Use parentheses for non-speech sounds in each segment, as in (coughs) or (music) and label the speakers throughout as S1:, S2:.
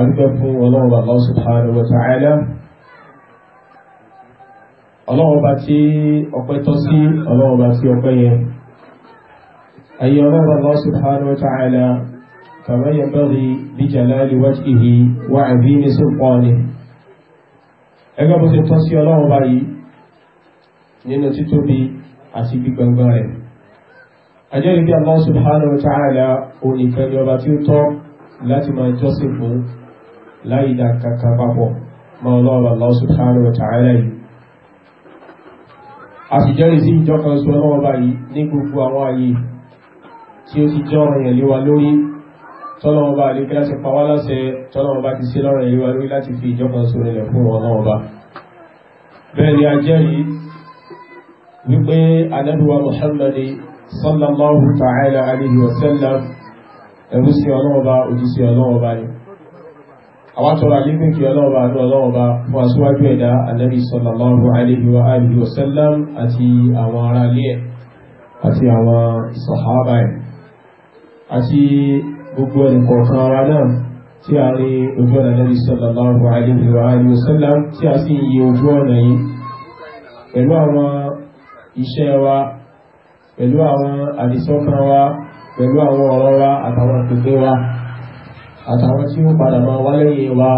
S1: àdúgbẹ́ fún ọlọ́run Allah subhanahu wa ta'ala ọlọ́run bá tí ọpẹ́ tọ́ sí ọlọ́run bá tí ọpẹ́ yẹn ayé ọlọ́run Allah subhanahu wa ta'ala kama yanbaghi bi jalali wajhihi wa 'azimi sí ọlọ́run bá Allah subhanahu wa ta'ala onìkan ni ọba tí ó tọ́ láti máa jọ́sìn fún láì dá kankan papọ̀ mọ́ ọlọ́run Allah subhanahu wa ta'ala yìí a sì jẹ́rìí sí ìjọ kan sọ ọlọ́wọ́ báyìí ní gbogbo àwọn ààyè tí ó ti jẹ́ ọ̀rọ̀ yẹn léwa lórí tọ́lọ́wọ́ bá àlékẹ́ láti pa wá láṣẹ tọ́lọ́wọ́ bá ti sí lọ́rọ̀ yẹn léwa lórí láti fi ìjọ kan sọ nílẹ̀ fún ọlọ́wọ́ bá bẹ́ẹ̀ ni wípé anábíwa Muhammad sallallahu ta'ala alaihi wa sallam òjísí ọlọ́wọ́ ni àwọn àtọ́rọ̀ alébé kí ọlọ́ọ̀bá àdó ọlọ́ọ̀bá fún aṣíwájú ẹ̀dá alẹ́rí sallallahu alaihi wa alihi wa sallam àti àwọn ará alẹ́ àti àwọn sàhábà ẹ̀ àti gbogbo ẹnìkọ̀ọ̀kan ara náà tí a rí ojú ọ̀nà alẹ́rí sallallahu alaihi wa àtàwọn tí ó padà máa wá lẹ́yìn wa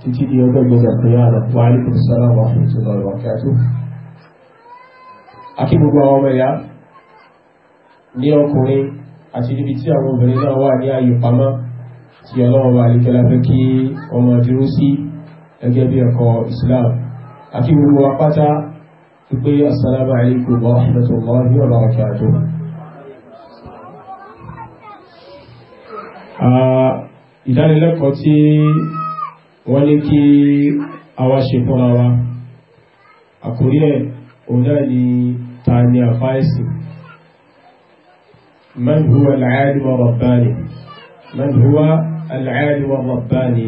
S1: títí di ọjọ́ gbọ́dọ̀ pé àrà wà ní kòsíṣẹ́lá wà fún ìtura ìwà kẹ́tù akí gbogbo àwọn ọmọ ẹ̀yà ní ọkùnrin àti níbi tí àwọn obìnrin náà wà ní ààyè pamọ́ tí ọlọ́run wà ní kẹlá fẹ́ kí ọmọ dúró sí gẹ́gẹ́ bí ẹ̀kọ́ Islam àti gbogbo apáta wípé assalamu alaikum wa rahmatullahi wa barakatuh ìdánilẹ́kọ̀ọ́ tí wọ́n ní kí àwa ṣe fúnra wa àkórí ẹ̀ òun náà ni ta ni àfáìsì man huwa al-alim ar-rabbani man huwa al-alim ar-rabbani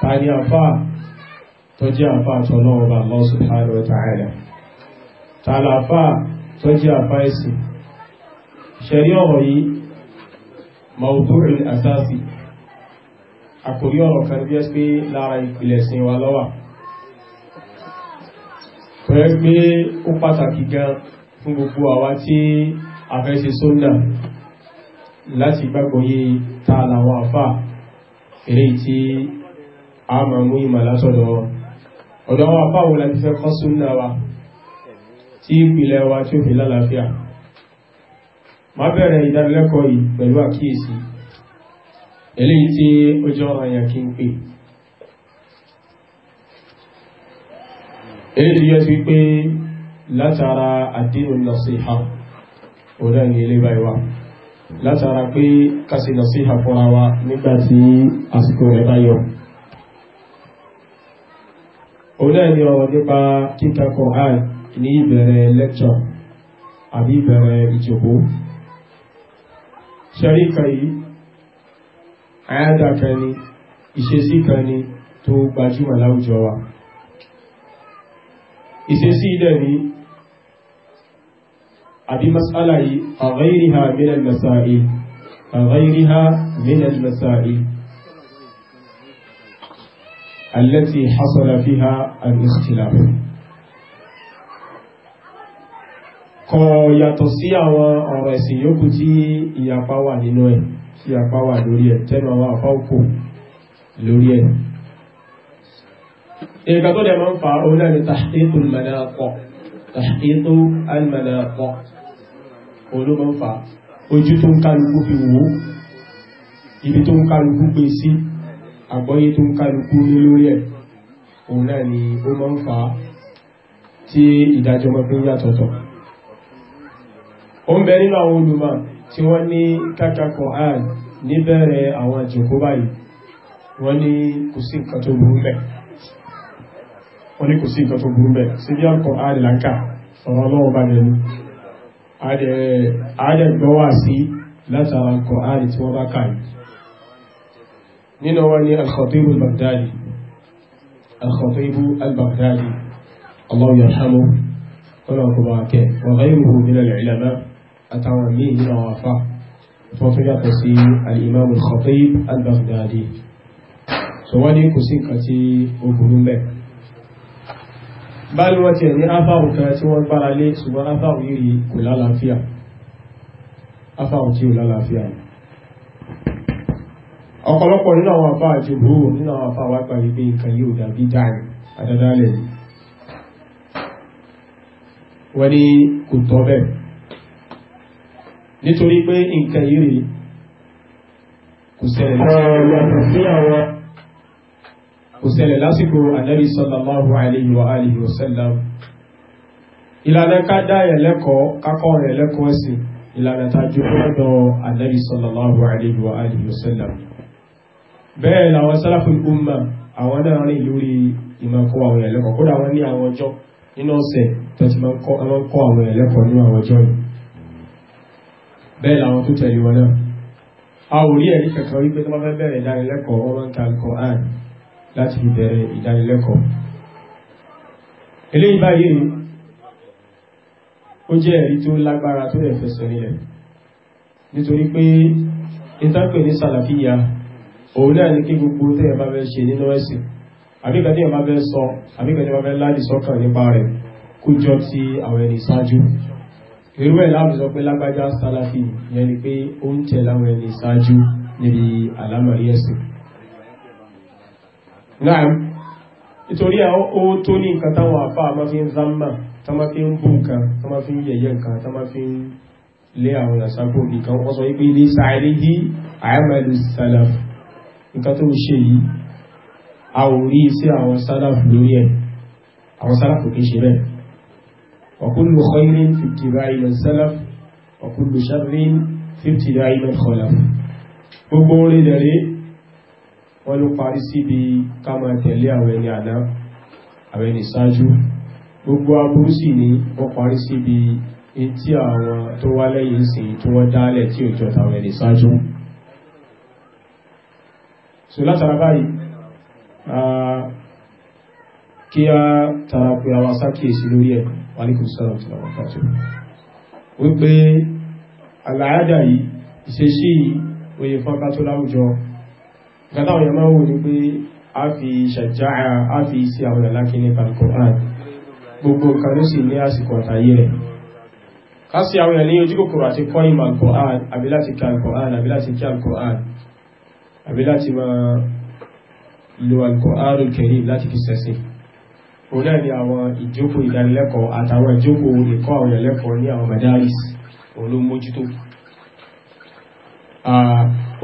S1: ta ni àfá tó jẹ́ àfá tọ́lọ́wọ́ bá Allah subhanahu wa ta làfá tó jẹ́ àfáìsì ṣẹ̀rí ọ̀rọ̀ yìí mawdu'u asasi àkórí ọ̀rọ̀ kan bí ẹ́ pé lára ìpìlẹ̀ sin wa lọ́wà pẹ̀lú pé ó pàtàkì gan fún gbogbo àwa tí a fẹ́ ṣe sódà láti gbàgbọ́yé tààlàwà fà eré tí a ma mú ìmà látọ̀dọ̀ ọ̀dọ̀ àwọn wa tí ìpìlẹ̀ wa tí ó fi ma bẹ̀rẹ̀ ìdánilẹ́kọ̀ọ́ yìí pẹ̀lú àkíyèsí eléyìí tí ó jọ àyà kí n pè eléyìí yọ́ sí pé látara àdínú nasiha òdá ní ilé báyìí wá látara pé kásì nasiha fúnra wa nígbàtí àsìkò rẹ̀ báyọ̀ òdá ní ọ̀rọ̀ nípa lecture àbí ìbẹ̀rẹ̀ ìjòkó ṣẹ́rí kan yìí àyádà kan ni ìṣesí kan ni tó gbajúmọ̀ láwùjọ wa ìṣesí ilẹ̀ ni àbí mas'ala yìí àwẹ́ríhà mílẹ̀ masáì àwẹ́ríhà mílẹ̀ masáì التي حصل فيها الاختلاف kọ yàtọ̀ sí àwọn ọ̀rọ̀ ẹ̀sìn yòókù tí ìyapa wà nínú ẹ̀ tí ìyapa wà lórí ẹ̀ tẹ́nu àwọn àpá òkò lórí ẹ̀ ìrìnkà tó dẹ̀ máa ń fa òun náà ni tàṣítò almanaqah tàṣítò almanaqah òun ló máa ń fa ojú tó ń kálukú fi wò ibi tó ń kálukú pè sí àgbọ́yé tó ń kálukú ní lórí ẹ̀ òun náà ni ó máa ń fa tí ìdájọ́ máa fi ń yàtọ̀tọ̀ ó ń bẹ nínú àwọn olùmọ̀ tí wọ́n ní káka Quran níbẹ̀rẹ̀ àwọn àjòkó báyìí wọ́n ní kò sí nǹkan tó burú bẹ̀ wọ́n ní kò sí nǹkan tó burú bẹ̀ sí bí ọkọ̀ àdìláńkà ọ̀rọ̀ ọlọ́wọ́ bá lẹ́nu àádẹ́gbọ́wà sí látara Quran tí wọ́n bá kàrí nínú wọn ni al-Khatib al-Baghdadi al-Khatib al-Baghdadi Allah yarhamuhu kọ́lọ̀ ọkọ̀ bá kẹ́ wà ghayruhu min al àtàwọn míì nínú àwọn afá tó wọ́n tó yàtọ̀ sí alìmáàmù Khatib al-Baghdadi so wọ́n ní kò sí nǹkan tí ó burú mẹ́ bá ní wọ́n ti ní afáwù kan tí wọ́n gbára lé ṣùgbọ́n afáwù yìí kò lálàáfíà afáwù tí nínú àwọn afá àti burú nínú àwọn afá wápa wípé nǹkan yóò dàbí dáàrin àdádálẹ̀ wọ́n ní kò tọ́ bẹ́ẹ̀ nítorí pé nǹkan yìí rí kò ṣẹlẹ̀ lásìkò ànábì sallallahu alayhi wa alihi wa sallam ìlànà ká dáyẹ̀ lẹ́kọ̀ọ́ kákọ́ rẹ̀ lẹ́kọ̀ọ́ ẹ̀sìn ìlànà tajú ọ̀dọ̀ ànábì sallallahu alayhi wa alihi wa sallam bẹ́ẹ̀ làwọn umma àwọn náà rìn lórí ìmọ̀kọ́ àwọn ẹ̀lẹ́kọ̀ọ́ kódà wọ́n ní àwọn ọjọ́ nínú ọ̀sẹ̀ tó ti bẹ́ẹ̀ làwọn tó tẹ̀lé wọn náà a ò rí ẹ̀rí kankan wípé tó bá fẹ́ bẹ̀rẹ̀ ìdánilẹ́kọ̀ọ́ wọn máa ń ka Al-Qur'an láti fi bẹ̀rẹ̀ ìdánilẹ́kọ̀ọ́ eléyìí báyìí ó jẹ́ ẹ̀rí tó lágbára tó lè fẹsẹ̀ nílẹ̀ nítorí pé ìtàpẹ̀ ní sàlàfíyà òun náà ní kí gbogbo tẹ́yẹ̀ bá fẹ́ ṣe nínú ẹ̀sìn àbíkà tẹ́yẹ̀ bá fẹ́ sọ àbíkà tẹ́yẹ̀ bá fẹ́ láti sọ́kàn nípa rẹ̀ kó jọ àwọn ẹni ṣáájú irú ẹ̀ láti sọ pé lágbájá sálàfí yẹn ni pé ó ń tẹ̀ láwọn ẹni ìsáájú níbi àlámọ̀rí ẹ̀sìn náà nítorí ó tó ní nǹkan táwọn àfá àmá fi ń zámà tánmá fi ń bú nǹkan tánmá fi ń yẹ̀yẹ́ nǹkan tánmá fi ń lé àwọn ìyàságbò nìkan wọ́n sọ wípé ní sàílé dí àyàmàlù sálàf nǹkan tó ń ṣe yìí a ò rí sí àwọn sálàf lórí ẹ̀ àwọn sálàf kò kí ṣe bẹ́ẹ̀ وكل خير في اتباع من سلف وكل شر في ابتداء من خلف gbogbo orin dẹ̀rẹ́ wọ́n ló parí síbi ká máa tẹ̀lé àwọn ẹni àdá àwọn ẹni sáájú gbogbo aburú sì ní wọ́n parí síbi in tí àwọn tó wá lẹ́yìn sí tó wọ́n dálẹ̀ tí ò jọta àwọn ẹni sáájú so látara báyìí ah, kí a tara pé àwọn sákèsí lórí ẹ̀ wàlíkùn sára tí wọ́n kàtò wípé àlàádà yìí ìṣesí oyè fọ́nká tó láwùjọ gátàwọn yàmá wò ní pé a fi ṣàjáà a fi sí àwọn ìlàkí ní kankoran gbogbo nǹkan ló sì ní àsìkò àtàyè rẹ̀ ká sí àwọn ìlàní ojú kòkòrò àti kọ́ ìmọ̀ alkoran àbí láti kí alkoran àbí láti kí alkoran àbí láti máa lo alkoran kẹrin láti fi sẹ́sìn òun náà ni àwọn ìjókòó ìdánilẹ́kọ̀ọ́ àtàwọn ìjókòó ìkọ́ àwọn ẹlẹ́kọ̀ọ́ ní àwọn madaris òun ló mójútó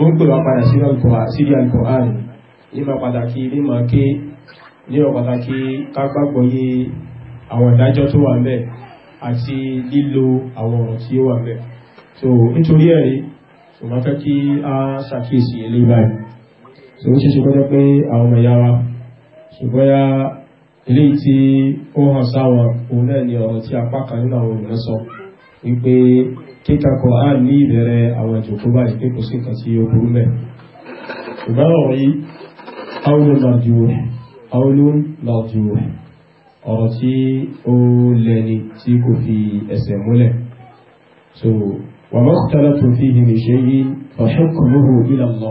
S1: ó ń pè wá padà sílé alkọ̀ọ́rùn níma pàtàkì níma ké níma pàtàkì kágbàgbọ́ yé àwọn ìdájọ́ tó wà mẹ́ àti lílo àwọn ọ̀rọ̀ tí ó wà mẹ́ so nítorí ẹ̀rí so máa a ṣàkíyèsí ilé so ó ṣe ṣe kọ́jọ́ pé ilé tí ó hàn sáwọn òun náà ni ọ̀rọ̀ tí apá kan nínú àwọn ènìyàn sọ wípé kíkà Kùránì ní ìbẹ̀rẹ̀ àwọn ìjòkó báyìí pé kò sí nǹkan tí ó burú mẹ́ ṣùgbọ́n ọ̀rọ̀ yìí àwọn olùlọ́jú àwọn olùlọ́jú ọ̀rọ̀ tí ó lẹ́ni tí kò fi ẹsẹ̀ múlẹ̀ so wà mọ́ tẹ́lẹ̀ tó fi hìrì ṣe yìí ọ̀ṣẹ́kùnrin ìlànà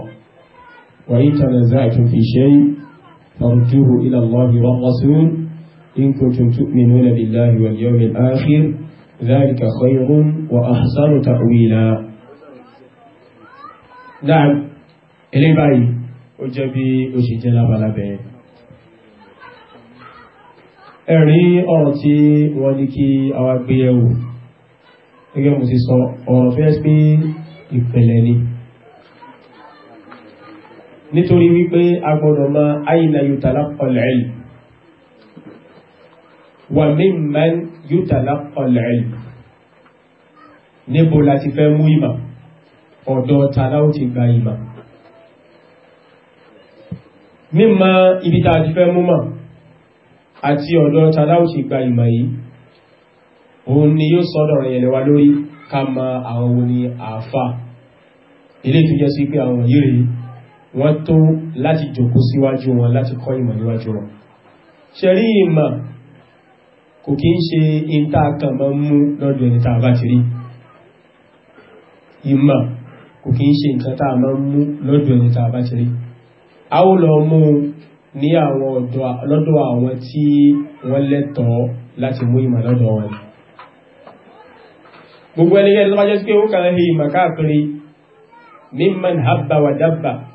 S1: wà yìí tẹ́lẹ̀ záà tó fi ṣe yìí أرجوه إلى الله والرسول إن كنتم تؤمنون بالله واليوم الآخر ذلك خير وأحسن تأويلا نعم إلي باي أجابي أشجنا بلا بي ẹ̀rí ọ̀rọ̀ tí wọ́n ní kí àwa gbé ẹwù mo ti sọ ọ̀rọ̀ fẹ́ pé ìpìlẹ̀ ni nítorí wípé a gbọ́dọ̀ ma àyìnà yutalaqqal ilm wà mimman yutalaqqal ilm níbo láti fẹ́ mú ìmà ọ̀dọ̀ tàlá ó ti gba ìmà mímọ̀ ibi tàà ti fẹ́ mú mà àti ọ̀dọ̀ tàlá ó ti gba ìmà yìí òun ni yóò sọ́dọ̀ rẹ̀ yẹ̀lẹ̀wà lórí ká ma àwọn ni àáfà ilé ìtújẹ́ pé àwọn yìí rèé wọ́n tó láti jòkó síwájú wọn láti kọ́ ìmọ̀ níwájú wọn ṣẹ̀rí ìmọ̀ kò kí ń ṣe ìta kan mọ́ mú lọ́dọ̀ ẹni tàà bá ti rí ìmọ̀ kò kí ń ṣe nǹkan tàà mọ́ mú lọ́dọ̀ ẹni tàà bá ti rí a ó lọ mú ní àwọn lọ́dọ̀ habba wa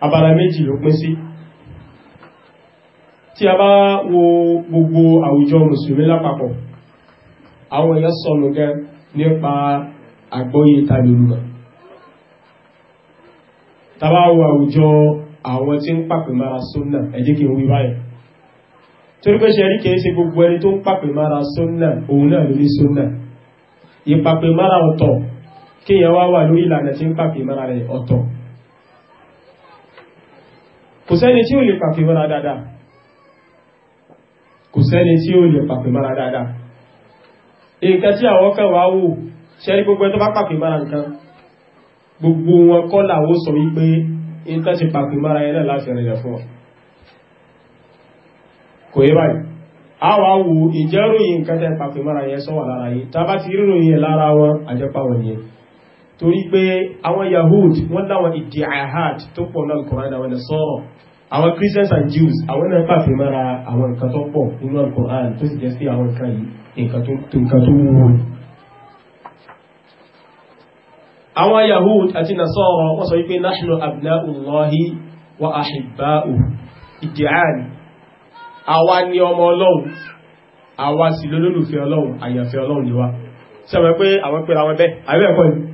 S1: abala méjì ló pín sí tí a bá wo gbogbo àwùjọ mùsùlùmí lápapọ̀ àwọn èèyàn sọnù gẹ nípa àgbọ́yé tàbílùmọ̀ tàbá wo àwùjọ àwọn tí ń pàpè mara sunna ẹ̀jẹ́ kí n wí báyìí torí pé ṣe rí kìí ṣe gbogbo ẹni tó ń pàpè mara sunna òun náà lórí sunna ìpàpè mara ọ̀tọ̀ kíyàn wá wà lórí ìlànà tí ń pàpè mara rẹ̀ ọ̀tọ̀ kò sẹ́ni tí ó lè pàpè mọ́ra dáadáa kò sẹ́ni tí ó lè pàpè mọ́ra dáadáa nǹkan tí àwọn kan wá wò ṣẹ́rí gbogbo ẹ̀ tó bá pàpè mọ́ra nǹkan gbogbo wọn kọ́ làwó sọ wípé nǹkan ti pàpè mọ́ra ẹ̀ náà láti rìnlẹ̀ fún ọ torí pé àwọn Yahud wọ́n láwọn ìdí ahad tó pọ̀ náà Al-Qur'an àwọn ẹ̀sọ́rọ̀ àwọn Christians and Jews àwọn náà pàfẹ́ mara àwọn nǹkan tó pọ̀ nínú Al-Qur'an tó sì jẹ́ sí àwọn nǹkan yìí nǹkan tó wúwo àwọn Yahud àti nasọ́rọ̀ wọ́n sọ wípé nahnu abna'ullahi wa ahibba'u ìdíhàn àwa ni ọmọ Ọlọ́run àwa sì lólólùfẹ́ Ọlọ́run àyànfẹ́ Ọlọ́run ni wá sí àwọn pé àwọn pẹ̀lú àwọn bẹ́ẹ̀ àwẹ́ ẹ̀kọ́ ni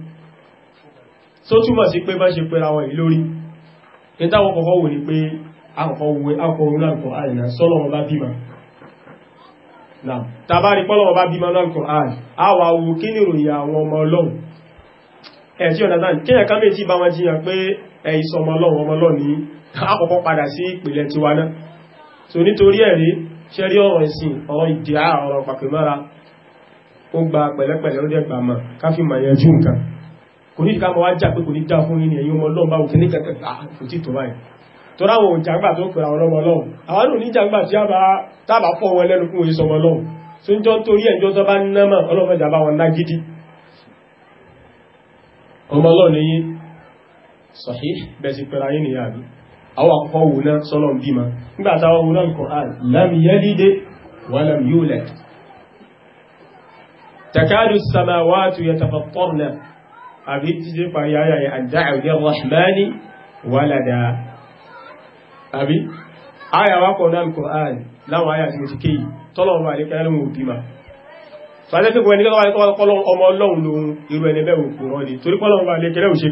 S1: so túmọ̀ sí pé bá ṣe pẹ́ra wọn ìlórí ìtàwọn kọ̀kọ́ wò ní pé akọ̀wé akọ̀wé lọ́nkọ̀ àìyà sọ́lọ̀ wọn bá bímọ náà tàbárí pọ́lọ̀ wọn bá bímọ lọ́nkọ̀ àì àwà owó kí ní ìròyìn àwọn ọmọ ọlọ́run ẹ̀ tí ọ̀nà dáni kíyàn kan méjì bá wọn jiyàn pé ẹ̀yìn sọmọ ọlọ́run ọmọ ọlọ́run ní àkọ́kọ́ padà sí ìpìlẹ̀ tiwa so nítorí ẹ̀rí ṣẹ́rí ọ̀rọ̀ ìsìn ọ̀rọ̀ ìdíà ọ̀rọ̀ pàpẹ̀mọ́ra ó gba pẹ̀lẹ́pẹ̀lẹ́ ó dẹ̀ gbà káfí mọ̀ yẹn jú nǹkan kò ní ìkàmọ̀ wá jà pé kò ní dá fún yín ẹ̀yin ọmọ ọlọ́run báwo kí ní kẹ̀kẹ́ ah, kò tí tó báyìí tọ́rọ àwọn òjàgbà tó pẹ̀lú àwọn ọmọ ọlọ́run àwọn náà ní ìjàgbà tí a bá tábà fọ́ wọn lẹ́nu fún òyìnbó ọlọ́run tó ń jọ torí ẹ̀jọ́ tó bá námà ọlọ́mọjà bá wọn lágídí ọmọ ọlọ́run yìí sọ̀hí bẹ̀sì àbí títí parí ayá yẹn àdáàrí rahmani wàlàdà àbí ayà wá kọ̀ọ̀nà al-Qur'an láwọn ayà tí ó ti kéyì tọ́lọ̀wọ̀ àríkẹ́ lọ́wọ́ òbí ma sàtẹ́sẹ̀kọ̀ ẹni kọ́lọ̀ ọmọ ọlọ́run lóhun irú ẹni bẹ́ẹ̀ òkú rọ́ ni torí kọ́lọ̀wọ̀ àríkẹ́ lẹ́wọ̀ ṣe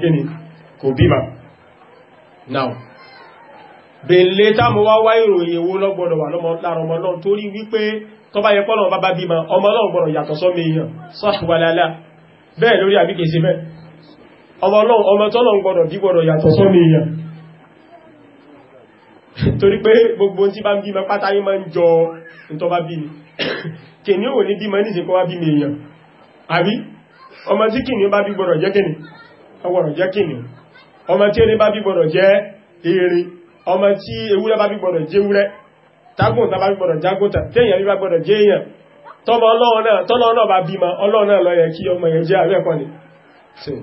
S1: yẹ kọ́lọ̀ bá bá bí ma ọmọ náà yàtọ̀ sọ́mọ èèyàn sọ́ṣùwàlálà bẹ́ẹ̀ lórí àbíkèsí bẹ́ẹ̀ ọmọ tọ́lọ̀ ń gbọdọ̀ bí gbọdọ̀ yàtọ̀ sọ́mọ èèyàn torí pé gbogbo tí bá ń bímọ pátá yí máa ń jọ ìtọ́ bí ní ní bímọ wá bí èèyàn àbí ọmọ tí bá bí gbọdọ̀ jẹ́ kìní ọgbọ̀rọ̀ jẹ́ kìní ọmọ tí erin bá bí gbọdọ̀ jẹ́ erin ọmọ tí ewúrẹ́ bá bí gbọdọ̀ jẹ́ bá bí gbọdọ̀ jẹ́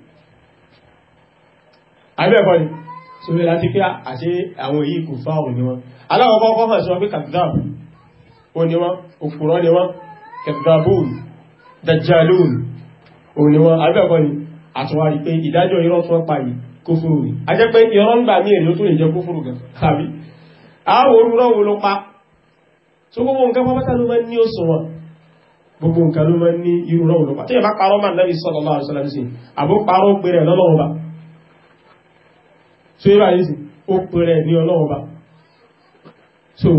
S1: àbẹ́ẹ̀kọ́ ni so wé láti pé àṣẹ àwọn èyí kò fá òun ni wọ́n aláwọ̀kọ́ ọkọ́ hàn sọ pé kàtàbù ó ní wọ́n òfurọ́ ni wọ́n kàtàbùn dajjalun ó ní wọ́n àbẹ́ẹ̀kọ́ ni àtúwárí pé ìdájọ́ ni a jẹ́ pé irọ́ ń gbà mí èlò tó lè jẹ kúfúrú gan tàbí àwọn orúrọ́ wo ló pa so gbogbo nǹkan pápátá ló máa ń ní òṣùwọ̀n gbogbo nǹkan irú rọ́wọ́ ló tí ẹ parọ́ máa Nabi sallallahu alaihi wasallam àbó lọ́lọ́wọ́ bá so yíba yìí sí ó pèrè ní ọlọ́run bá so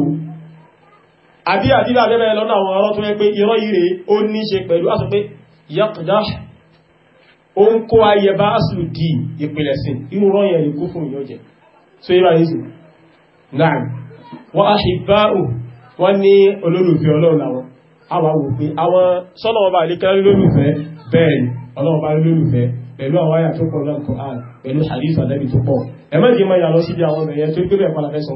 S1: àbí àdílà lẹ́bẹ̀ lọ́nà àwọn ọ̀rọ̀ tó pé irọ́ ire ó ní ṣe pẹ̀lú àṣọ pé yàkùdá ó ń kó ayẹba asìlù di ìpìlẹ̀ sí inú rọ́ fún ìyọ́jẹ so yíba yìí sí wọ́n a ṣe bá ò wọ́n ní olólùfẹ́ ọlọ́run àwọn pẹ̀lú àwọn àyà tó pọ̀ lọ́kùn àn pẹ̀lú hadith ànábì tó pọ̀ ẹ má jẹ́ máa yà lọ síbi àwọn ọmọ tó gbé bẹ́ẹ̀ palafẹ́ sọ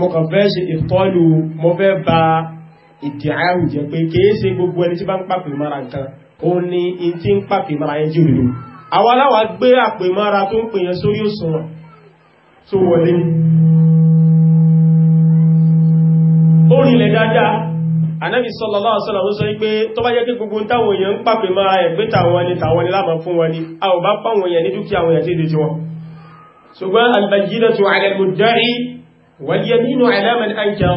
S1: mo kàn ṣe ìtọ́lù mo fẹ́ ìdí àrùn jẹ́ pé kìí ṣe gbogbo ẹni tí bá ń pàpè mara nǹkan ó ní in tí ń pàpè mara yẹn jù lò àwọn aláwà gbé àpè mara tó ń pè yẹn sórí òṣùwọ̀n tó wọlé ó rinlẹ̀ dáadáa anábi sallallahu alaihi wasallam sọ pé tó bá jẹ́ kí gbogbo táwọn èèyàn ń pàpè máa ẹ̀gbẹ́ tàwọn ni tàwọn ni láàmà fún wọn ni a ò bá pàwọn èèyàn ní dúkìá àwọn èèyàn tí èdè wọn ṣùgbọ́n albayyinatu ala al-mudda'i wal yaminu ala man ankar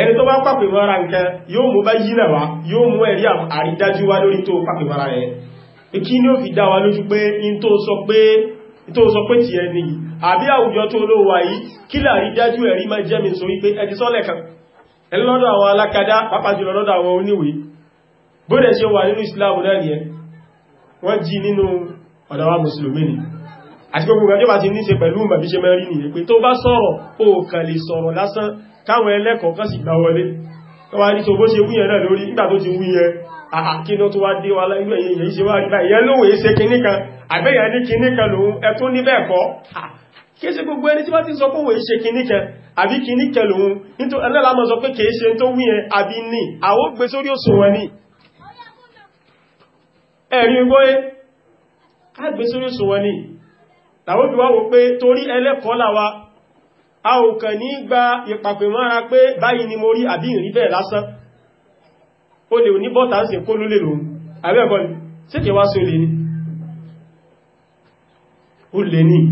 S1: ẹni tó bá pàpè mara nǹkan yóò mú bá yínà wá yóò mú ẹ̀rí àrídájú wá lórí tó pàpè mara rẹ̀ kí ni ó fi dá wa lójú pé in tó sọ pé tí ẹni àbí àwùjọ tó lówà yìí kí láàrídájú ẹ̀rí máa jẹ́mi sórí pé ẹti sọ́lẹ̀ kan ẹni lọ́dọ̀ àwọn alákadá pápájúlọ lọ́dọ̀ àwọn oníwèé bóde ṣe wà nínú Islam náà ni ẹ wọ́n jí nínú ọ̀dọ̀wà mùsùlùmí ni àti gbogbo ìgbàjọ́ bá ti ní ṣe pẹ̀lú màbí ṣe mẹ́rin ni pé tó bá sọ̀rọ̀ ó kàn lè sọ̀rọ̀ lásán káwọn ẹlẹ́kọ̀ọ́ kan sì gbà wọlé tó wá ní tó bó ṣe wúyẹn náà lórí nígbà tó ti wúyẹn àkínú tó wá dé wá láìpẹ́ yẹn ṣe rí báyìí lóòwé ṣe kinní kan ní kinní lòun ẹ tó kìí ṣe gbogbo ẹni tí wá ti sọ pé wòye ṣe kìníkẹ àbí kìníkẹ lòun nítorí ẹlẹ́la mọ́ sọ pé kìí ṣe tó wí ẹ àbí ní àwọn gbé sórí òṣùwọ̀n ní ẹ̀rí gbóyé káàgbé sórí òṣùwọ̀n ní làwọn bí wá wò pé torí ẹlẹ́kọ́ làwa se kó lólè lòun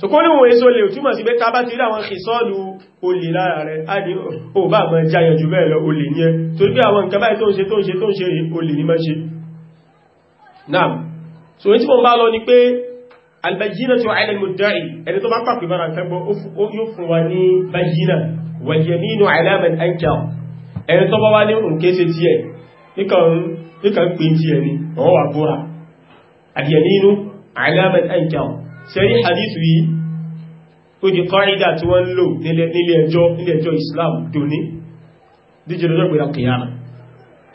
S1: so kó níwọ̀n èso lè túnmọ̀ sí pé ta bá ti rí àwọn ìsọ́lù olè lára rẹ̀ a ní o bá mọ̀ jáyàn jù bẹ́ẹ̀ lọ olè ní ẹ tó bí àwọn nǹkan báyìí tó ń ṣe tó ń ṣe tó ń ṣe olè ní máa náà so ní tí mo bá lọ ni pé albajina tó àìlẹ̀ mudda'i ẹni tó bá pàpì bára tẹ́gbọ́ yóò fún wa ní bajina wal yaminu ala man anka ẹni tó bá ni wọ́n wà búra al yaminu ala man anka sẹ́rí hadithu yìí ó di kọ́ídà tí wọ́n lò nílé ẹjọ́ islam dòní díjìrìjọ́ pẹ̀lú kìyàmà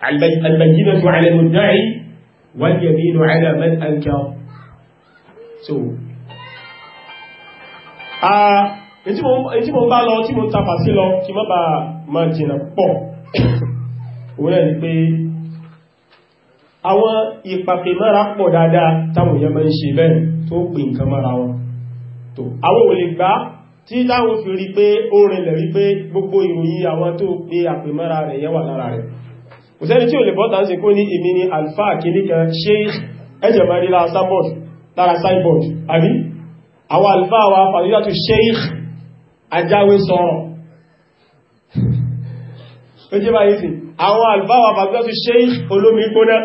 S1: albayyina tó alẹ́ mọ̀dáì wọ́n yẹ̀ nínú alẹ́ mẹ́ta so èyí tí mo bá lọ tí mo tapà sí lọ (coughs) àwọn ìpàpè mọ́ra pọ̀ dáadáa táwọn èèyàn máa ń ṣe bẹ́ẹ̀ tó pè nǹkan mọ́ra wọn tó àwọn ò lè gbá tí láwọn fi rí pé ó rinlẹ̀ rí pé gbogbo ìròyìn àwọn tó pé àpè mọ́ra rẹ̀ yẹn wà lára rẹ̀ kò sẹ́ni tí ò lè bọ́ta ń kó ní èmi ni alfa kìíní kan ṣe ẹjẹ̀ máa rí lára starboard àbí àwọn alfa wa fàdíyàtù sheikh ajáwé sọ̀rọ̀ ó jẹ́ báyìí sí àwọn alfa wa fàdíyàtù sheikh olómi gbóná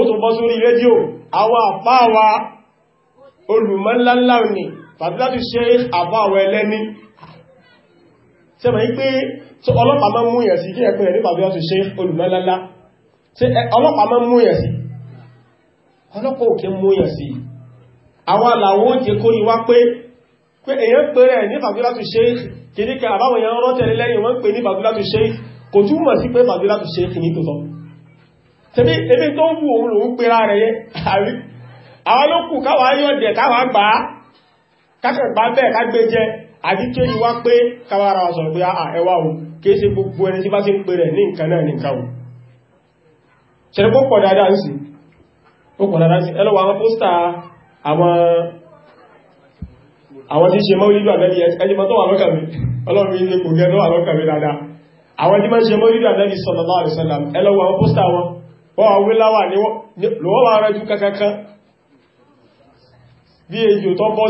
S1: ó tó bọ́ sórí rédíò àwọn àpáwa olùmọ́láńlá ní fàbílátù Sheikh àbáwẹ̀ ẹlẹ́ni sẹ́mọ̀ yí pé tó ọlọ́pàá mọ́ mú yẹ̀sí kí ẹ̀kùn ẹ̀rí fàbílátù Sheikh olùmọ́láńlá tí ọlọ́pàá mọ́ mú yẹ̀sí ọlọ́pàá òkè mú yẹ̀sí àwọn àlàwọ́ jẹ kó ní wá pé pé èyàn pè rẹ̀ ní fàbílátù Sheikh kìríkà àbáwọn èèyàn rọ́tẹ̀lẹ́yìn wọ́n pè tẹ́bí ebí tó ń wù òun lòun pèrà rẹ̀ yẹ àrí àwọn ló kù káwàá yọ̀dẹ̀ káwàá gbà á kákẹ̀gbà bẹ́ẹ̀ kágbé jẹ àti kí èyí wá pé káwàá ara sọ̀rọ̀ pé àà ẹwà o kí é ṣe gbogbo ẹni tí bá ṣe ń pè rẹ̀ ní nǹkan náà nìkan o ṣẹlẹ̀ pó pọ̀ dáadáa sí ó pọ̀ dáadáa sí ẹlọ́wọ́ àwọn pósítà àwọn àwọn tí ṣe mọ́ lílù àdẹ́bí ẹjìmọ́ tó wà lọ́kàn mi ọlọ́run ilé kò gẹ́ tó wà lọ́kàn mi dáadáa àwọn tí mọ́ ṣe mọ́ lílù àdẹ́bí sallallahu alaihi wasallam ẹlọ́wọ́ àwọn pósítà wọn wọ́n wí láwà lọ́wọ́ wà rẹjú kankankan bí ejò tó bọ́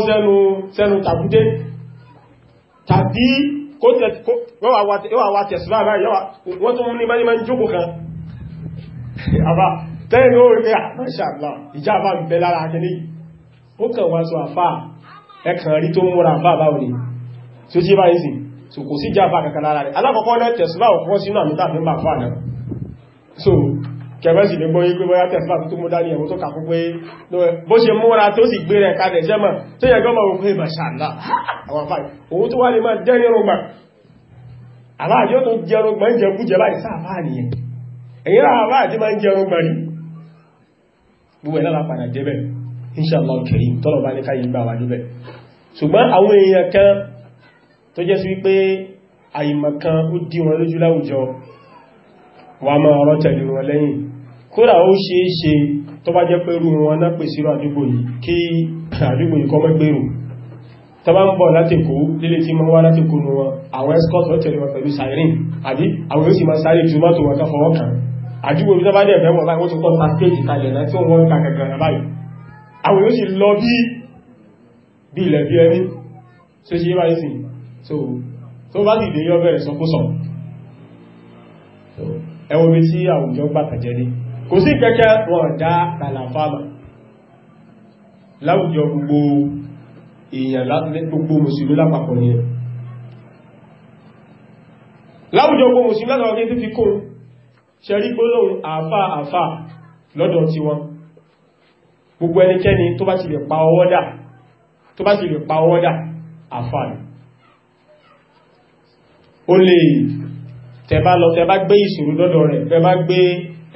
S1: sẹ́nu tàbúté tàbí kó tẹ̀síwá báyìí wọ́n tún ní mẹ́rin mẹ́rin jókòó kan (laughs) àbá tẹ́rin ó rí pé àmáṣàlá ah, ìjábá ń bẹ lára akẹ́lẹ́ ó kàn wá sọ àfá ẹkàn rí tó múra àfá báwọn ni tí ó tí bá ń sìn so kò sí jábá kankan lára rẹ̀ alákọ̀ọ́kọ́ lẹ́tẹ̀síwá òkúrọ́ sínú àmì kẹfẹ́sì lè gbọ́ yígbé bóyá tẹ̀sílá tó mú dání ẹ̀wọ́ tó kàfún pé bó ṣe múra tó sì gbé rẹ̀ kalẹ̀ jẹ́mọ̀ tó yẹ gọ́mọ̀ òkú mashallah àwọn afáì òun tó wá lè máa jẹ́rí ọgbà aláàjọ́ tó jẹrọgbà ń jẹ gújẹ láì sáàfáà nìyẹn èyí rà àbá àti máa ń jẹrọgbà rí gbogbo ẹ̀lá lápàdà débẹ̀ inshallah karim tọ́lọ̀ bá ní káyí wọn lẹ́yìn kódà ó ṣe é ṣe tó bá jẹ́ pẹ́rù wọn náà pè sí àdúgbò yìí kí àdúgbò yìí kọ́ mẹ́gbèrò tó bá ń bọ̀ láti kó lílé tí wọ́n wá láti kó nù wọn àwọn escort wọ́n tẹ̀lé wọn pẹ̀lú siren àbí àwọn yóò sì máa sáré tí mọ́tò wọn kan fọwọ́ kan àdúgbò yìí tó bá dẹ̀ fẹ́wọ̀n báyìí wọ́n ti kọ́ pàkéjì kalẹ̀ náà tí wọ́n bí tí àwùjọ gbàtàjẹ́ ní kò sí kẹ́kẹ́ wọ́n dá kàlàfàmà láwùjọ gbogbo èèyàn gbogbo mùsùlùmí lápapọ̀ ní ẹ̀ láwùjọ gbogbo mùsùlùmí lápapọ̀ ní fífi kó ṣẹ̀rí gbólóhùn àfà àfà lọ́dọ̀ tí wọn gbogbo ẹnikẹ́ni tó bá ti lè pa ọwọ́ dà tó bá ti lè pa ọwọ́ dà àfà ni ó lè tẹ̀bá lọ tẹ̀bá gbé ìṣòro lọ́dọ̀ rẹ̀ tẹ̀bá gbé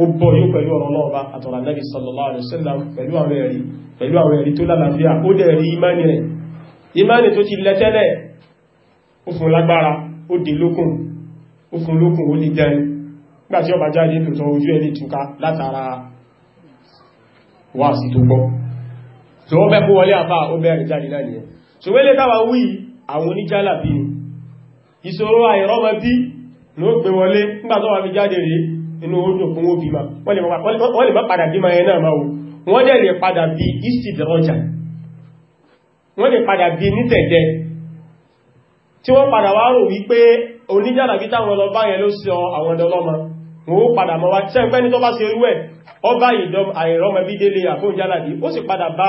S1: ó bọ́ yóò pẹ̀lú ọ̀rọ̀ lọ́ọ̀bá àtọ̀rọ̀ Ànábì sallallahu alaihi wasallam pẹ̀lú àwọn ẹ̀rí pẹ̀lú àwọn ẹ̀rí tó lálàáfíà ó dẹ̀ rí ìmáni rẹ̀ ìmáni tó ti lẹ́tẹ́lẹ̀ ó fún lágbára ó dè lókùn ó fún lókùn ó lè dẹni nígbà tí ó bá jáde so wẹ́lẹ̀ táwa wí àwọn oníjálà bí ni ìṣòro àìrọ́mọ bí ní ó gbé wọlé fi jáde rèé inú oòrùn fún wọ́n bí ma wọ́n lè má padà bí ma ẹ̀nà ma o wọ́n dẹ̀ lè padà bí ìsìdìrọjà wọ́n lè padà bí nítẹ̀dẹ̀ tí wọ́n padà wá rò wípé oníjàlàbí táwọn lọ bá yẹn ló sí àwọn ọlọ́mọ wọ́n ó padà mọ́ wá tí ẹgbẹ́ ní tó bá sí irú ẹ̀ ọba ìrọmọbí délé àfóúnjálàbí ó sì padà bá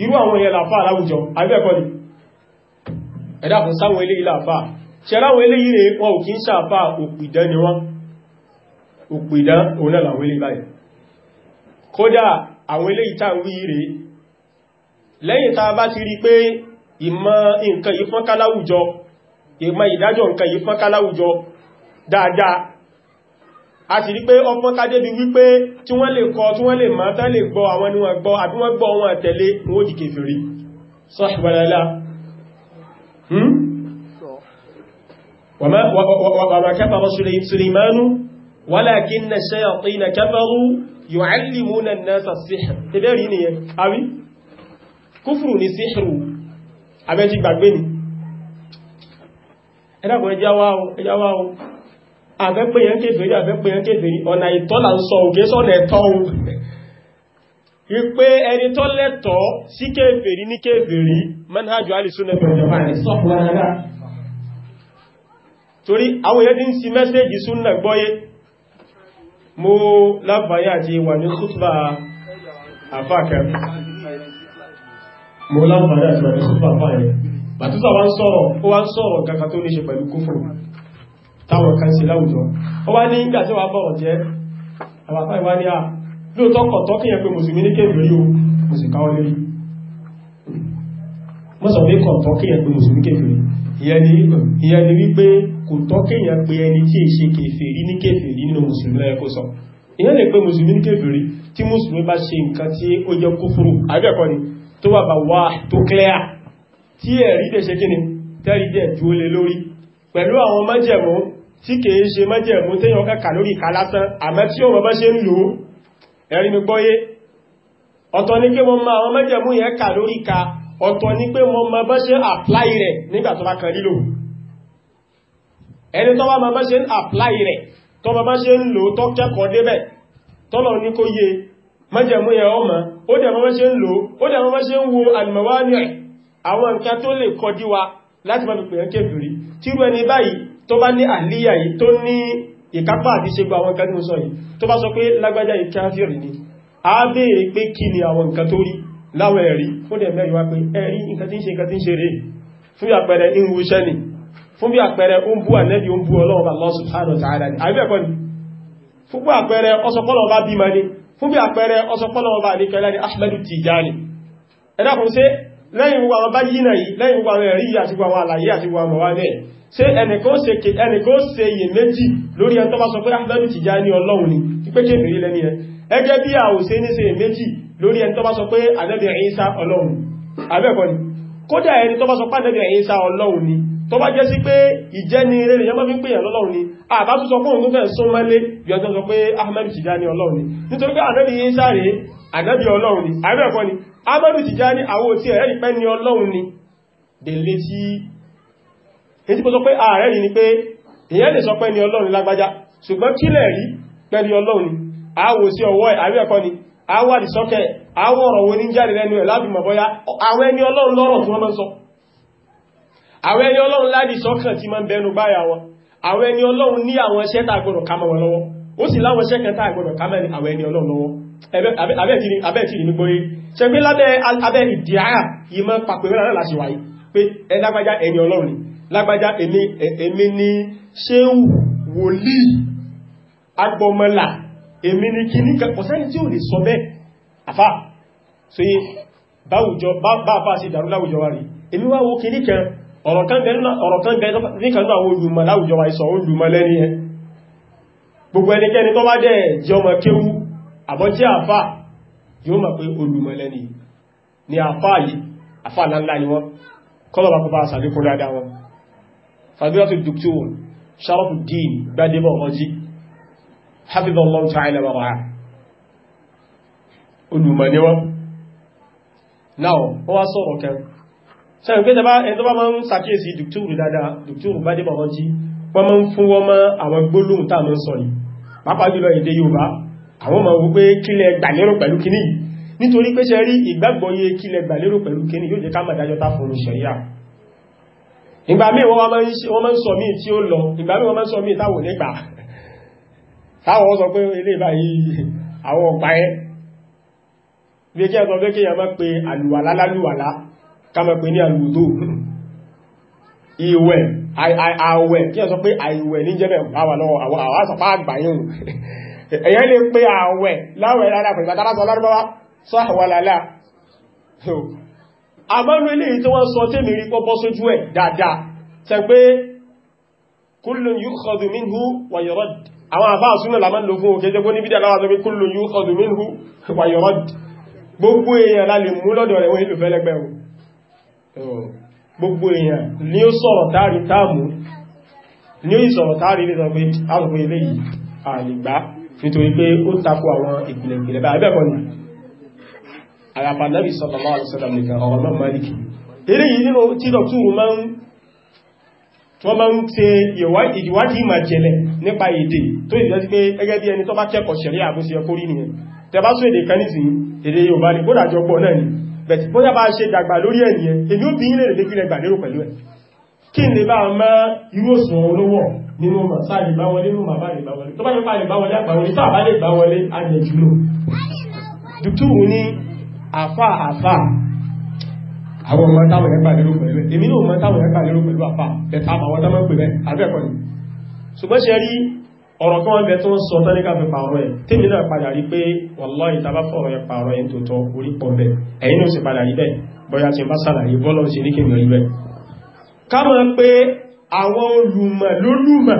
S1: irú àwọn èèyàn làfà láwùjọ abẹ́ẹ̀kọ́ ni ẹ̀dà fún sáwọn ilé ìlàfà ṣẹ́láwọn ilé yìí rẹ̀ wọn ò kí ń sàfà òpìdán ni wọ́n òpìdán òun náà làwọn ilé báyìí kódà àwọn ilé ìta wí rẹ̀ lẹ́yìn tá bá ti rí pé ìmọ̀ nǹkan yìí fọ́nká a sì rí pé ọpọ́n kádé bí wípé tí wọ́n lè kọ tí wọ́n lè mọ̀ tán lè gbọ́ àwọn ni wọ́n gbọ́ àbí wọ́n gbọ́ wọn tẹ̀lé wọ́n di kèfèrí sọ́ṣùgbọ́lẹ́lá كفروا يعلمون الناس السحر تبيري ني ابي كفر ني سحر ابي تي غبغني انا بو àbẹ́pẹ̀yàn kéfèrí àbẹ́pẹ̀yàn kéfèrí ọ̀nà ìtọ́ là ń sọ ògé sọ́nà ẹ̀tọ́ o wípé ẹni tó lẹ́tọ̀ọ́ sí kéfèrí ní kéfèrí manhajjú alìsúnà pẹ̀lẹ̀mà ní sọ́pọ̀lọ́lá torí àwọn èyẹ́ tí ń sí mẹ́sẹ́jì súnà gbọ́yé mo lábàáyé àti wà ní sútbà àfáàkẹ́ mo lábàáyé àti wà ní sútbà àfáàkẹ́ bàtúsà wá ń sọ̀rọ̀ ó wá ń sọ̀rọ̀ kàkà tó ní ṣe pẹ̀lú kúfùrù táwọn kan sí láwùjọ ó wá ní ìgbà tí wà bọ̀rọ̀ jẹ́ àwàfà ìwá ní à lóòtọ́ kọ̀tọ́ kíyàn pé mùsùlùmí ní kéèmìrí o mùsùlùmí káwọ́ lérí wọ́n sọ pé kọ̀tọ́ kíyàn pé mùsùlùmí kéèmìrí ìyẹn ni wípé kò tọ́ kíyàn pé ẹni tí è ṣe kèfèrí ní kèfèrí nínú mùsùlùmí lẹ́yẹ ni tó wà bá wà tó clear tí ẹ̀rí dẹ̀ ṣe kíni tẹ́rí dẹ̀ dúó lórí pẹ̀lú àwọn májẹ̀mú tí kèé ṣe mẹ́jẹ̀mú téyàn kàkà lórí ìka lásán àmẹ́ tí ó mọ́bá ṣe ń lò ẹ̀rí mi gbọ́yé ọ̀tọ̀ ni pé mo ma àwọn mẹ́jẹ̀mú yẹn kà lórí ìka ọ̀tọ̀ ni pé mo ma bá ṣe apply rẹ̀ nígbà tó bá kan lílò ẹni tó bá ma bá ṣe apply rẹ̀ tó bá bá ṣe ń lò tó wa láti má fi pè é kébìrì tó bá ní àlíyà yìí tó ní ìkápá àti ṣe gbà àwọn nǹkan tí mo yìí tó bá sọ pé lágbájá yìí ni a béèrè pé kí ni àwọn nǹkan tó rí láwọn ẹ̀rí fún dẹ̀ mẹ́rin wá pé ẹ̀rí nǹkan tí ń ṣe nǹkan tí ń ṣe rèé fún ni fún bí àpẹẹrẹ ó ń bú ànẹ́bí ó ń bú ọlọ́run ni àbí ni Ahmadu Tijani ẹ̀dàkùn sí lẹ́yìn gbogbo àwọn báyìí náà yìí lẹ́yìn gbogbo àwọn ẹ̀rí àti gbogbo àwọn àlàyé àti gbogbo àwọn wáyé ṣe ẹnìkan ṣe yè méjì lórí ẹn tó bá sọ pé Ahmadu Tijani Ọlọ́run ni tí pé kéèkì rí lẹ́ni ẹ ẹgẹ́ bí a ò ṣe ní ṣe yè méjì lórí ẹn tó bá sọ pé Ànábì Ìsá Ọlọ́run abẹ́ẹ̀kọ́ ni kódà ẹni tó bá sọ pé Ànábì ni tó bá jẹ́ sí pé ìjẹni eré rẹ̀ yọ́mọ́ fi ń pè yàn ni àbá tó sọ fún òun fẹ́ sún mọ́lé yọ́ sọ pé Ahmadu Tijani Ọlọ́run ni nítorí pé Ànábì Ìsá rẹ̀ Ànábì Ọlọ́run ni abẹ́ẹ̀kọ́ ni Amadu Tijani àwọn òtí ẹ̀rẹ́ ni pẹ́ ní ọlọ́run ni délé tí èyí kò sọ pé ààrẹ ni pé èyẹ́ lè sọ pé ní ọlọ́run lágbájá ṣùgbọ́n kí lẹ̀ rí pẹ́ ní ọlọ́run àwò sí ọwọ́ ẹ̀ àrí ẹ̀kọ́ ni àwà ìsọ́kẹ̀ àwọn ọ̀rọ̀ wo ní jáde lẹ́nu ẹ̀ láti mọ̀ bóyá àwọn ẹni ọlọ́run lọ́rọ̀ tí wọ́n mọ́ sọ àwọn ẹni ọlọ́run láti sọ́kàn tí máa ń bẹnu báyà wọn abẹ́ẹ̀tìrì mi gbóyé ṣe pé lábẹ́ ìdíyàrá ìmọ̀ pàpẹ̀rẹ̀ náà láti wáyé pé ẹ lágbájá ẹni ọlọ́run lágbájá èmi ni ṣe ń wòlíì agbọmọlà èmi ni kí ní kọsẹ́ni tí ò lè sọ bẹ́ẹ̀ àfá so yí báwùjọ báfá sí ìdàrú láwùjọ wa rí èmi wá wo kí ní kan ọ̀rọ̀ kan bẹ ní kan náà olùmọ̀ láwùjọ wa ìsọ̀ olùmọ̀ lẹ́ni ẹ gbogbo ẹnikẹ́ni tó bá dẹ̀ jẹ́ ọmọ kéwú àbọ́jẹ́ àfà yóò mọ̀ pé olùmọ̀lẹ́ni ni àfà yìí àfà láńlá ni wọ́n kọ́lọ̀bà púpá sàlékún dáadáa wọn fàbíwátù dùkútù sharafud din gbádébọ̀ ọjí hafizallahu ta'ala wa ra'a olùmọ̀lẹ́ wọn náà wọ́n wá sọ̀rọ̀ kan sẹ́yìn pé ẹni tó bá máa ń sàkíyèsí dùkútù dáadáa dùkútù gbádébọ̀ ọjí wọ́n máa ń fún wọn mọ́ àwọn gbólóhùn táà mọ́ sọ ní pàápàá jùlọ èdè Yorùbá àwọn ọmọ wípé kílẹ̀ gbàlérò pẹ̀lú kíní nítorí pé ṣe rí ìgbàgbọ́yé kílẹ̀ gbàlérò pẹ̀lú kíní yóò jẹ́ ká màdájọ́ tá fún ìṣẹ̀yà ìgbà míì wọ́n máa ń sọ míì tí ó lọ ìgbà míì wọ́n máa ń sọ míì táwọn nígbà táwọn sọ pé ilé ìbáyìí àwọn ọ̀pá ẹ́ bí kí ẹ̀sọ́ fẹ́kẹ́ yàmá pé àlùwàlá lálùwàlá kàmà pé ní àlùwòdó ìwẹ̀ àwẹ̀ kí ẹ̀sọ́ pé àìwẹ̀ ní jẹ́bẹ̀ àwà lọ́wọ́ àwà àsọpá àgbàyìn èyàn lè pé àwẹ̀ láwẹ̀ lára pẹ̀lú bàtàrà sọ lárúbáwá sọ àwàlálà àmọ́nú ilé tí wọ́n sọ tí mìírí pọ́ bọ́ sójú ẹ̀ dáadáa tẹ pé kullun yukhadhu minhu wa yurad àwọn àfáà súnà lámọ́ ló fún òkè jẹ́gbó níbi dáadáa tó bí kullun yukhadhu minhu wa yurad gbogbo èèyàn la lè mú lọ́dọ̀ rẹ̀ wọ́n ìlú fẹ́lẹ́gbẹ̀ gbogbo èèyàn ni ó sọ̀rọ̀ táàrí táàmù ni ó ìsọ̀rọ̀ táàrí lè sọ pé àrùn ilé yìí àlìgbà nítorí pé ó tako àwọn ìgbìlẹ̀gbìlẹ̀ bá abẹ́kọ́ ni àràpà náà sallallahu alaihi wasallam nìkan ọ̀rọ̀ náà Málíkì eré yìí nínú tí dọ̀tún wọ́n máa ń ṣe ìwádìí ìmàjẹ̀lẹ̀ nípa èdè tó ìjẹ́ sí pé gẹ́gẹ́ bí ẹni tó bá kẹ́kọ̀ọ́ ṣẹ̀rí àbúsí ẹkó rí nìyẹn tẹbá sún èdè kan nìsìn èdè Yorùbá ní kódàjọ pọ̀ náà ni bẹ̀tì bóyá bá ṣe dàgbà lórí ẹ̀yẹn èmi ó bí ilẹ̀ lè gbà lérò pẹ̀lú ẹ̀ kí n lè bá ọmọ irú òsùn olówó nínú sáà lè bá wọlé nínú bàbá lè bá wọlé tó bá yẹpa lè bá wọlé àgbàwọlé tó àbá lè bá wọlé àjẹ jùlọ dùtúrù ní àfà àfà àwọn ọmọ táwọn ẹ̀pà lérò pẹ̀lú èmi ní ọmọ táwọn ẹ̀pà lérò pẹ̀lú àfà ẹ̀ta àwọn táwọn pè bẹ́ àbẹ́ẹ̀kọ́ ni ṣùgbọ́n ṣe rí ọ̀rọ̀ kan ọgbẹ̀ tó ń sọ tán ní káfẹ́ pààrọ̀ ẹ̀ tí mi náà padà rí pé wọ́lọ́ ìtàbá fọ̀rọ̀ ẹ̀ pààrọ̀ ẹ̀ tó tọ́ orí pọ̀ bẹ̀ ẹ̀yìn ó sì padà rí bẹ́ẹ̀ bọ́yá tí ń bá sàlàyé bọ́lọ́ sí ní kèmì orí bẹ́ẹ̀ ká mọ̀ pé àwọn olùmọ̀ lólùmọ̀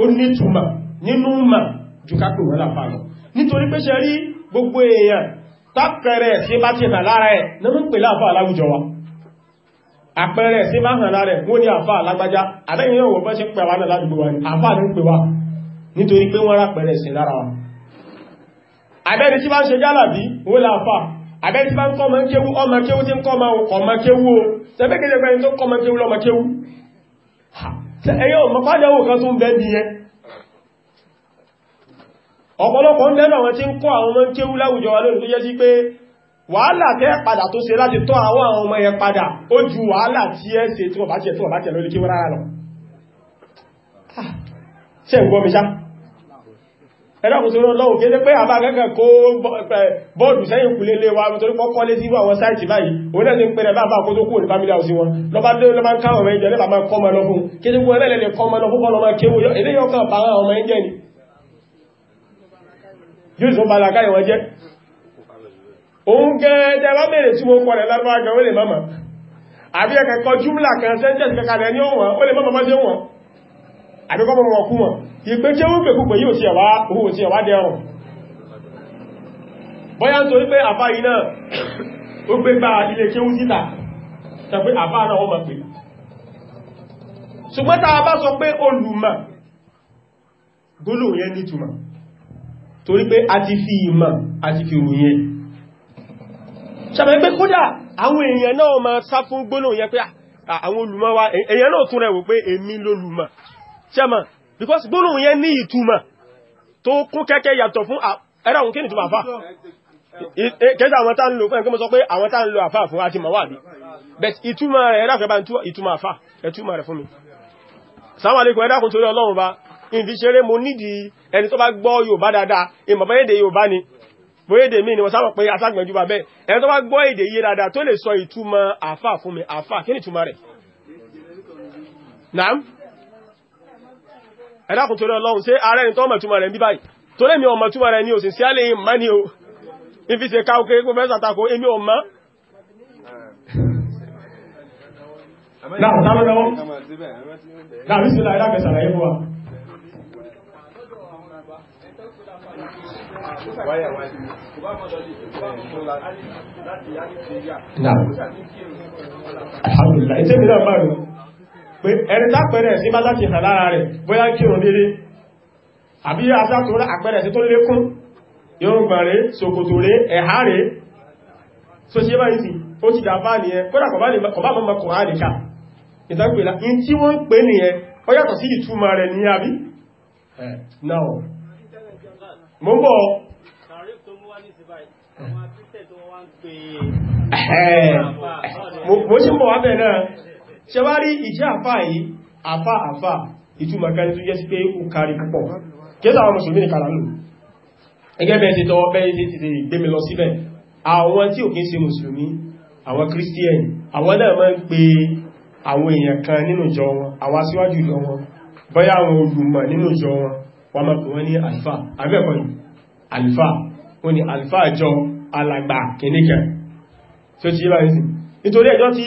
S1: ó nítumọ̀ nínú mọ̀ jù ká pè wọ́n láfà lọ nítorí pé ṣe rí gbogbo èèyàn tápẹrẹ sí bá ti hàn lára ẹ̀ nínú pè láfà aláwùjọ wa àpẹẹrẹ sí bá hàn lára ẹ̀ wọ́n ní àfà alágbájá àdẹ́yìn yóò wọ́n fẹ́ sí pẹ̀wà náà àbẹ́ni tí bá ń kọ́ ma ń kéwú ọmọ kéwú tí ń kọ́ ma ọmọ kéwú o tẹ́bẹ́kẹ́lẹ́ pẹ́ni tó kọ́ ma kéwú lọ́mọ kéwú ẹ̀yọ́ mọ̀pádáwò kan tún bẹ́ bí yẹn ọ̀pọ̀lọpọ̀ ń bẹ́nu àwọn tí ń kọ́ àwọn ọmọ kéwú láwùjọ wa lónìí tó jẹ́ sí pé wàhálà tẹ́ padà tó ṣe láti tọ́ àwọn àwọn ọmọ yẹn padà ó ju wàhálà tí ẹ ṣe tí wọ́n bá tẹ̀ lórí kí wọ́n rárá lọ ṣe ń gbọ́ mi ṣá ẹ̀dàkùn tó lọ́wọ́ kéde pé àbágẹ́gẹ́ kó bọ́ọ̀dù sẹ́yìn kù lélé wa torí pọ́kọ́ lé sí àwọn sáìtì báyìí òun ti ń pẹ̀rẹ̀ láàbá kó tó kúrò ní family house wọn lọ́bá dé lọ́bá àbíkọ́ mọ̀ wọ̀n kúmọ̀ ìpé kí ó pẹ̀kúpẹ̀ yóò tí ẹ̀wà owó tí ẹ̀wà dẹ̀rùn bọ́yá tó wípé àfá iná ó gbé gbá ilé kí ó síta tàbí àfá náà wọ́n mọ̀ pé ṣùgbọ́n tá a bá sọ pé olùmọ̀ gólò yẹn nítumọ̀ torí pé a ti fi ìmọ̀ a ti fi ròyìn ṣàbẹ̀ pé kódà àwọn èèyàn náà ma sá fún gbólò yẹn pé àwọn olùmọ̀ wa èèyàn náà tún rẹ̀ wò pé èmi lólùmọ̀ ṣẹ́mà because gbólóhùn yẹn ní ìtumọ̀ tó kún kẹ́kẹ́ yàtọ̀ fún ẹ̀rọ òun kí ni túnmà fà kẹta àwọn tán lò fún ẹgbẹ́ sọ pé àwọn tán lò àfà fún àti màwà bí but ìtumọ̀ rẹ̀ ẹ̀rọ àfẹ́bá ìtumọ̀ àfà ẹ̀tumọ̀ rẹ̀ fún mi assalamu alaikum ẹ̀dá kun torí ọlọ́run bá ìfi ṣeré mo nídìí ẹ̀dàkùn torí ọlọ́run ṣe ààrẹ ní tọ́mọ̀ túnmọ̀ rẹ̀ ń bí báyìí torí èmi ọmọ túnmọ̀ rẹ̀ ní òsìn sí alẹ́ ìmọ̀ ni o ìfi ṣe káwọ́kẹ́ kó fẹ́ sàtakò èmi ọmọ Alhamdulillah, ìtẹ́bìnà márùn-ún pé ẹni tápẹ̀rẹ̀ sí bá láti hàn lára rẹ̀ bóyá kírùn dédé àbí asátòrò àpẹẹrẹ sí tó lékún yóògbà rẹ̀ ṣòkòtò rẹ̀ ẹ̀há rẹ̀ so ṣe bá ìsì ó ti dàbá nìyẹn kódà kọ̀bá mọ́mọ́ kòrán nìka ìtàgbèlá in tí wọ́n ń pè nìyẹn ó yàtọ̀ sí ìtumọ̀ rẹ̀ ní àbí mo ṣe ń bọ̀ wá bẹ̀ náà ṣe wá rí ìjẹ́ àfá yìí àfá àfá ìtumọ̀ kan tó jẹ́ sí pé ó kárí púpọ̀ kéta àwọn mùsùlùmí ní kàrà lò ẹgẹ́ bẹ́ẹ̀ ti tọwọ́ bẹ́ẹ̀ ti ti gbé mi lọ síbẹ̀ àwọn tí ò kí ń ṣe àwọn kírísítíẹ̀nì pe àwọn èèyàn kan nínú ìjọ wọn àwọn aṣíwájú ìjọ wọn bọ́yá àwọn olùmọ̀ nínú ìjọ ni alfa wọ́n ni alfa jọ alàgbà kìnníkan tó ti yíba ìsìn nítorí ẹjọ́ tí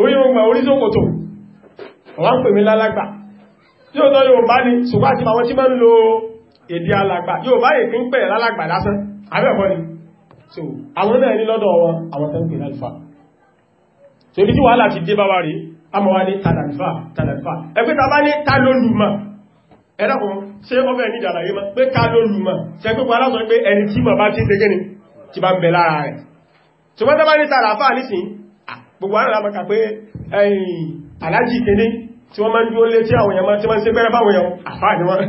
S1: orí ogun orísòkòtò wọ́n pè mí lálágbà tí ó tọ́ lo èdè alàgbà yóò bá ìpín pẹ̀ lálágbà lásán àbẹ́ẹ̀kọ́ ni so àwọn náà ní lọ́dọ̀ wọn àwọn tẹ́ ń pè lálfà so ibi tí wàhálà ti dé bá wá rí àmọ́ wá ní tàlàfà tàlàfà ẹgbẹ́ ta bá ní tàlólùmọ̀ ẹ̀dàkùn ṣe ọbẹ̀ ní ìdàlàyé ma pé tàlólùmọ̀ ṣe pé wàhálà sọ pé ẹni tí mọ̀ bá ti ń degé ni ti bá ń bẹ lára rẹ̀ gbogbo ara lámọ́ka pé ẹ̀yìn alájì kéde tí wọ́n máa ń dúó lé tí àwọn èèyàn tí wọ́n ṣe gbẹ́rẹ́ fáwọn èèyàn àfáà ni wọ́n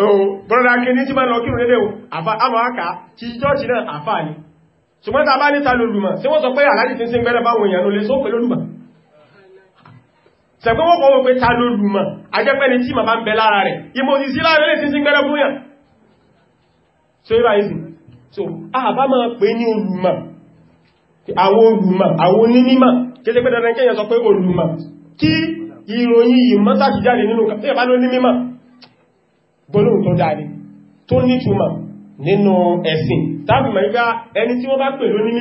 S1: o brọ́dá kéde tí máa lọ kírun lédè àmọ́ aka ti jọ́ọ̀tì náà àfáà ni ṣùgbọ́n ta bá níta lólùmọ̀ tí wọ́n sọ pé alájì tí ń ṣe gbẹ́rẹ́ fáwọn èèyàn lè sọ pé lólùmọ̀ sẹ̀gbẹ́ wọ́n kọ́ wọ́n pé ta lólùmọ̀ ajẹ́pẹ́ni tí màá ń bẹ lára rẹ̀ ìmọ̀ òsìsí lára rẹ̀ tí ń ṣe gbẹ́rẹ́ fún yàn so ibà yìí so àbá máa pè ní olùmọ̀ àwọn olùmọ̀ àwọn onímọ̀ kéde pé dandan kéyàn sọ pé olùmọ̀ kí ìròyìn ìmọ̀ sáti jáde nínú kàfẹ́ ìbá ló ní mímọ̀ gbólóhùn tó dáre tó nítumọ̀ nínú ẹ̀sìn tàbí mọ̀ ìgbá ẹni tí wọ́n bá pè ló ní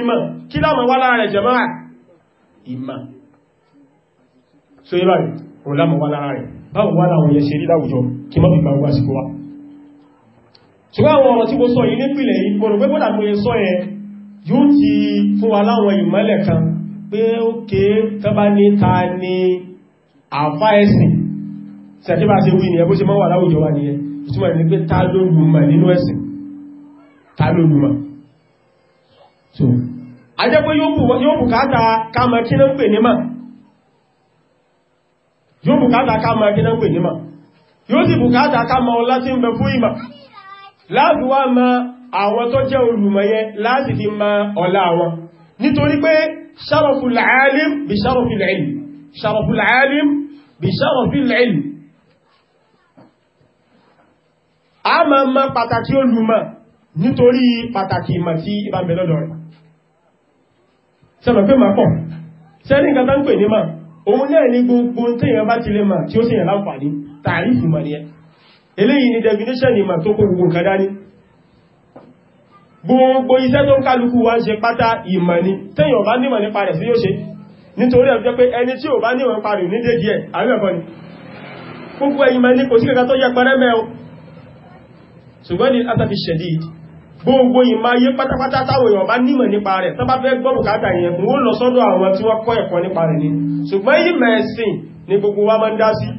S1: so yíba rẹ̀ kò láàmọ̀ wá lára rẹ̀ báwo wá láwọn yẹ ṣe rí láwùjọ kí mọ́ ìgbà wá sí kó wá ṣùgbọ́n yóò ti fún wa láwọn ìmọ́lẹ̀ kan pé ó ké tọ́bá ní ta ní àfá ẹ̀sìn tí àti bá ṣe wí ní ẹbó ṣe mọ́ wà láwùjọ wa nìyẹn ìtumọ̀ ní pé ta ló lùmọ̀ nínú ẹ̀sìn ta ló lùmọ̀ so a jẹ́ pé yóò bùkátà káàmà kí náà ń pè ní mà àwọn tó jẹ́ olùmọ̀yẹ láti fi ma ọlá wọn nítorí pé sharaful alim bí sharafil ilm sharaful alim bí sharafil ilm a ma ma pàtàkì olùmọ̀ nítorí pàtàkì ìmọ̀ tí ibà bẹ̀rẹ̀ lọ́dọ̀ rẹ̀ sẹ́lọ̀ pé ma pọ̀ sẹ́lì nǹkan tán pè ní ma òun náà ní gbogbo tíyàn bá ti lè ma eléyìí ni definition ìmọ̀ tó kó gbogbo nǹkan dání gbogbo iṣẹ́ tó ń kálukú wá ń ṣe pátá ìmọ̀ ni tẹ́yàn bá nímọ̀ nípa rẹ̀ sí yóò ṣe nítorí ẹ̀fẹ́ pé ẹni tí ò bá nímọ̀ nípa rẹ̀ ní dédé ẹ̀ àríwẹ̀kọ́ ni gbogbo ẹ̀yìnmọ̀ ní kò sí kẹta tó o gbogbo ìmọ̀ ayé pátápátá táwọn èèyàn bá nímọ̀ nípa rẹ̀ lọ sọ́dọ̀ àwọn tí ni ṣùgbọ́n ìmọ̀ ẹ̀sìn gbogbo wa ń dá sí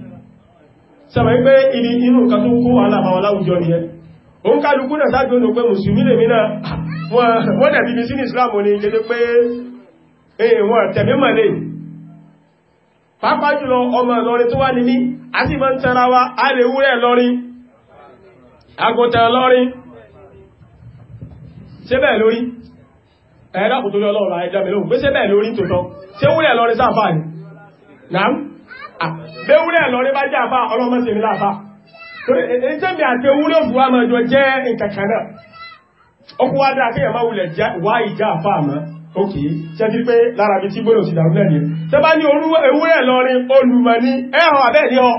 S1: pé inú nǹkan tó ó ń kálukú náà sáájú ọ̀nà pé mùsùlùmí lè mìíràn wọ́n dẹ̀ bíbi sínú islam ní ilé pé èèwọ̀n eh, tẹ̀mí mọ̀lẹ̀ pàápàá jùlọ ọmọ ìlọrin tó wá níní a sì máa ń tara wa a lè wúrẹ́ lọrin agùntàn lọrin ṣé bẹ́ẹ̀ lórí ẹ̀ẹ́dà kò tó lọ lọ́rọ̀ ẹja mẹ́lò pé ṣé bẹ́ẹ̀ lórí tòótọ́ ṣé wúrẹ́ lọrin sáfà ni nàám bẹ́ẹ̀ wúrẹ́ lọrin bá jẹ́ àfà ọlọ́mọ sí mi láfà ìtẹ́bí àti ewúrẹ́ òfúwà máa jọ jẹ́ ìkàkànà ọkùn wá dáa kéèyàn máa wulẹ̀ wá ìjà àfà àmọ́ òkè ṣẹ́bí pé lára bí tí gbóòrò sí ìdàrú lẹ́ni tẹ́ bá ní ewúrẹ́ lọrin olùmọ̀ní ẹ̀họ̀ abẹ́ ní ọ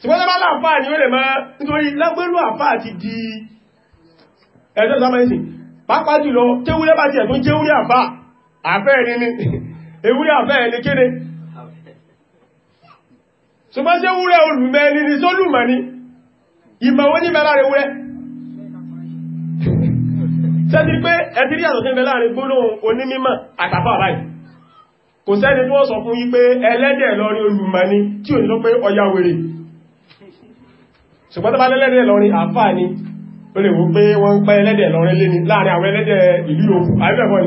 S1: ṣùgbọ́n tẹ́ bá láàfà ní ó lè máa nítorí lágbérú àfà ti di ẹjọ́ sámẹ́sì pápá jùlọ tẹ́wúrẹ́ ṣùgbọ́n ṣe wúrẹ́ olùmẹ́ni ní sólùmọ̀ ní ìmọ̀wó ní mẹ́láàrin wúrẹ́ tẹ́bí pé ẹ̀tìrí àtọ̀tẹ́ mẹ́láàrin gbónáhùn onímímọ̀ àtàfà àbáyì kò sẹ́ni tó sọ fún yí pé ẹlẹ́dẹ̀ lọrin olùmọ̀ni tí ò ní sọ pé ọya wèrè ṣùgbọ́n tọ́bá lẹ́lẹ́dẹ̀ lọrin àfà ni ó lè wó pé wọ́n ń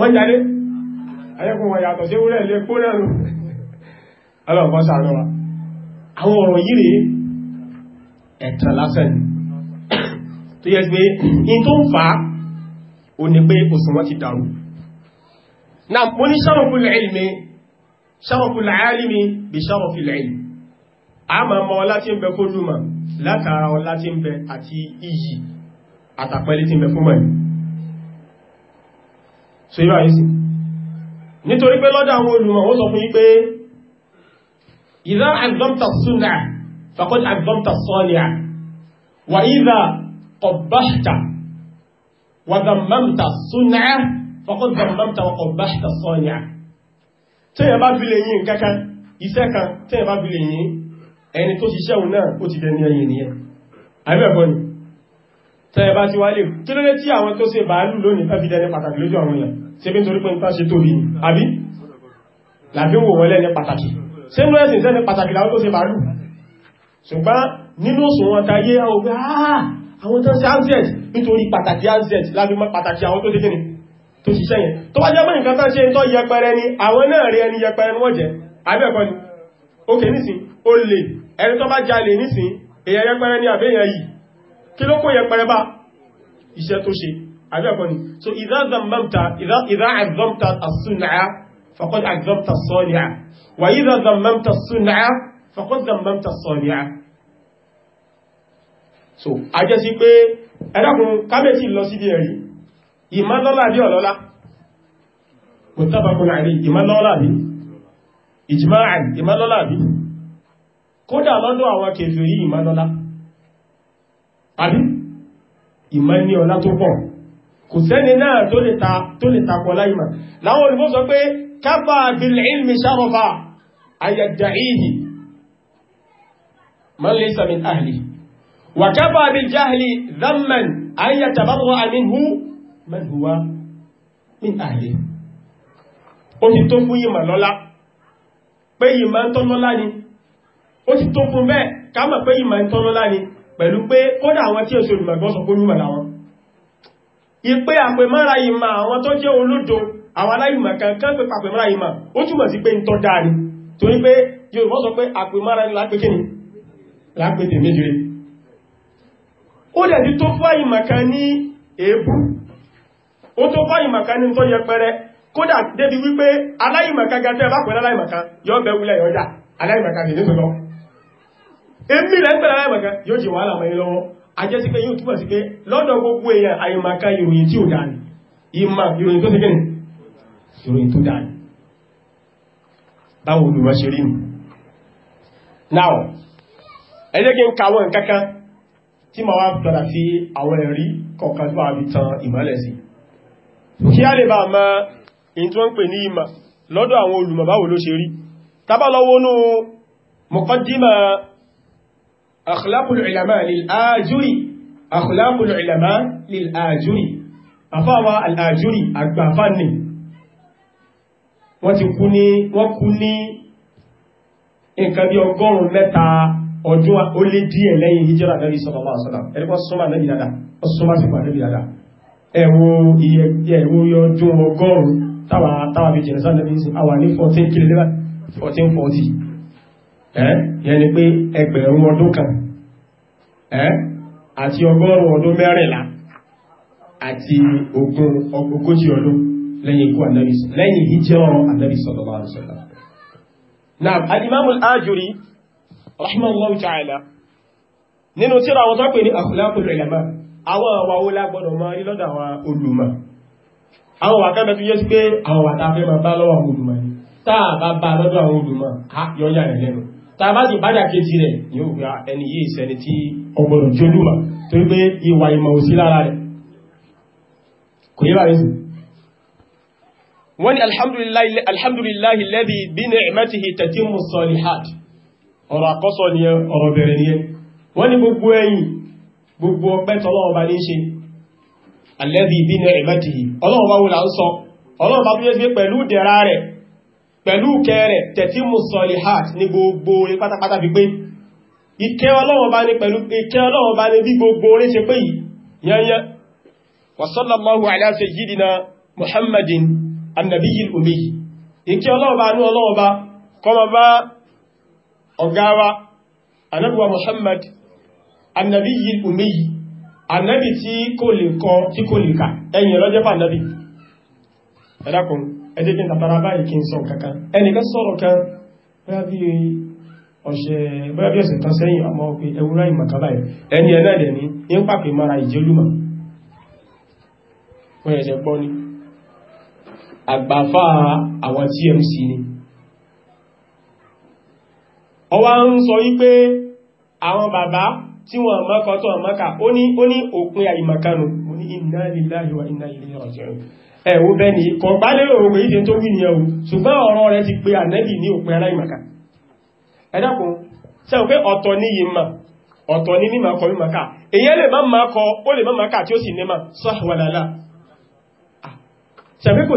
S1: wọ́n jáde ayẹ́kùn wọn yàtọ̀ sí wúrẹ̀ ilé kó náà nù ọlọ́pọ̀ sàánúwà àwọn ọ̀rọ̀ yìí rí ẹ̀tàn lásán tó yẹ pé in tó ń fa o ní pé òsùnwọ́n ti dàrú náà mo ní sharaful ilmi sharaful alimi bí sharafil so yíba yìí sí nítorí pé lọ́dọ̀ àwọn olùmọ̀ ó sọ fún yín pé ìdá àgbọ́mta súnà fàkọ́lì àgbọ́mta sọ́ọ̀lìà wà ìdá ọ̀báṣta wà dàmàmta súnà fàkọ́lì dàmàmta wà ọ̀báṣta sọ́ọ̀lìà tí yẹn bá fi lè yìn kankan iṣẹ́ tẹ́yẹ bá ti wá lè kí ló lé tí àwọn tó ṣe bàálù lónìí fẹ́ fi dẹni pàtàkì lójú àwọn èèyàn ṣe bí torí pé ń tán ṣe tóbi ní àbí làbí wò wọlé ní pàtàkì ṣe mú ẹ̀sìn sẹ́ni pàtàkì láwọn tó ṣe bàálù ṣùgbọ́n nínú òsùn wọn tayé ah, àwọn tó ṣe azet nítorí pàtàkì azet lábí mọ́ pàtàkì àwọn tó ṣe gini tó ṣiṣẹ́ yẹn tó bá jẹ́ mọ́ nǹkan tán ṣe tó yẹpẹrẹ ni àwọn náà rí ẹni yìí kí ló kó yẹ pẹrẹbá iṣẹ́ tó ṣe àbẹ́ẹ̀kọ́ so idha zammamta idha azamta as-sun'a faqad azamta as-sani'a wa idha zammamta as-sun'a faqad zammamta as-sani'a so a jẹ́ sí pé ẹ̀dàkùn kábẹ̀tì lọ sí ẹ̀rí ìmọ́lọ́lá bí ọ̀lọ́lá mùtábàkùn àrí ìmọ́lọ́lá bí ìjìmáà ìmọ́lọ́lá bí kódà lọ́dọ̀ àwọn àbí ìmọ̀ ní ọlá tó pọ̀ kò sẹ́ni náà tó lè tapọ̀ láìmọ̀ láwọn olùmọ́ sọ pé káfà bílẹ̀ ilmi sáfọ́fà ayàdàíhì man laysa min ahli wà káfà bil jahli dhamman ayàtàbárọ̀ minhu man huwa min mọ̀ pé ìmọ̀ tọ́lọ́lá ni pẹ̀lú pé kódà àwọn tí ó ṣe olùmọ̀gbọ́n sọ pólúmọ̀ láwọn ipé àpèmọ́ra ìmọ̀ àwọn tó jẹ́ olódo àwọn aláìmọ̀ kankan pé pàpèmọ́ra ìmọ̀ ó túnmọ̀ sí pé ń tọ́ dáadé torí pé Yorùbá sọ pé àpèmọ́ra ní lápé kíni lápé tèméjìrí ó dẹ̀ ti tó fọ́ ìmọ̀ kan ní èébú ó tó fọ́ ìmọ̀ kan ní tó yẹpẹrẹ kódà débi wípé aláìmọ̀ kan gẹ́gẹ́ bá pẹ̀lú aláìmọ̀ kan yọ́ bẹ̀wulẹ̀ yọjà aláìmọ̀ kan sì èmi rẹ̀ pẹ̀lẹ̀ aláìmọ̀ká yóò jẹ wàhálà mọ̀ ìlọ́wọ́ ajẹ́ yóò túnbọ̀ sí lọ́dọ̀ gbogbo èèyàn àìmọ̀ká ìròyìn tí ó dáni ìmọ̀ ìròyìn tó ti gẹ́ni ìròyìn tó dáni báwo ni ṣe rí mi ẹjẹ́ kí n ka àwọn kankan tí ma wá padà fi àwọn ẹ̀rí kọ̀ọ̀kan tó akhlaqul ulama lil ajuri akhlaqul ulama lil ajuri afawa al ajuri agbafa ni wọ́n ti kú ní wọ́n kú ní nǹkan bí ọgọ́rùn mẹ́ta ọdún ó lé díẹ̀ lẹ́yìn hijira nabi sallallahu alaihi wasallam ẹ̀rí wọ́n súnmà nabi dada wọ́n súnmà sí pàdé bí dada ẹ̀wọ̀ iye ọdún ọgọ́rùn táwà táwà bí jẹ̀rẹ̀sá nabi sí àwà ní 14 kìlẹ̀ 1440 yẹn ni pé ẹgbẹ̀rún ọdún kan àti ati ọdún mẹ́rìnlá àti ogún ogójì ọdún lẹ́yìn ikú ànábì lẹ́yìn ìjẹ́ ànábì sallallahu alaihi wasallam Naam, al ajuri rahimahullahu ta'ala, nínú tírà wọn tó pè lọ́dọ̀ àwọn olùmọ̀. ha tàbátì bádà kejì rẹ̀ yóò gba ẹni yìí ìsẹni tí ọgbọ̀nà tí ó lúmà tó ń gbé ìwà ìmọ̀ òsí lára rẹ̀ kò yíra rẹ̀ sí wọ́n ni alhamdulillahi alladhi bí ní ẹ̀mẹ́tìhì tatimmu salihat ọ̀rọ̀ àkọ́sọ ni ọ̀rọ̀ bẹ̀rẹ̀ ni wọ́n ni gbogbo ẹ̀yìn gbogbo ọpẹ́ tọ́lọ́ọba ní ṣe alladhi bí ní ẹ̀mẹ́tìhì ọlọ́ọ̀bá wùlà ń sọ ọlọ́ọ̀bá tó yẹ́ sí pẹ̀lú dẹ̀ra rẹ̀ pẹ̀lú kẹrẹ tẹ̀tí mú sọlihat ní gbogbo orin pátápátá fi pé ìkẹ́ Ọlọ́run bá ní pẹ̀lú ìkẹ́ Ọlọ́run bá ní bí gbogbo orin ṣe pé yìí yányá ala sayyidina muhammadin annabiyil ummi ìkẹ́ Ọlọ́run bá ní Ọlọ́run bá kọmọ bá ọgáwa muhammad annabiyil ummi annabi tí kò lè kọ tí kò lè kà ẹ̀yìn ẹ̀dàkùn ẹjẹ́ kí n tàtàrà báyìí kí n sọ kankan ẹnìkan sọ̀rọ̀ kan bóyá bí ọ̀sẹ̀ kan sẹ́yìn ọmọ pé ẹwúrá ìmọ̀kànlá ẹni ẹ̀nà ẹ̀dẹ̀ ní ń pàpè mara ìjẹ́lúmọ̀ wọ́n ẹ̀ṣẹ̀ gbọ́ ni àgbàfà àwọn TMC ni ọwá ń sọ wípé àwọn bàbá tí wọ́n mọ́kọ̀ wa inna ilayhi ẹ̀wọ́ bẹ́ ní kan bá lérò òun èyí tó wí ní ẹ̀wọ́ ṣùgbọ́n ọ̀rọ̀ rẹ̀ ti pé ànẹ́bì ní òpin aláìmọ̀ká ẹ̀dàkùn ṣe ò pé ọ̀tọ̀ ní ìmọ̀ ọ̀tọ̀ ní mímọ̀ kọ mímọ̀ ká èyẹ́ lè máa máa kọ ó lè máa máa ká tí ó sì ní máa sọ́hàwàlálà ṣe pé kò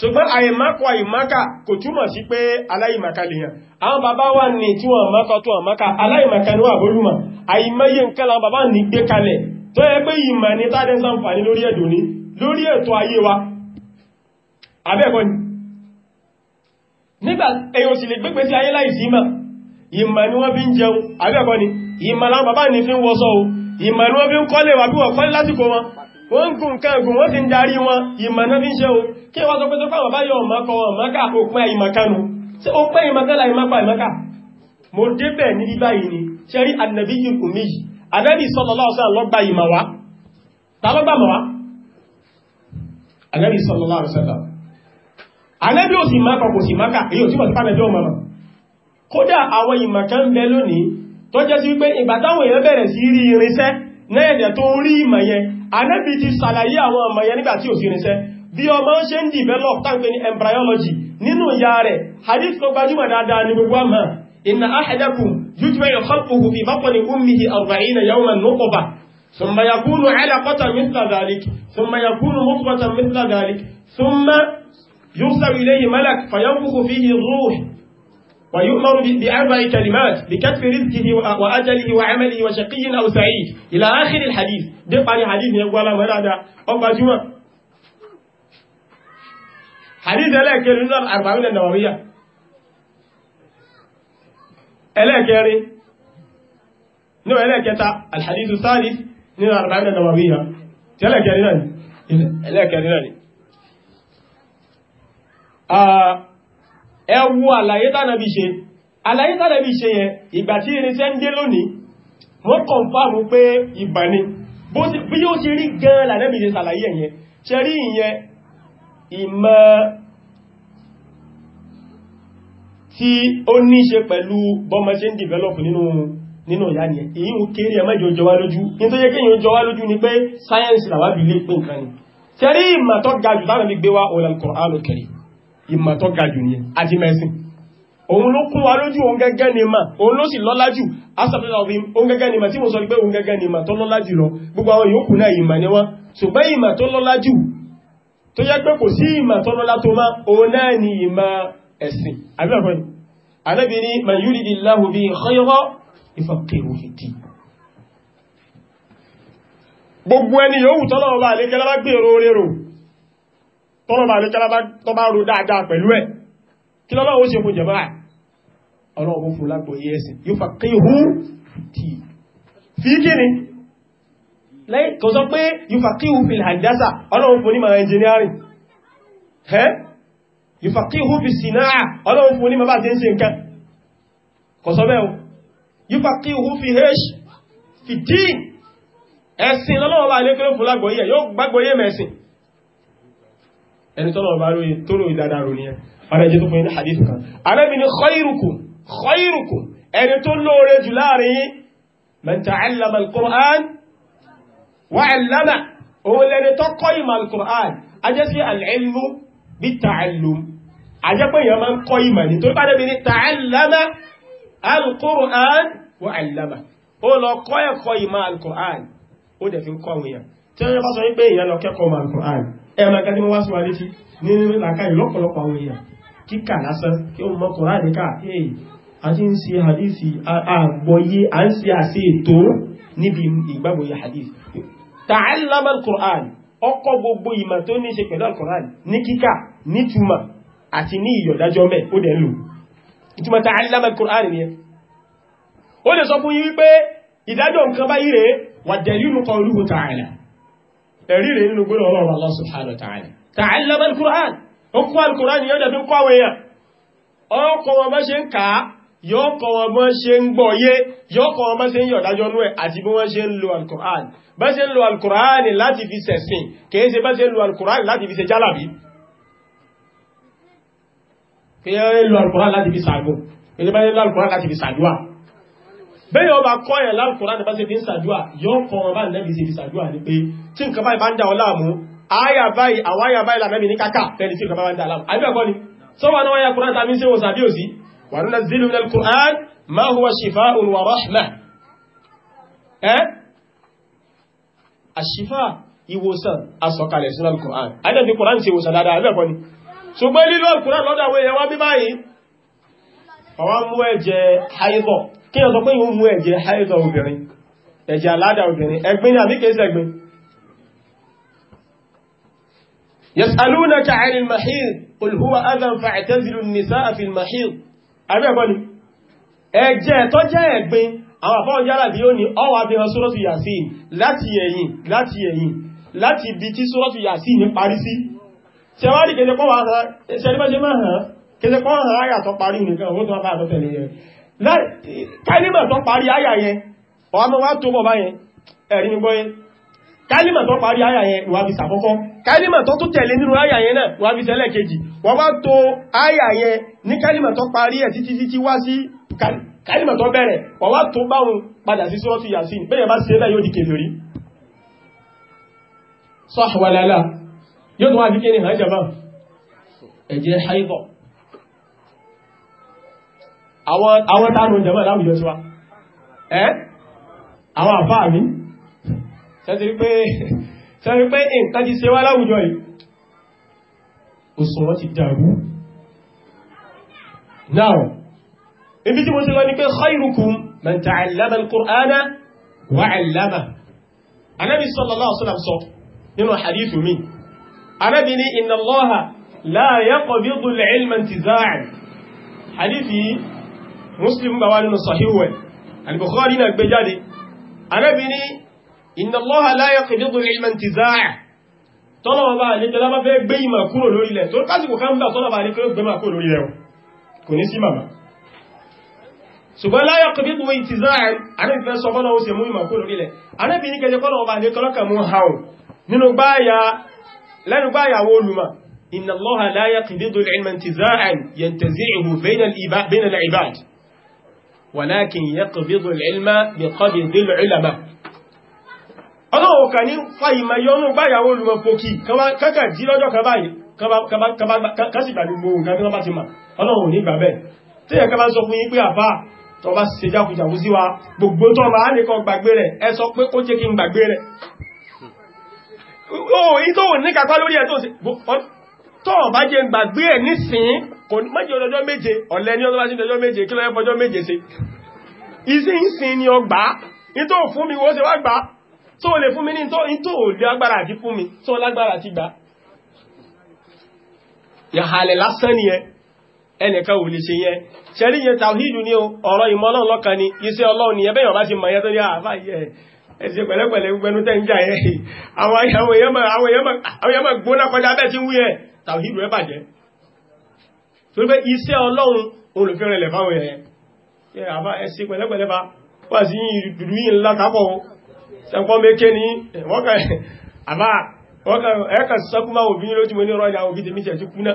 S1: ṣùgbọ́n àìmákọ̀ àìmáka kò túmọ̀ sí pé aláìmaka lèyàn àwọn bàbá wà ní tí wọ́n mọ́kọ̀ tó àmáka aláìmaka ní wà bólúmọ̀ àìmọ́yé nǹkan la bàbá ní gbé kalẹ̀ tó yẹ pé ìmọ̀ ní tádẹ́ ṣàǹfààní lórí ẹ̀dùn ní lórí ẹ̀tọ́ wa abẹ́ẹ̀kọ́ ni nígbà èyàn ni wọ́n fi ń jẹun abẹ́ẹ̀kọ́ ni ìmọ̀ wọ́n ń gùn kan gùn wọ́n sì ń darí wọn ìmọ̀ná fi ń ṣe o kí wọ́n sọ pé tó fáwọn báyọ̀ ọmọkọ ọmọká òpin ìmọ̀kánu tí ó pẹ́ ìmọ̀kánlá ìmọ̀pá ìmọ̀ká mo débẹ̀ ní bíbá ni ṣe rí ànàbí yìí kù méjì ànábì sallallahu alaihi wasallam lọ́gbà ìmọ̀wá ta lọ́gbà mọ̀wá ànábì sallallahu alaihi wasallam ànábì ò sì mọ́kọ̀ kò sì mọ́kà èyí ò tí wọ́n ti pàmẹ́jọ́ mọ́mọ́ kódà àwọn ìmọ̀ká ń ẹ̀dẹ̀ tó rí ìmọ̀ yẹn anẹ́bì ti sàlàyé àwọn ọmọ yẹn nígbà tí ò sí irinṣẹ́ bí ọmọ ṣe ń develop táǹkẹ́ ní embryology nínú ìyá rẹ̀ hadith tó gbajúmọ̀ dáadáa ní gbogbo àmà inna ahadakum yujma'u khalquhu fi ويؤمر بأربع كلمات بكتف رزقه وأجله وعمله وشقي أو سعيد إلى آخر الحديث دفع الحديث حديث يقول الله هذا أبا جمع حديث لك من الأربعون النووية ألا كيري نو ألا كتا الحديث الثالث من الأربعون النووية ألا كيري ناني إليك يري ناني ẹ wo àlàyé tánàbí ṣe àlàyé tánàbí ṣe yẹn ìgbà tí irinṣẹ́ ń dé lónìí wọ́n kọ̀nfàmù pé ìbà ni bí yóò ṣe rí gan lànàbí ṣe sàlàyé yẹn ṣe rí ìyẹn ìmọ̀ tí ó ní ṣe pẹ̀lú bọ́mọ ń develop nínú nínú ni èyí ń kéré ẹmọ́ ìjọ jọwá lójú ní ni pé sáyẹ́nsì ni ṣe rí ìmọ̀ tó ga jù tánàbí gbé wá Al-Qur'an Al-Karim ìmọ̀ tó ga jù ní àti mẹ́sìn òun ló kún wa lójú òun gẹ́gẹ́ ni ma òun ló sì lọ́lá jù asàbẹ̀lọ́wìn òun gẹ́gẹ́ ni ma tí mo sọ pé òun gẹ́gẹ́ ni ma tó lọ́lá jù lọ gbogbo àwọn yòókù náà ìmọ̀ ni wọ́n ṣùgbọ́n ìmọ̀ tó lọ́lá jù tó yẹ pé kò sí ìmọ̀ tó lọ́lá tó tọ́rọ bá lókẹ́lá tó bá rú dáadáa pẹ̀lú ẹ̀ kí lọ́lọ́ ó ṣe fún jẹ̀mọ́ ẹ̀ ọlọ́run fún lápò yẹ́sìn yóò fà kí hú tí fi kí ni lẹ́yìn tó sọ pé yóò fà kí hú fi hàndásà ọlọ́run fún ní engineering ẹ́ yóò fà kí hú fi sinaa ọlọ́run fún ní ma bá ti ń ṣe nǹkan kò sọ bẹ́ẹ̀ yóò fà kí hú fi hesh ẹni tọ́lọ̀ bá lóye tó lóye dáadáa rò ní ẹ ọ̀rẹ́ jẹ́ tó fún ní hadith kan arẹ́bì ni khairukum khairukum ẹni tó lóore jù láàrin man ta'allama al-Qur'an wa 'allama òun lẹni tó kọ́ ìmọ̀ al-Qur'an a jẹ́ sí al-ilmu bit-ta'allum a jẹ́ pé èèyàn máa ó lọ kọ́ ẹ̀kọ́ ìmọ̀ al ó dẹ̀ fi ń kọ́ wíyàn tí wọ́n yẹ bá sọ wípé èèyàn lọ kẹ́kọ̀ọ́ ìmọ̀ al ẹ̀rọ kan tí wọ́n wá sí wa létí ní làkàyè lọ́pọ̀lọpọ̀ àwọn èèyàn kíkà lásán kí ó mọ kùránì ká èyí àti ń ṣe hadithi àgbọ̀yé à ń ṣe àṣẹ ètò níbi ìgbàgbọ̀yé hadith ta'allama al-Qur'an ọkọ̀ gbogbo ìmọ̀ tó ní ṣe pẹ̀lú al-Qur'an ní kíkà ní túmọ̀ àti ní ìyọ̀dájọ́ mẹ́ ó dẹ̀ lò ìtumọ̀ ta'allama al-Qur'an ni ó lè sọ fún yí wípé ìdájọ́ nǹkan báyìí rẹ̀ wà dalilu qawluhu ta'ala ẹ̀rí rẹ̀ nínú gbọ́nà ọlọ́run Allah subhanahu wa ta'ala ta'allama al-Qur'an ó kọ́ al-Qur'an yóò dẹ̀bí kọ́ àwọn èèyàn ọkọ̀ wọn bá ṣe ń kàá yóò kọ́ wọn bá ṣe ń gbọ́yé yóò kọ́ wọn bá ṣe ń yọ̀dájọ́ nú ẹ̀ àti bí wọ́n ṣe ń lo al-Qur'an bá ṣe ń lo al láti fi ṣẹ̀sìn kìí ṣe bá ṣe ń lo al láti fi ṣe jálàbí kìí ṣe bá ṣe ń lo al láti fi ṣàdúà bẹ́yẹ̀ ọba kọ́ ẹ̀ lárùkùnrin àti báṣe fi ń sàdúà yọ́ kọ́ wọn bá nẹ́bí sí fi sàdúà ní pé tí nǹkan báyìí bá ń dá ọ láàmú àyà báyìí àwọn àyà báyìí làmẹ́bí ní káká fẹ́ni tí nǹkan bá ń dá láàmú àbí ẹ̀kọ́ ni sọ́wọ́ náà wáyà kùnrin àtàmí sí wòsàn bí òsì wà nínú zilu min quran ma huwa shifa'un quran àyẹ̀bí kùnrin ti wòsàn dáadáa àbí ẹ̀kọ́ ni ṣùgbọ́n lílo quran lọ́dọ̀ àwọn èèyàn wá bí báyìí ọwọ́ mú ẹ̀jẹ̀ haidọ̀ kí yàn sọ pé yíò mú ẹ̀jẹ̀ haizọ obìnrin ẹ̀jẹ̀ aládà obìnrin ẹgbin àbí kìí ṣẹ̀gbin yasalunaka 'anil mahid qul huwa adhan fa'tazilu an-nisaa fil mahid àbí ẹ̀kọ́ ni ẹ̀jẹ̀ tó jẹ́ ẹ̀gbin àwọn àfáwọn yára bí ó ní ọwà bí hàn súrọ́tù yasin láti ẹ̀yìn láti ẹ̀yìn láti ibi tí súrọ́tù yasin ní parí sí ṣẹwàá ní kẹsẹ̀kọ́ hàn áyà tó parí nìkan owó tó wá bá àtọ́tẹ̀lẹ̀ kálímà tó parí àyà yẹn ọwá mọ́ wá tó bọ̀ bá yẹn ẹ̀rí mi gbọ́yé kálímà tó parí àyà yẹn wà fi sàkọ́kọ́ kálímà tó tó tẹ̀lé nínú àyà yẹn náà wà fi sẹ́lẹ̀ kejì wọ́n wá tó àyà yẹn ní kálímà tó parí ẹ̀ títí títí wá sí kálímà tó bẹ̀rẹ̀ wọ́n wá tó báhun padà sí sọ́ọ̀tù yasin bẹ́ẹ̀ bá ṣe bẹ́ẹ̀ yóò di kèfèrí sọ́ọ̀wàlálà yóò tún wá fi kéré hàn jẹ́ bá ẹ̀jẹ̀ haibọ̀ àwọn tánù jẹmọ́ láwùjọ sí wa ẹ́ àwọn àfáà mi sẹ́sìrí pé nǹkan ti ṣe wá láwùjọ yìí òsùn wọ́n ti dàrú now ibi tí mo sí lọ ní pé khairukum man ta'allama al-Qur'ana wa 'allama anábi sallallahu alaihi wasallam sọ nínú hadithu mi anábi ni muslim bá wá nínú sahihu al-bukhari náà gbé jáde anábi ní inna allaha la yaqbidu ilman intizaa tọ́nà ọba àlejẹ́lá bá fẹ́ gbé ìmọ̀ kúrò lórí ilẹ̀ tó kásìkò ká ń bá tọ́nà ọba àlejẹ́lá gbé ìmọ̀ kúrò lórí ilẹ̀ kò ní sí màmá ṣùgbọ́n la yaqbidu intizaa anábi fẹ́ sọ fọ́nà ó sì mú ìmọ̀ kúrò lórí ilẹ̀ anábi ní kẹjẹ kọ́nà inna allaha la yaqbidu ilman intizaa yantazi'uhu bayna al-ibad walakin yaqbidu al-ilma bi qabdi al-ulama ọlọ́wọ̀ kà ní fàyìmà yọnú gbáyàwó olùmọ̀ pòkì kọ́kà jí lọ́jọ́ kan báyìí kásìgbà ní gbogbo nǹkan tí wọ́n bá ti mà ọlọ́wọ̀ ní ìgbà bẹ́ẹ̀ tí ẹ̀kẹ́ bá sọ fún yín pé àfá tó bá ṣe jákujàkú sí wa gbogbo tó máa nìkan gbàgbé rẹ̀ ẹ sọ pé kó jẹ́ kí n gbàgbé rẹ̀ hmm. tó bá jẹ gbàgbé ẹ̀ nísìn kò mẹ́jẹ ọjọ́ méje ọ̀lẹ́ ní ọjọ́ méje kí lọ́yẹ́ fọjọ́ méje sí ìsìn ìsìn ni ọgbà ní tó fún mi wọ́n ṣe wá gbà mi ní tó lè agbára àti fún mi ti gbà ni ẹ ẹnìkan ò lè ṣe yẹn yẹn ní ọ̀rọ̀ ti mọ̀ tàwíìdù ẹ bàjẹ́ torí pé iṣẹ́ ọlọ́run òun ló fi rẹ̀lẹ̀ fáwọn ẹ̀yẹ yẹ àbá ẹsẹ pẹ̀lẹ́pẹ̀lẹ́ bá wà sí dùdú yìí ńlá kápọ̀ sẹ́kọ́ méké ní ẹ̀kà sọ́kú máa òbí lójú mọ́ ní ọ̀rọ̀ ìyàwó bí tèmi tẹ̀ tó kúná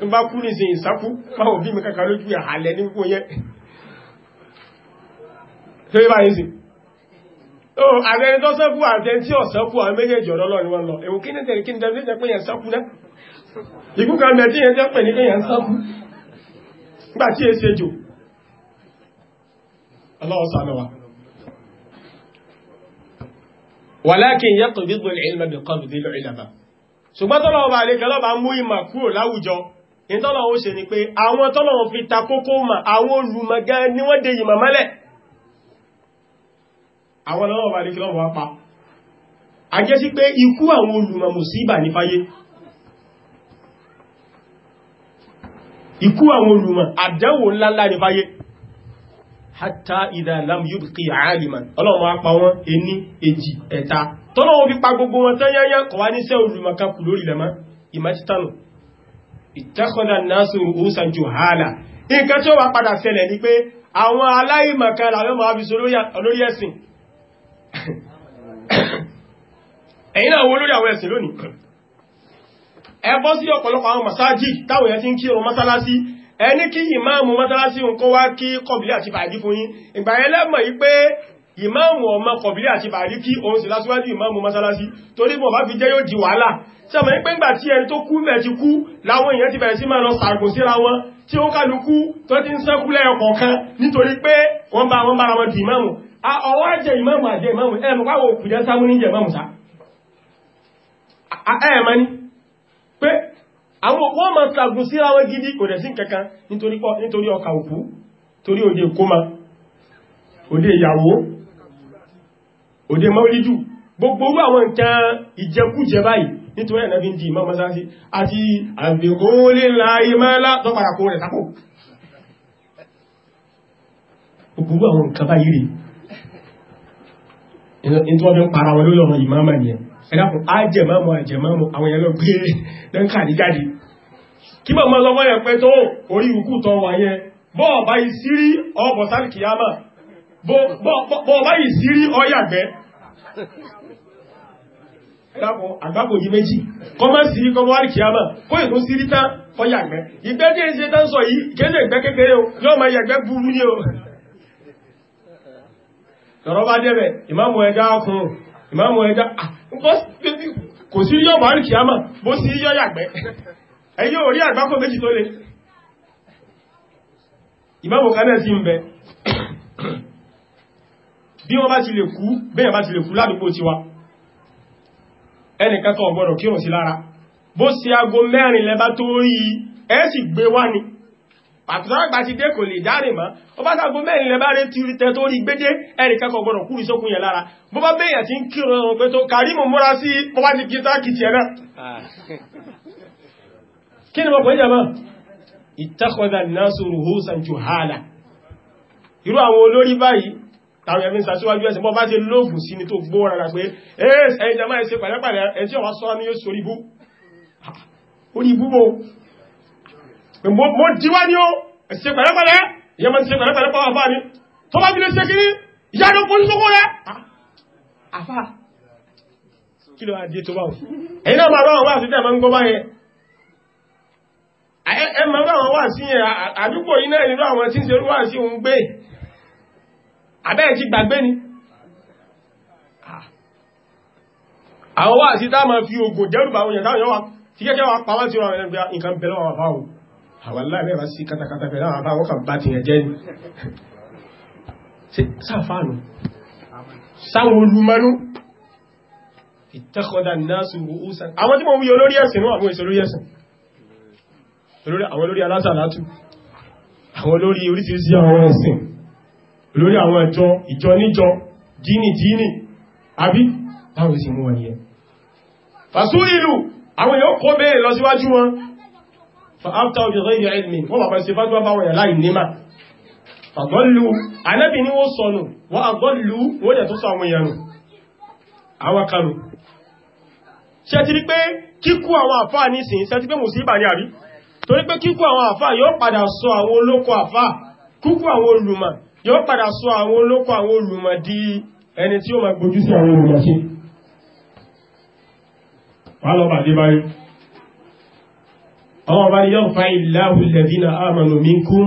S1: ń bá kú ní sí ìsákú máa òbí mi kàkà lójú àhàlẹ̀ ní kó yẹ tó yẹ báyìí sí ààrẹ ẹni tó sọ́kú àtẹ́ tí ọ̀sọ́kú àwọn méjèèjì ọ̀rọ̀ lọ́rin wọn lọ èwò kí ní tẹ̀lé kí ní tẹ̀lé pé yẹn sọ́kú náà ikú kan bẹ̀ tí yẹn jẹ́ pẹ̀ ní pé yẹn sáàkú nígbà tí èsì ejò Allahu sàmẹ́wà walakin yaqbidu al-ilma biqabdi al-ulama ṣùgbọ́n tọ́lọ́wọ́ bá lẹ́kẹ́ lọ́bàá mú ìmà kúrò láwùjọ ní tọ́lọ́wọ́ ṣe ni pé àwọn tọ́lọ́wọ́ fi takókó ma àwọn olùmọ̀gá ni wọ́n dé ìmọ̀ mọ́lẹ̀ lọ́wọ́ pa a jẹ́ sí pé ikú àwọn olùmọ̀ mùsíbà ní fáyé ikú àwọn olùmọ̀ àdánwò ńláńlá ní fáyé hatta idha lam yubqi aliman ọlọ́run apá wọn ení èjì ẹ̀ta tọ́lọ́wọ́ fi pa gbogbo wọn tán yányá kọ̀ wá níṣẹ́ olùmọ̀ kan kù lórí lẹ́mọ́ ìmọ̀títànù ittakhadha nasu ru'usan juhala nǹkan tí ó wà padà ṣẹlẹ̀ (coughs) ẹ bọ́ sí ọ̀pọ̀lọpọ̀ àwọn masájì táwọn èèyàn ti ń kírun mọ́sálásí ẹni kí ìmáàmù mọ́sálásí nǹkan wá kí kọ̀bílì àti bàdí fún yín ìgbà yẹn lẹ́mọ̀ yí pé ìmáàmù ọmọ kọ̀bílì àti bàdí kí òun sì lásíwájú ìmáàmù mọ́sálásí torí mọ̀ bá fi jẹ́ yóò di wàhálà sẹ́mọ̀ yí pé ńgbà tí ẹni tó kú mẹ́ ti kú láwọn èèyàn ti bẹ̀rẹ̀ sí máa lọ sàgùn ni pé àwọn wọ́n ma sàgùn síra wọn gidi kò dẹ̀ sí kankan nítorí ọkà òkú torí òde kóma òde ìyàwó òde maulidu gbogbo owó àwọn nǹkan ìjẹkújẹ báyìí nítorí ẹ̀nà bí n di ìmọ̀ mọ́sánsí àti àbẹ̀kóólélá ìmọ́lá tọ́pàá kó rẹ̀ sápò gbogbo àwọn nǹkan báyìí ẹ̀dàkùn ajẹ̀mọ́mọ́ ajẹ̀mọ́mọ́ àwọn ẹ̀lọ gbé lẹ́ǹkà ní jáde kí mọ̀ mọ́ lọ́wọ́ yẹn pé tó orí ukú tọ wà yẹn bọ́ọ̀bá ìsírí ọbọ̀ sálìkìyàmà bọ́ọ̀bá ìsírí ọyàgbẹ́ yìí kéde ìgbẹ́ kékeré o o ìmáàmù ẹja ọkùnrin ìmáàmù ẹja ah, kò sí yọ bàárì kìámà bó sí yọ yàgbẹ́ ẹ̀yọ́ orí àgbákò méjì tó lè ìmáàmù kan náà sí ń bẹ bí wọ́n bá ti lè kú bẹ́ẹ̀ bá ti lè kú ládùúgbò tiwa ẹnìkan kan ò gbọdọ̀ kírùn sí lára bó sí aago mẹ́rin lẹ́bá tó rí ẹ́ sì gbé wá ni àtúntàgbà ti dé kò lè dáre mọ́ ó bá sàgbó mẹ́rin lẹ bá rẹ ti tẹ tó rí gbédé ẹnìkẹ́kọ̀ọ́ gbọ́dọ̀ kúrú sókun yẹ lára bó bá bẹ́yàn ti ń kírun pé tó kàrímù múra sí bó ti kí tákìtì ẹ̀ ah. kí ni mo pè jẹ́ mọ́ ìtẹ́kọ̀ọ́dà násòrò hósàn jù hálà irú àwọn olórí báyìí tàwọn ẹ̀fin sàtíwájú ẹ̀sìn bọ́ ni tó gbóòrán rà pé ẹ̀ẹ́sẹ̀ ẹ̀jẹ̀ máa ẹ̀sẹ̀ pàdẹ́pàdẹ́ ẹ̀ tí ọwá mo jíwá ní ó ẹ̀sẹ̀ pẹ̀lẹ́pẹ̀lẹ́ ìyẹ́ mọ́ ti ṣe pẹ̀lẹ́pẹ̀lẹ́ pọ̀ àfá ní tó bá bílé ṣe kí ní ìyádọ́ kó ní sókó rẹ̀ àfá kí ló adé tó báwọ̀ ẹ̀yìn náà mara wọn wá sí tẹ́ẹ̀mọ́ ń gọ́ báyẹn ẹ mara wọn wá sí yẹn àdúgbò iná ìlú àwọn tí ń serú wá sí òun gbé abẹ́ ti gbàgbé ni àwọn wá sí tá máa fi ògùn jẹ́rù bá wọn yẹn táwọn yẹn wá ti kẹ́kẹ́ wá pa wá sí ọ̀rọ̀ ẹgbẹ́ nǹkan bẹ̀rẹ̀ wọn fáwọn àwàlá rẹ̀ wá sí katakata fẹ́ láwọn àbáwọ́ kan bá ti yẹn jẹ́ ní sáfánù sáwọn olùmọ́nú ìtẹ́kọ̀dá náàsù òúsàn àwọn tí mo wí olórí ẹ̀sìn náà àwọn ìṣòlórí ẹ̀sìn àwọn olórí alásàlátù àwọn olórí oríṣiríṣi àwọn ẹ̀sìn olórí àwọn ẹ̀jọ ìjọ níjọ jíní jíní àbí láwọn ìsìn mú wọn yẹn fàṣú ìlú àwọn èèyàn kó bẹ́ẹ̀ lọ síwájú wọn fa'aftahu bi ghayri ilmin wọ́n bàbá sí fàtíwà báwọn yà láì níma fàgọ́lù anábì ní wọ́n sọnù wọ́n àgọ́lù wọ́n yà tó sọ àwọn ìyànù àwọn kanù ṣe ti rí pé kíkú àwọn àfà nísìn ṣe ti pé mùsíbà ní àrí torí pé kíkú àwọn àfà yóò padà sọ àwọn olóko àfà kúkú àwọn olùmọ̀ yóò padà sọ àwọn olóko àwọn olùmọ̀ di ẹni tí ó ma gbójú sí àwọn olùmọ̀ sí wà lọ bàdé báyìí ọmọ bá yọ́ fa ìlàhù lẹ́dínà àmànù minkum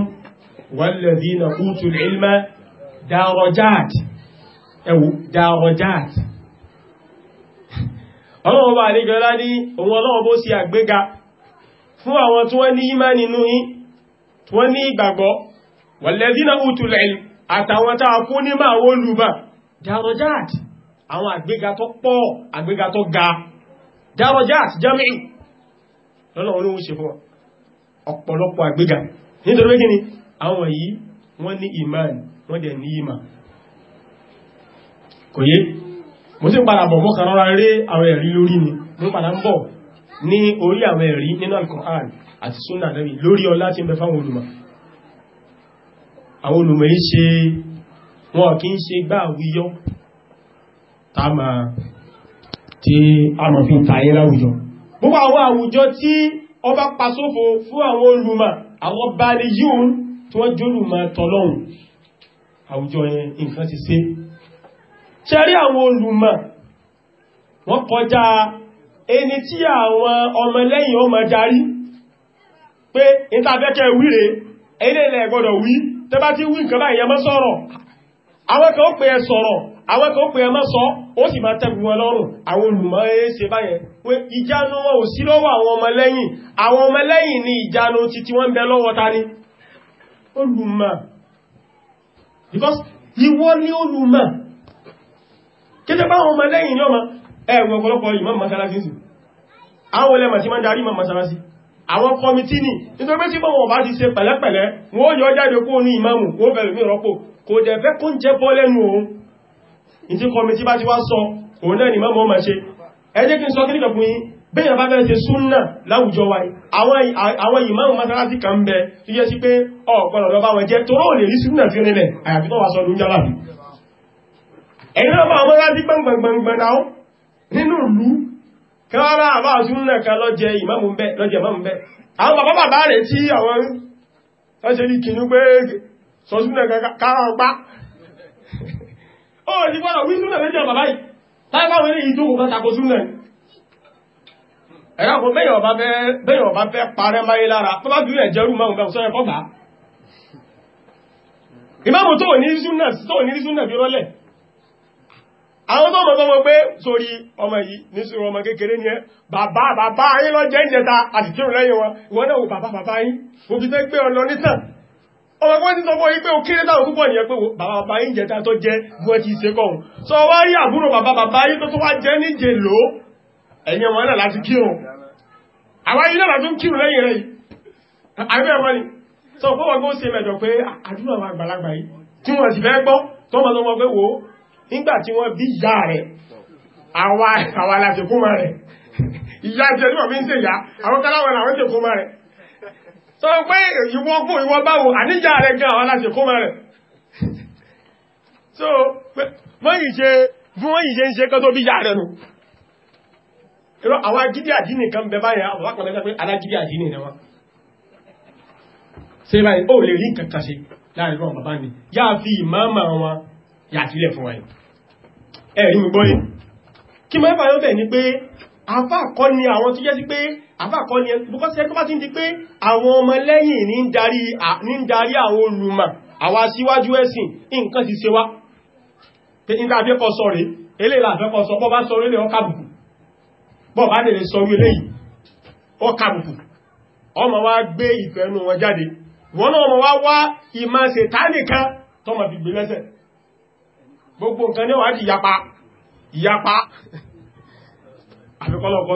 S1: wàlẹ́dínà útùl ilmá dárọjáàt ẹwù dárọjáàt ọlọ́wọ́ bá ní gọ́lá ní ohun ọlọ́wọ́ bó sí àgbéga fún àwọn tí wọ́n ní ìmá nínú yí tí wọ́n ní ìgbàgbọ́ wàlẹ́dínà útùl ilmá àtàwọn lọ́nà olóhun ṣe fún ọ̀pọ̀lọpọ̀ àgbéga nítorí kí ni àwọn yìí wọ́n ní iman wọ́n dẹ̀ ní ìmà kò yé mo sì padà bọ̀ ni mo padà ń bọ̀ ní orí àwọn ẹ̀rí nínú Al-Qur'an àti súnà Ànábì lórí ọlá tí ń bẹ fáwọn a mọ̀ fi ń tààyé láwùjọ gbogbo àwọn àwùjọ tí ọba pasófo fún àwọn olùmọ̀ àwọn bá ní yíò tí wọ́n jólùmọ̀ tọ́lọ́run àwùjọ yẹn nǹkan ti ṣe ṣẹ́rí àwọn olùmọ̀ wọ́n kọjá ẹni tí àwọn ọmọlẹ́yìn ọmọ darí pé ìtàfẹ́kẹ́ wíre ilé ilẹ̀ gbọ́dọ̀ wí tẹ́ bá ti wí nǹkan báyìí ẹ má sọ̀rọ̀ àwọn kan ó pè ẹ sọ̀rọ̀ àwọn pé ìjánu wọn ò sí lọ́wọ́ àwọn ọmọlẹ́yìn àwọn ọmọlẹ́yìn ni ìjánu ti ti wọ́n bẹ lọ́wọ́ ta ni olùmọ̀ because ìwọ ni olùmọ̀ kéjẹ bá àwọn ọmọlẹ́yìn ní ọmọ ẹ̀wọ̀ ọ̀pọ̀lọpọ̀ ìmọ̀ masalasi àwọn olẹ́mọ̀ sí máa darí ìmọ̀ masalasi ni nítorí pé tí bọ́ wọn bá ti ṣe pẹ̀lẹ́pẹ̀lẹ́ wọ́n yọ jáde kó ní ìmáàmù kó bẹ̀rẹ̀ mí rọ́pò kò dẹ̀ fẹ́ kó ń bá ti wá sọ òun náà ni mọ́mọ́ ma ṣe ẹ jẹ́ kí n sọ kí nìkan fún yín bẹ́yàn bá bẹ́ẹ̀ ṣe súnnà láwùjọ wa àwọn ìmáàmù mọ́sálásí kan bẹ tí yẹ́ sí pé ọ̀pọ̀lọ̀ lọ bá wọn jẹ́ tó rọ́ lè rí súnnà fi rinlẹ̀ àyàfi tó wà sọ lóúnjẹ́ láàbí ẹ̀yìn lọ́pàá àwọn mọ́sálásí gbọ́ngbọ̀ngbọ̀ngbọ̀n náà nínú ìlú kẹwàá àbá súnnà kan lọ́jẹ́ ìmáàmù bẹ́ rẹ̀ tí àwọn ṣe táìbáwọn ilé ìjókòó bá tako súnlẹ̀ ẹ̀rọ àwọn bẹ́yàn bá fẹ́ parẹ́ máyé lára tó bá bí rẹ̀ jẹ́rù máa ń bẹ̀rù sọ́yẹ̀ kọ́gbà ìmáàmù tó ní súnlẹ̀ bí rọ́lẹ̀ àwọn tó mọ̀ pé sórí ọmọ yìí ní sí ọmọ kékeré ní ẹ bàbá bàbá ayé lọ jẹ́ ìjẹta àti kírùn lẹ́yìn wọn ìwọ́n náà bàbá bàbá yìí mo fi tẹ́ gbé ọ lọ nítàn ọmọ ẹgbẹ́ tí sọmọ́ yí pé ó kéré táwọn púpọ̀ nìyẹn pé bàbá bàbá yí jẹta tó jẹ́ bọ́ ti ṣe kọ́ sọ wá rí àbúrò bàbá bàbá yí tó tó wá jẹ́ ní jèlò ẹ̀yìn wọn náà láti kírun àwọn yí náà láti kírun lẹ́yìn rẹ̀ (laughs) sọ pé ìwọ fún ìwọ báwo àníjà rẹ̀ gan àwọn láti kó mẹ́rẹ̀ so mọ́yìn ṣe fún wọ́n yìí ṣe ń ṣe kọ́ tó bí yà rẹ̀ nù irọ́ àwọn agídí àdínì kan bẹ báyẹ̀ àwọn akọ̀lẹ́gbẹ́ pé alágídí àdínì ni wọ́n ṣe báyìí ó lè rí kankan ṣe láàrin wọn bàbá mi yá fi ìmáàmà wọn yà sílẹ̀ fún wáyé ẹ̀rí mi gbọ́yìn kí mọ́ ẹ̀fà yóò bẹ̀ ni pé afá kọ́ ni àwọn tó jẹ́ sí pé àbákọ́ ni bukọ́sẹ́ tó bá ti ń di pé àwọn ọmọ lẹ́yìn ní ń darí àwọn olùmọ̀ àwọn aṣíwájú ẹ̀sìn nǹkan ti ṣe wá pé ní àfẹ́kọ́ sọ rẹ̀ eléyìí àfẹ́kọ́ sọ bọ́bá sọ rẹ̀ ọkàbùkù bọ́bá lè sọ rẹ̀ eléyìí ọkàbùkù ọmọ wa gbé ìfẹ́ inú wọn jáde wọn náà ọmọ wa wá ìmọ̀ ṣètánì kan tọ́mọ̀ fi gbé lẹ́sẹ̀ gbogbo nǹkan ní wàá di ìyapa ìyapa (laughs) àfikọ́lọ́kọ́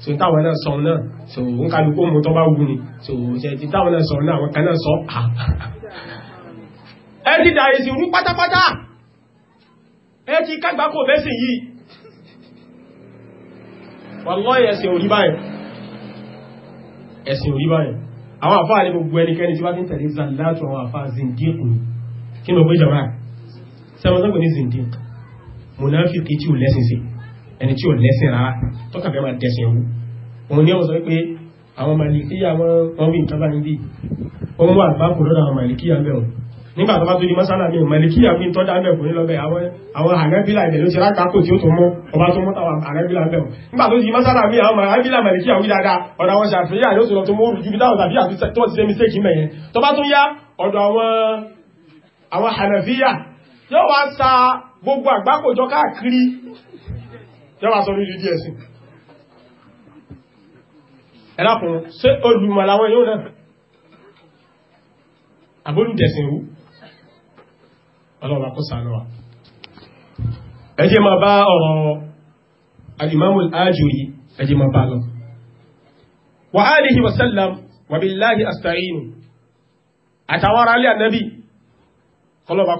S1: so táwọn náà sọ náà so ń kálukú mú tó bá wù ní so ṣe ti táwọn náà sọ náà àwọn kan náà sọ ah. ẹ ti dà èsì rú pátápátá ẹ ti kágbà kò bẹ́sìn yìí wallahi ẹ̀sìn orí báyìí ẹ̀sìn orí báyìí àwọn àfáà ní gbogbo ẹnikẹ́ni tí wá ní tẹ̀lé zàlátù àwọn àfáà zindíkù kí ní ọgbẹ́ jama'a sẹ́wọ́n sọ́gbẹ̀ ní zindíkù munafiki tí ò lẹ́sìn sí ẹni tí ò lẹ́sẹ̀ rárá tọ́ka fẹ́ máa dẹ̀sẹ̀ wù òun ni ó sọ pé àwọn màlìkíyà wọn wí nǹkan bá níbi òun wà bá kò lọ́dọ̀ àwọn màlìkíyà mẹ́rùn nígbà tó bá tó di mọ́sálà mi màlìkíyà fi tọ́jà mẹ́kùn ní lọ́bẹ̀ àwọn àrẹ́bílà ìbẹ̀ ló ti rákà kò tí ó tó mọ́ ọba tó mọ́ táwọn àrẹ́bílà mẹ́rùn nígbà tó di mọ́sálà mi àwọn àrẹ́bílà màlìkíyà wí dáadáa ọ̀dọ̀ àwọn ṣàfihàn yóò tó lọ tó mọ́ òrùjú bí táwọn tàbí àti tó ti ṣe mi séèkì mẹ́yẹn tó bá tún yá ọ̀dọ̀ àwọn Hànàfíyà yóò jọba sọ nídìí díẹ̀ sí ẹ̀lápùn ṣe olùmọ̀ làwọn yóò náà àbólùtẹ̀sìn rú ọlọ́wà kó sàánúwà ẹjẹ́ ma bá ọ̀rọ̀ alìmọ́mù alájòyí ẹjẹ́ ma bá lọ wà áàlìhì wasallam wà bí láàáhì àstàrínù àtàwárá alẹ́ ànábì kọlọ́wà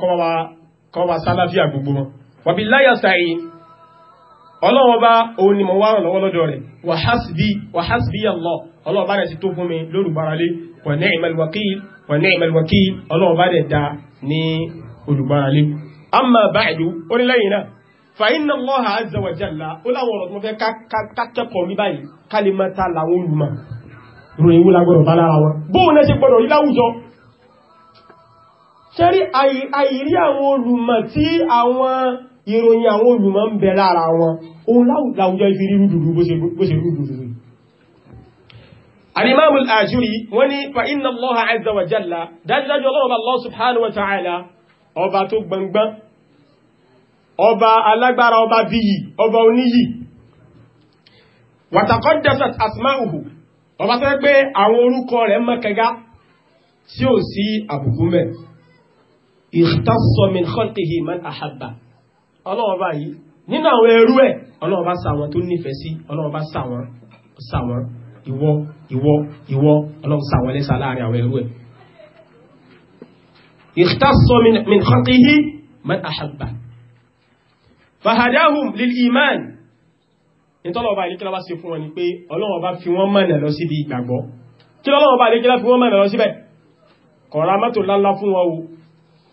S1: kọwàá sálàfíà gbogbo wọn wà bí láàáhì ọlọ́wọ́ bá òun ni mo wá ràn lọ́wọ́ lọ́dọ̀ rẹ̀ wa hasbi wa hasbi Allah ọlọ́wọ́ bá rẹ̀ sí tó fún mi lórúgbáralé wa ni'mal wakil wa ni'mal wakil ọlọ́wọ́ bá rẹ̀ dá ní olùgbáralé amma ba'du orílẹ̀-èyìn náà fa inna Allah azza wa jalla ó láwọn ọ̀rọ̀ tó fẹ́ kákẹ́kọ̀ọ́ ní báyìí kálímátà làwọn olùmọ̀ ròyìn wó lágbọ́dọ̀ bá lára wọn bóun náà ṣe gbọ́dọ̀ rí láwùjọ ṣẹ́rí àìrí àwọn olùmọ̀ tí àwọn ìròyìn àwọn olùmọ̀ ń bẹ lára wọn òun láwùjọ ifi rí rúdùrú bó ṣe rúdùrú alimamul ajuri wọ́n ní fa inna allaha azza wa jalla dájúdájú ọlọ́run allah subhanahu wa ta'ala ọba tó gbangban ọba alágbára ọba bíyì ọba oníyì wa taqaddasat asma'uhu ọba tó pé àwọn orúkọ rẹ̀ mọ́kẹgá tí ó sí àbùkú mẹ́ ikhtassa min khalqihi man ahabba ọlọ́ọ̀bá yìí nínú àwọn ẹrú ẹ̀ ọlọ́ọ̀bá sàwọn tó nífẹ̀ẹ́ sí ọlọ́ọ̀bá sàwọn sàwọn ìwọ ìwọ ìwọ ọlọ́run sàwọn lẹ́sà láàrin àwọn ẹrú ẹ̀ ikhtasso min khalqihi man ahabba fahadahum lil iman nítọ́lọ́ọ̀bá ilé kílọ́bá sí fún wọn ni pé ọlọ́ọ̀bá fi wọ́n mọ̀nà lọ síbi ìgbàgbọ́ kílọ́ọ̀bá ilé kílọ́ fi wọ́n mọ̀nà lọ síbẹ̀ kọ̀ọ̀rọ̀ amátò láńlá fún wọn o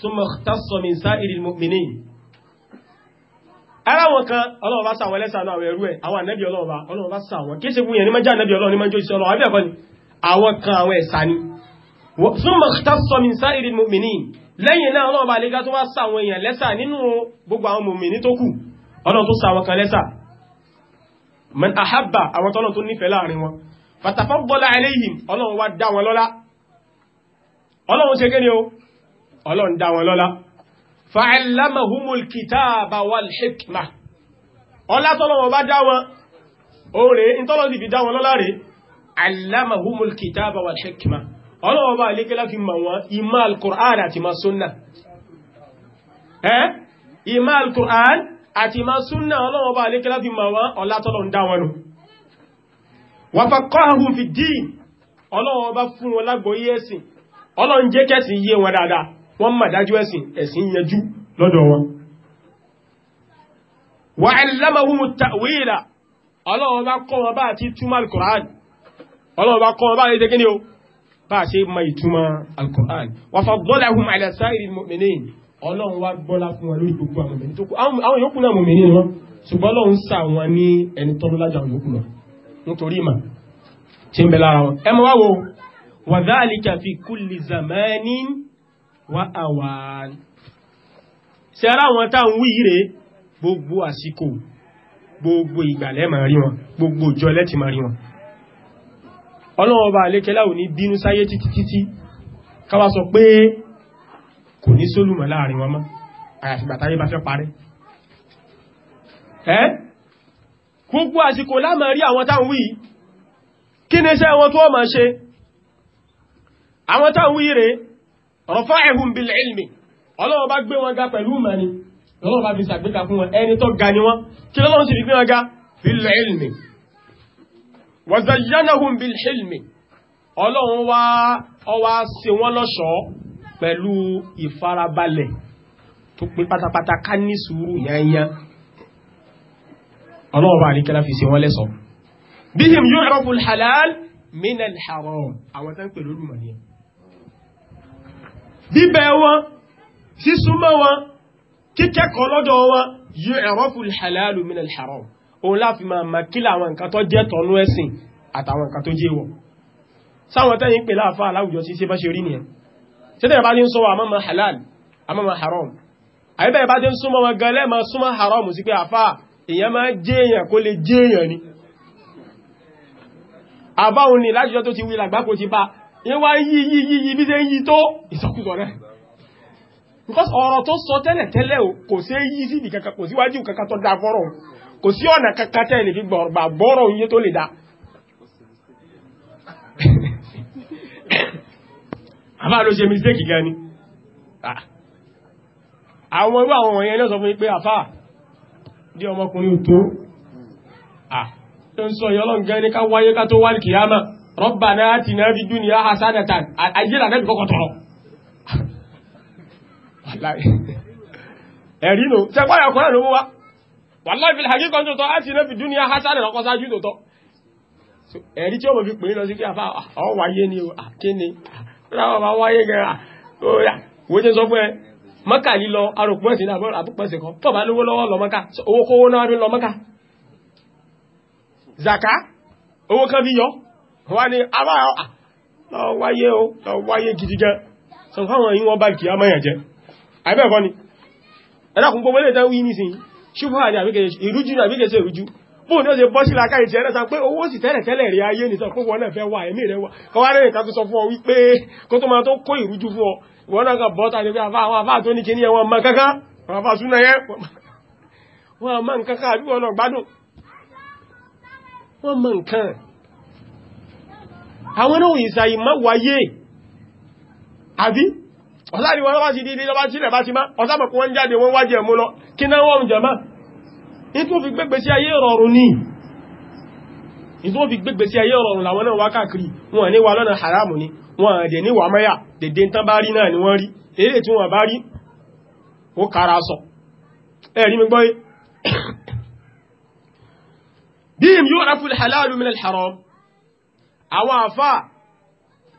S1: súnmọ̀ tásọ̀mí sáìrì mìíní ara wọn kan ọlọ́wọ́ bá sàwọn ẹlẹ́sàánú àwọn ẹrú ẹ̀ àwọn ànẹ́bí ọlọ́wọ́ bá sàwọn kí ṣe fún yẹn ní mẹ́já ànẹ́bí ọlọ́wọ́ ní mẹ́jọ́ ìṣẹ́ ọlọ́wọ́ àbẹ́ẹ̀kọ́ ni àwọn kan àwọn ẹ̀sà ni súnmọ̀ tásọ̀mí sáìrì mìíní lẹ́yìn náà ọlọ́wọ́ bá lè gá tó wá sàwọn èèyàn lẹ́sà nínú gbogbo àwọn mòmìnì tó kù ọlọ́wọ́ tó sàwọn kan lẹ́sà man ahabba àwọn tọ́lọ̀ tó nífẹ̀ẹ́ láàrin wọn fatafaddala alayhim ọlọ́wọ́ wá dá wọn lọ́lá ọlọ́wọ́ ṣe kéde o ọlọ́run dá wọn lọ́lá fa'allamahumul kitaba wal hikma ọlá tọ́lọ́wọ́ bá dá wọn oòrè ìtọ́lọ́dì fi dá wọn lọ́lá rẹ̀ allamahumul kitaba wal hikma ọlọ́wọ́ bá alékẹ́lá fi mọ̀ wọn ìmọ̀ fi mọ̀ wọn ọlá wọ́n mà dájú ẹ̀sìn ẹ̀sìn yẹjú lọ́dọ̀ wọn wà allamahum ta'wila ọlọ́wọ́ bá kọ́ wọn bá ti túmọ̀ al-Qur'an ọlọ́wọ́ bá kọ́ wọn bá ti tẹ́kí ni ó bá ṣe ma ìtumọ̀ al-Qur'an wa faddalahum ala kú àwọn yòókù ní wá àwàn ṣe ara wọn tá ń wí rẹ̀ gbogbo àsìkò gbogbo ìgbàlẹ̀ máa rí wọn gbogbo ìjọ lẹ́tì máa rí wọn ọlọ́wọ́ bá alékẹ́lá ò ní bínú sáyé títí títí káwà sọ pé kò ní sólùmọ̀ láàrin wọn mọ́ àyàfìgbàtayé bá fẹ́ parẹ́ ẹ́ gbogbo àsìkò láàmà rí àwọn táwọn wí kí ní iṣẹ́ wọn tó wọ́n máa ṣe àwọn táwọn wí rafa'ahum bil ilmi ọlọ́wọ́ bá gbé wọn ga pẹ̀lú mẹ́ni lọ́wọ́ bá fi sàgbékà fún wọn ẹni tó ga ni wọ́n kí lọ́wọ́ sì fi gbé wọn ga bil ilmi wa zayyanahum bil hilmi ọlọ́run wá ọwá ṣe wọ́n lọ́ṣọ́ pẹ̀lú ìfarabalẹ̀ bihim yu'rafu al halal min al haram àwọn tán pẹ̀lú olùmọ̀ ni bíbẹ̀ wọn sísúnmọ́ wọn kíkẹ́kọ̀ọ́ lọ́dọ̀ wọn yu'rafu al-halalu min al-haram òun láfi máa ma kílà àwọn nǹkan tó jẹ́ tọ́nú ẹ̀sìn àtàwọn nǹkan tó jẹ́ wọn sáwọn tẹ́yìn pè láàfá aláwùjọ tí ṣe bá ṣe rí nìyẹn tí tẹ́yìn bá ní ń sọ àmọ́ ma halal àmọ́ ma yẹn wá yí yí yí yí bí ṣe ń yí tó ìsọkúsọ náà because ọ̀rọ̀ tó sọ tẹ́lẹ̀ tẹ́lẹ̀ o kò ṣe yí síbi kankan kò síwájú kankan tó da fọ́rọ̀ kò sí ọ̀nà kankan tẹ́ lè fi gbà bọ́rọ̀ iye tó lè da. àbá ló ṣe mistake gan ni ah. àwọn irú àwọn wọ̀nyẹn lọ́sọ fún pé àfáà dí ọmọkùnrin tó à ah. tó ń sọ ìyọ́lọ́ gan ká wáyé ká tó wá ní kìyàmá rọ́bàná ti náà fi dún ní a hassanatan ayé lànà bí kọ́kọ́ tọrọ ẹ̀rí nù tẹ́gbáyà kọ́nà ló mú wá wàláì fi hàkí kan tótọ́ láti náà fi dún ní a hassanatan lọ́kọ́ sáájú tótọ́ ẹ̀rí tí ó mọ̀ fi pè é lọ sí kí àfá ọwáyé ni àkíní láwọn bá wáyé gẹ̀rà óyá wo jẹ́ sọ fún ẹ mọ́kà lílọ arùpọ̀ ẹ̀sìn àbúpẹ̀sẹ̀ kan tọ́bà lówó lọ́wọ́ lọ mọ́kà owó kówó náà rí lọ mọ́kà zaka owó kan fi yọ wọ́n ní àbá wáyé o wáyé gidi gan so fáwọn yí wọ́n bá kìí amáyà jẹ́ àbẹ́ẹ̀kọ́ ni ẹ̀dàkùn gbogbo lè tán wí ní sin ṣúfà ní àbíkẹ̀ṣẹ̀ ìrújú ní àbíkẹ̀ṣẹ̀ ìrújú bóò ní ó ṣe bọ́ sí làkàrí ti ẹ̀rẹ́ta pé owó sì tẹ́lẹ̀ tẹ́lẹ̀ rí ayé nìtàn pé wọ́n náà fẹ́ wà ẹ̀mí rẹ̀ wà kọwàá rẹ̀ ìta tó sọ fún ọ wípé kó tó máa tó kó nǹkan kan àbí wọ́n wọ́n mọ́ nǹkan àwọn náà ìsàyí má wáyé àbí ọ̀sáàrí wọn wá sí dídí lọ bá sílẹ̀ bá ti má ọ̀sáàmọ̀kún wọ́n jáde wọ́n wájẹ̀ mú lọ kí náà wọ́n jẹ máa ìtò fi gbégbé sí ayé rọrùn ní ìtò fi gbégbé sí ayé rọrùn làwọn náà wá káàkiri wọn ní wà lọ́nà haramu ni wọn dẹ̀ ní wà mẹ́yà dèdè tán bá rí náà ni wọ́n rí eré tí wọ́n (coughs) àwọn àfáà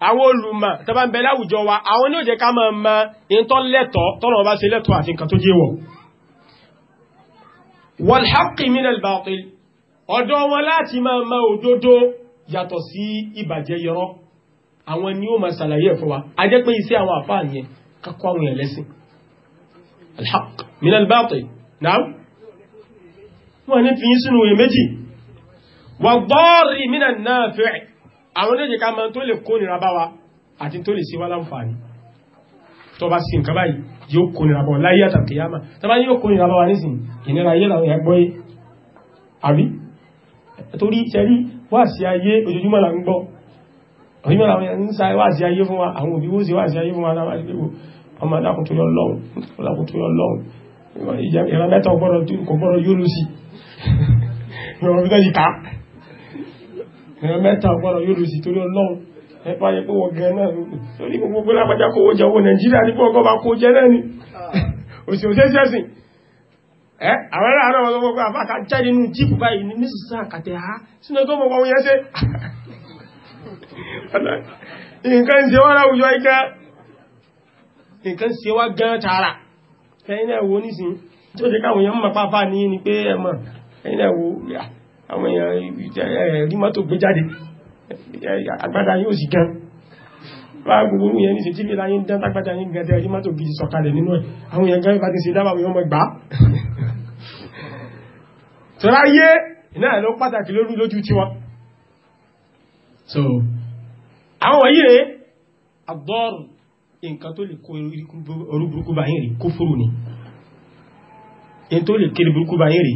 S1: àwọn olùmọ̀ tó bá ń bẹ láwùjọ wa àwọn ní ó jẹ́ ká mọ̀ mọ̀ ìntọ́ lẹ́tọ̀ tọ́nà bá ṣe lẹ́tọ̀ àti nǹkan tó jẹ́ wọ̀ wal haqqi minal batil ọ̀dọ̀ wọn láti máa mọ̀ òdodo yàtọ̀ sí ìbàjẹ́ yọrọ àwọn ni ó máa ṣàlàyé fún wọ́n ní fi yín sínú iyèméjì wà gbọ́ọ̀rì minal nafi' àwọn lẹ́jẹ̀ ká máa tó lè kó nira bá wa àti tó lè sí wá láǹfààní tó bá sí nǹkan báyìí yóò kó nira bá wa láyé àtàkì yáma tó bá yóò kó nira bá wa nísìn ìnira ayé làwọn ẹgbọ́ yé àbí torí tẹ́rí wá sí ayé ojoojúmọ́ là ń gbọ́ ojoojúmọ́ làwọn ń sa wá sí ayé fún wa àwọn òbí wó sí wá sí ayé fún wa láwọn àdúgbò ọmọ adákùntorí ọlọ́run adákùntorí ọlọ́run ìrànlẹ́tọ̀ kò gbọ́dọ̀ yóò lù sí (laughs) ìrànlẹ́tọ̀ yìí ká ẹ̀rọ mẹ́ta ọgbọ́nà yóò lùsì torí ọlọ́run ẹ̀pá yẹ pé wọ́n gẹ̀ náà lórí gbogbo gbogbo lápàjá kó jẹ owó nàìjíríà ní pọ̀ ọgọ́bà kó jẹ náà ni ah. (laughs) ẹ́ àwọn ará àwọn ọmọ ọgbọ́n (laughs) àwọn èèyàn rí mọ́tò gbé jáde agbádá yóò sì gan bá gbogbo yẹn ní sí tílé láyé ń dán tágbádá yín gẹ́gẹ́ rí mọ́tò gidi sọ̀kalẹ̀ nínú ẹ̀ àwọn èèyàn gẹ́gẹ́ bá ti ṣe dábàá yọmọ gbà (laughs) so àwọn wọ̀nyí rẹ̀ àgbọ́rù nǹkan tó lè kó orú burúkú bá in tó lè kéré burúkú bá yìí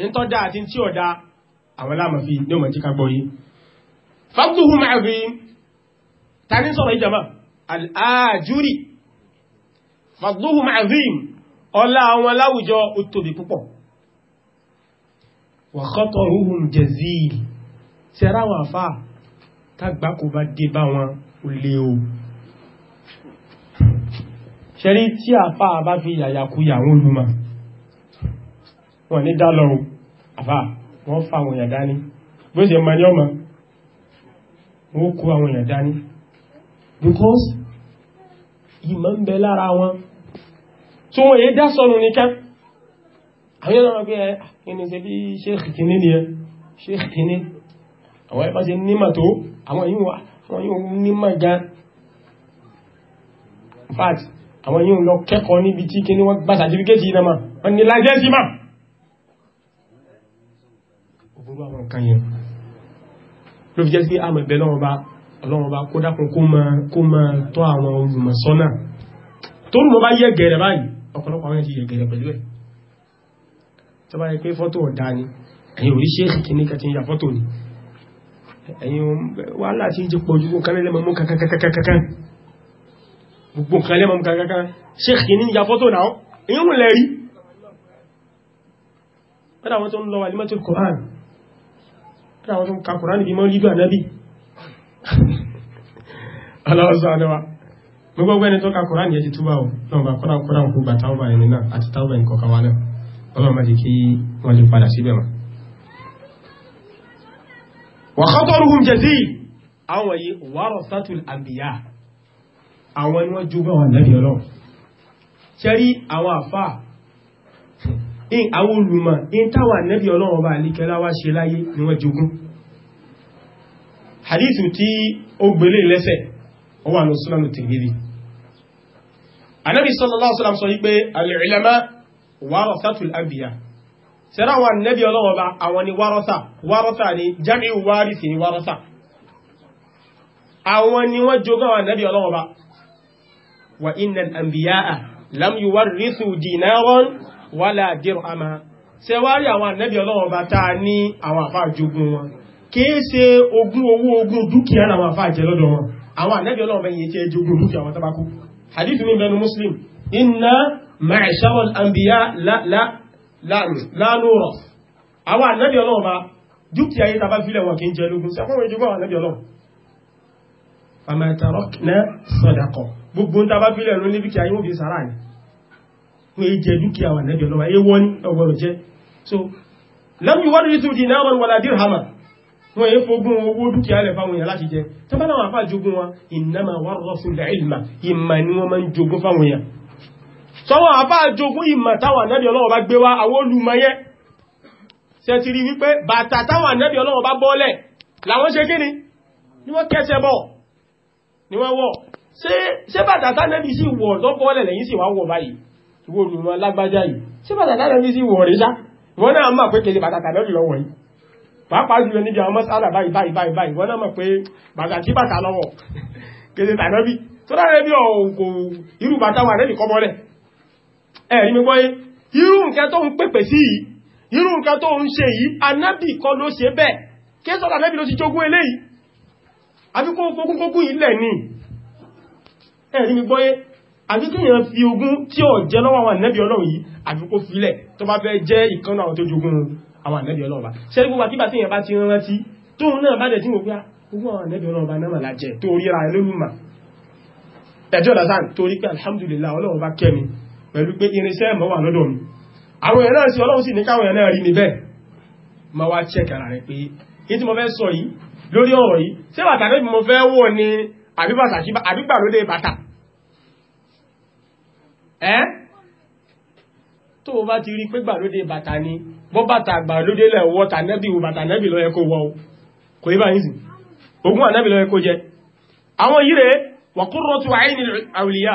S1: ntọ́dá àti tí ọ̀dá àwọn aláàmàfí ní ọmọ jíká gbọ́ yìí fàbdùhù ma'àrí ta ní sọ̀rọ̀ ìjọba al'ájúrí fàbdùhù ma'àrí ọlá àwọn aláwùjọ òtòbí púpọ̀ wà kọ́tọ̀rùhùn jẹ̀zí sẹ́ráwà fà tàgbà kò bá dé bá wọn olè o ṣẹ́rí tí àfà bá fi yàyàkú yàwọn olùmọ̀ wọn ní dálọ́rùn àfà wọ́n fa àwọn èèyàn dání bó ṣe ma ní ọmọ wọ́n kó àwọn èèyàn dání because ìmọ̀ ń bẹ lára wọn tí wọ́n èé dá sọ́nù nìkan àwọn èèyàn náà pé ẹ eh, ah, kíni ṣe bí sheikh kìíní ni ẹ sheikh kìíní àwọn ẹ̀bá ṣe nímọ̀ tó àwọn yìí wọ́n nímọ̀ gan in fact àwọn yìí lọ kẹ́kọ̀ọ́ níbi tí kíní wọ́n gbá certificate yìí náà wọ́n ni lájẹ́ sí máa kankan yẹn ló fi jẹ́ sí àmọ̀ ìbẹ̀ ọlọ́wọ́ba kó dákun kó mọ tọ́ àwọn olùmọ̀sọ́nà tó rùn mọ́ bá yẹ gẹ̀rẹ̀ báyìí ọ̀pọ̀lọpọ̀ àwọn ti yẹ gẹ̀rẹ̀ pẹ̀lú ẹ̀ tó bá yẹ pé fọ́tò ọ̀dá ni ẹ̀yin orí ṣe kìíní kàtí ya fọ́tò ni ẹ̀yin wàhálà tí ń jẹ pọ̀ jùgbọ́n kan lẹ́mọ̀ mú kankankankan gbogbo kan lẹ́mọ̀ mú kankankan ṣe kìíní ya fọ́tò náà ẹ̀yin mú lẹ́rí pẹ́lú àwọn tó ń lọ wà ní mọ́tò táwọn tó ń ka kùránì bí mọ́ rí gbà nábì aláwọ̀sọ àdọ́wà gbogbo ẹni tó ka kùránì yẹ ti túbà ọ̀ náà bá kọ́nà kùránì kú gbà táwọn bàyẹ̀ nínú àti táwọn bàyẹ̀ kọ̀ọ̀kan wá náà ọlọ́mọ jẹ́ kí wọ́n lè padà síbẹ̀ mọ́ in àwọn olùmọ̀ in táwà nẹ́bí ọlọ́run ọba àlíkẹ́lá wá ṣe láyé ni wọ́n jogún hadithu tí ó gbélé lẹ́sẹ̀ ó wà ní súnmọ̀ tìrìbí anábi sallallahu alaihi wasallam sọ wípé al-ulama warathatul anbiya sẹ́rà àwọn nẹ́bí ọlọ́run ọba wa innal anbiya'a lam yuwarrithu dinaran wàlá dirhama ṣe wá rí àwọn ànábì ọlọ́wọ́ bá tá a ní àwọn àfáà jogun wọn kìí ṣe ogún owó ogún dúkìá làwọn àfáà jẹ lọ́dọ̀ wọn àwọn ànábì ọlọ́wọ́ bẹ́yìn muslim inna ma'sharal anbiya la la la nura àwọn ànábì ọlọ́wọ́ bá dúkìá yìí tàbá fílẹ̀ wọn kí ń jẹ lógún sí àwọn ìjọba àwọn ànábì ọlọ́run àmà ìtàrọ́kì náà sọ̀dàkọ̀ gbogbo ń tàbá fílẹ̀ ló níbi kí ayé wọ́n fi ní pé jẹ dúkìá wà nẹ́bí ọlọ́wà ewọ́ ní ọgbọ̀rọ̀ jẹ́ so lẹ́mí wọ́n rí tún dínà wọn wàlá dírhàmà wọ́n yẹ fogún owó dúkìá rẹ̀ fáwọn èèyàn láti jẹ tó bá láwọn àfáà jogún wa ìnáma wà rọ́sùn ilmà ìmà ni wọ́n máa ń jogún fáwọn èèyàn sọ́wọ́n àfáà jogún ìmà táwọn nẹ́bí ọlọ́wọ́ bá gbé wá àwọn olùmọ̀yẹ ṣe ti rí wípé bàtà táwọn nẹ́bí ọlọ́wọ́ bá bọ́ọ̀lẹ̀ làwọn ṣe kí ni ni wọ́n kẹsẹ̀ bọ̀ ni wọ́n wọ̀ ṣé bàtà tá nẹ́bí sì wọ̀ lọ́kọ́ọ́lẹ̀ lẹ́yìn sì wá wọ̀ báyìí ìwọ olùmọ̀ lágbájá yìí ṣé bàtà tàbí ẹni sí wọ̀rí sá wọ́n náà mọ̀ pé kèdè bàtà tàbí lọ́wọ́ yìí pàápàá jùlọ níbi àwọn mọ́sálà báyìí báyìí báyìí báyìí wọ́n náà mọ̀ pé bàtà tí bàtà lọ́wọ́ kèdè tàbí bí tó dára bí ọ̀gọ̀ irú bàtà wà lẹ́nì kọ́mọ́lẹ̀ ẹ̀rí mi gbọ́yé irú nǹkan tó ń pèpè sí yìí irú nǹkan tó ń ṣe yìí anábì kọ́ ló ṣe bẹ́ẹ̀ kéṣọ́lá anábì ló ti jogún eléyìí àbíkó kókún kókún ilẹ̀ ni ẹ̀rí mi gbọ́yé àbí kí èèyàn fi ogún tí ó jẹ lọ́wọ́ àwọn ànẹ́bí ọlọ́run yìí àbí kó filẹ̀ tó bá fẹ́ jẹ́ ìkan náà tó jogún àwọn ànẹ́bí ọlọ́run bá ṣẹ́rí gbogbo àkíbà tí èèyàn bá ti rántí tóun náà bá dẹ̀ tí wọ́n pé ah, ogún àwọn ànẹ́bí ọlọ́run bá náà lájẹ tó rí ra ẹlómi mà ẹjọ́ lásán torí pé alhamdulillah ọlọ́run bá kẹ́ mi pẹ̀lú pé irinṣẹ́ ẹ̀mọ́ wà lọ́dọ̀ mi àwọn èèyàn náà sí ọlọ́run sì ní káwọn èèyàn náà rí mi bẹ́ẹ̀ ma wá check ara rẹ̀ pé in tí mo fẹ́ sọ yìí lórí ọ̀rọ̀ yìí ṣé bàtà pé mo fẹ́ wọ̀ ni àbí bàtà àbí gbàlódé bàtà ẹ́ tó o bá ti rí pé gbàlódé bàtà ni bọ́ bàtà gbàlódé lẹ̀ wọ́ tànẹ́bì wo bàtà nẹ́bì lọ́yẹ kó wọ́ kò yí bá yín sìn ogún ànẹ́bì lọ́yẹ kó jẹ àwọn yìí rèé wa qurratu ayni awliya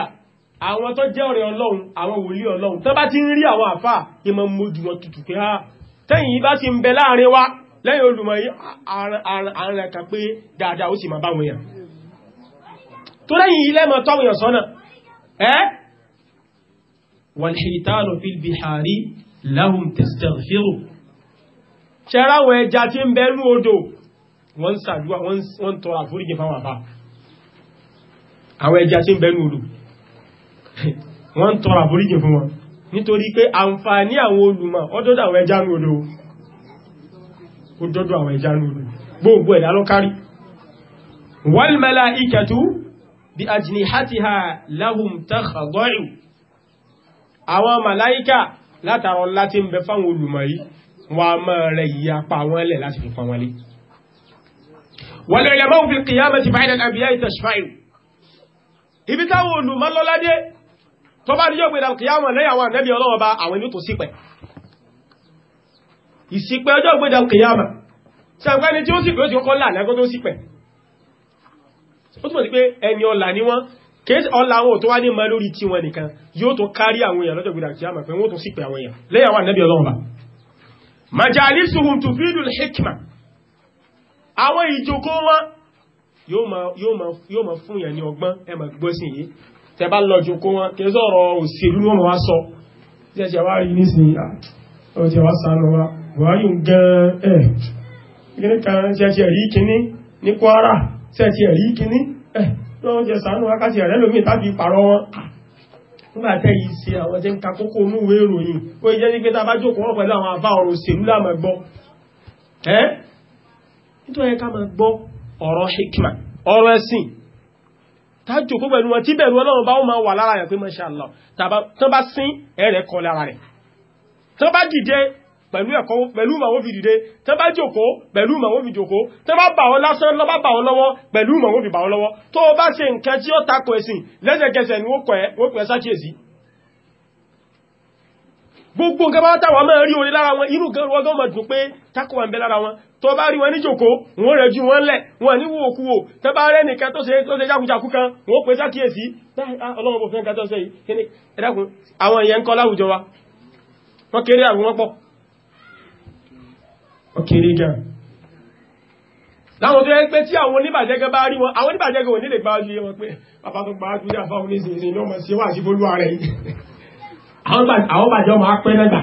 S1: àwọn tó jẹ́ ọ̀rẹ́ ọlọ́run àwọn wòlíì ọlọ́run tó bá ti rí àwọn àfà ìmọ̀ mojú wọn tutù pé á ah, tẹ́yìn bá ti ń bẹ láàrin wa lẹ́yìn olùmọ̀ àárín ẹ̀kà pé dáadáa ó sì máa báwọn èèyàn tó lẹ́yìn ilẹ́ wàlhìtánù filbihari lahum testaghfiru ṣẹ́ráwọ̀ ẹja tí ń bẹ́rú odò وان sàdúwà wọ́n tọ́ àforíjì fáwọn àbá àwọn ẹja tí ń bẹ́rú odò (laughs) wọ́n tọ́ àforíjì fún wọn nítorí pé àǹfààní àwọn olùmọ̀ ọdọ́dọ̀ àwọn ẹja ní odò ọdọ́dọ̀ àwọn ẹja ní odò gbogbo ẹ̀dá lọ́kárí wal malaikatu bi ajnihatiha lahum takhadu àwọn màláíkà látàrọ láti ń bẹ fáwọn olùmọ̀ yìí wọ́n a máa rẹ ìyá pa wọ́n lẹ̀ láti fi pọn wọlé wọ́n lè lẹ́mọ́ fi kìyàmẹ́ ti báyìí àbíyá ìtẹ̀ṣfáìrù ibi táwọn olùmọ̀ lọ́ládé tó bá díjọ́ pé dàkìyàmọ̀ lẹ́yìn àwọn ànẹ́bí ọlọ́wọ́ bá kéèsì ọláwọ́ tó wá ní mọ́ lórí tí wọn nìkan yóò tó kárí àwọn èèyàn lọ́jọ́ gbìdà kíyàmà pé wọ́n tó sí pé àwọn èèyàn lẹ́yà wà nẹ́bí ọlọ́run bá majalisuhum tufidu al-hikma àwọn ìjókòó wọn yóò máa fún èèyàn ní ọgbọ́n ẹ gbọ́ sí yìí tẹ bá wọn kí sọ̀rọ̀ òṣèlú ni wọ́n wá sọ tí ẹ ṣe wá rí nísìnyí ọjọ́ wá sànù lọ́wọ́n jẹ sàánú wákàtí rẹ̀ lómi tàbí pàrọ wọn nígbà tẹ́ yìí ṣe àwọn jẹ́ ń ka kókó onúwé ìròyìn ó jẹ́ ní pé tá bá jókòó wọn pẹ̀lú àwọn àfá ọ̀rọ̀ òṣèlú láàmà gbọ́ ẹ́ nítorí ká máa gbọ́ ọ̀rọ̀ hikma ọ̀rọ̀ ẹ̀sìn tájòkó pẹ̀lú wọn tí bẹ̀rù ọlọ́run bá ó máa wà lára rẹ̀ pé masha Allah tán bá sín ẹ̀rẹ̀ kọ pẹ̀lú ẹ̀kọ́ pẹ̀lú ma wọ́n fi dìde tẹ́ bá jòkó pẹ̀lú ma wọ́n fi jòkó tẹ́ bá bà wọn lásán lọ bá bà wọn lọ́wọ́ pẹ̀lú ma wọ́n fi bà wọn lọ́wọ́ tó bá ṣe nǹkan tí ó tako ẹ̀sìn lẹ́sẹ̀kẹsẹ̀ ni ó pẹ̀ sákèsí gbogbo nǹkan bá tàwọn takuwa ń bẹ lára wọn tó bá rí wọn ní jòkó wọ́n rẹ̀ ju wọ́n lẹ̀ wọ́n ní wò kú wò tẹ́ bá rẹ̀ nìkan tó ṣe jákújákú kan wọ́n pè sákèsí ọlọ́run kò fẹ́ nǹkan tó ṣe yìí kéré àwọn wọ́n ọkẹrẹ gan láwọn tó yẹ pé tí àwọn oníbàjẹ́gẹ́ bá rí wọn àwọn oníbàjẹ́gẹ́ ò nílè gbájú yẹ wọn pé bàbá tó gbájú ní àfáwọn oníṣìíṣìí ní ọmọ sí wà sí fólú ààrẹ yìí àwọn bàjẹ́ máa pẹ́ nẹ́gbà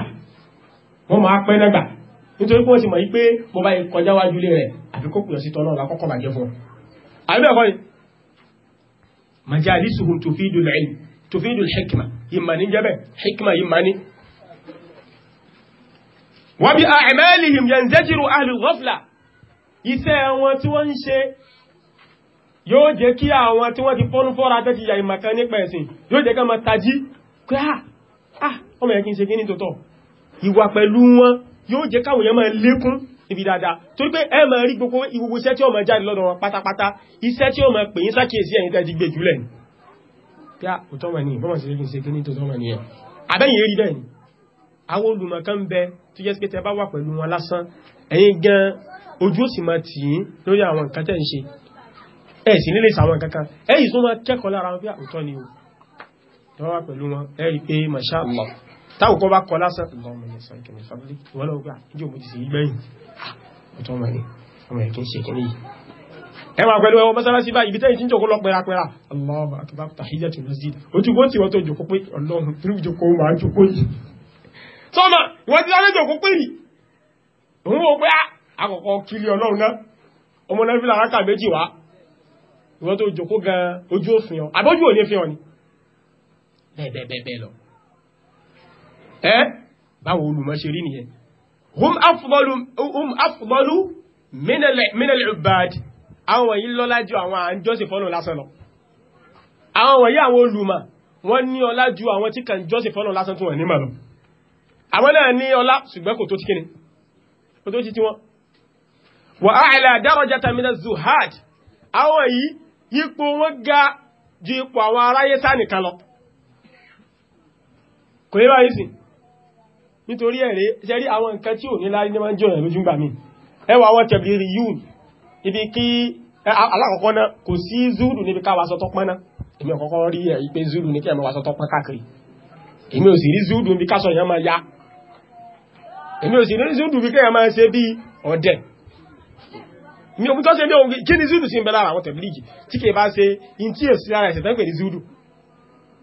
S1: wọ́n máa pẹ́ nẹ́gbà nítorí pé wọ́n ti mọ̀ yí pé mo bá kọjá wájú lé rẹ̀ àfikún pè sí tọ́lọ́ lákọ́kọ́ bàjẹ́ fún àbẹ́ẹ̀kọ́ yìí majalisuhum tufidul ilm tufidul hikma ìmọ̀ ní jẹ́bẹ̀ hikma ìmọ̀ ní wọ́n bí àìmẹ́lìhìm yanzajiru ahlul ghafla iṣẹ́ wọn tí wọ́n ń ṣe yóò jẹ́ kí àwọn tí wọ́n ti fọ́nú fọ́ra tẹ́ ti yà ìmàkan nípa ẹ̀sìn yóò jẹ́ ká ma tají pé ah, ah ọmọ ẹ̀kí ṣe kí ní tòótọ́ ìwà pẹ̀lú wọn yóò jẹ́ káwọn yẹn máa lékún níbi dáadáa torí pé ẹ máa rí gbogbo ìwòwò iṣẹ́ tí ó máa jáde lọ́dọ̀ wọn pátápátá ah, àwọn olùmọ̀kan bẹ tó jẹ́ pé tẹ bá wà pẹ̀lú wọn lásán ẹ̀yin gan ojú ó sì máa tì yín lórí àwọn nǹkan tẹ́ ń ṣe ẹ̀ sì nílé sàwọn kankan ẹ̀yìn tó máa kẹ́kọ̀ọ́ lára wọn pé àwùtọ́ ni o tọ́ wà pẹ̀lú wọn ẹ̀ rí pé masha Allah táwọn kọ́ bá kọ lásán lọ́mọ ní sàn kìnnì fábílì wọ́n lọ́wọ́ pé àjọ ah, mo ti sì gbẹ̀yìn ọ̀tọ́ ah, ọmọ yìí ọmọ yìí kì í ṣe kìnnì yìí ẹ máa pẹ̀lú ẹwọ mọ́sálásí báyìí ibi tẹ́yìn tí ń jòkó lọ pẹ̀lá pẹ̀lá Allahu akbar tahiyyatul masjid ojú bó ti wọ́n tó jòkó pé ọlọ́run tí jòkó máa jòkó yìí sọ́mà ìwọ́n ti lárẹ́jọ kó pè yìí òun wò pé ah, àkọ́kọ́ kiri ọlọ́run náà ọmọ náà fi làrákà méjì wá ìwọ́n tó jòkó gan ojú òfin ọ àbójú òní fi hàn ni bẹ́ẹ̀bẹ́ẹ̀bẹ́ẹ̀ lọ ẹ́ báwo olùmọ̀ ṣe rí nìyẹn hum afdalu hum afdalu minal ibad àwọn wọ̀nyí lọ́lájú àwọn àjọsìn fọ́nà lásán lọ àwọn wọ̀nyí àwọn olùmọ̀ wọ́n ní ọlájú àwọn tí kàn jọ́sìn fọ́nà lásán tún wọ̀n ní màlọ́ àwọn náà ní ọlá ṣùgbọ́n kò tó ti kíni kò tó ti ti wọn wà a'la darajata mina zuhad àwọn yìí yípo wọn ga ju ipò àwọn aráyé sánìkan lọ kò yẹ báyìí sí nítorí ẹ̀rẹ́ ṣẹ́rí àwọn nǹkan tí ò ní láyé ní máa ń jọ ẹ̀lójú gbà mí ẹwà àwọn tẹ̀bìrì yìí ibi kí alákọ̀ọ́kọ́ náà kò sí ya èmi ò sì ní zúdù bí kẹ́yà máa ṣe bí ọ̀dẹ̀ mi òbí tó ṣe ní ohun kí ni zúdù sí ń bẹ lára àwọn tẹ̀bílìgì tí kìí bá ṣe in tí èsì ara ìṣẹ̀tẹ́ pè ní zúdù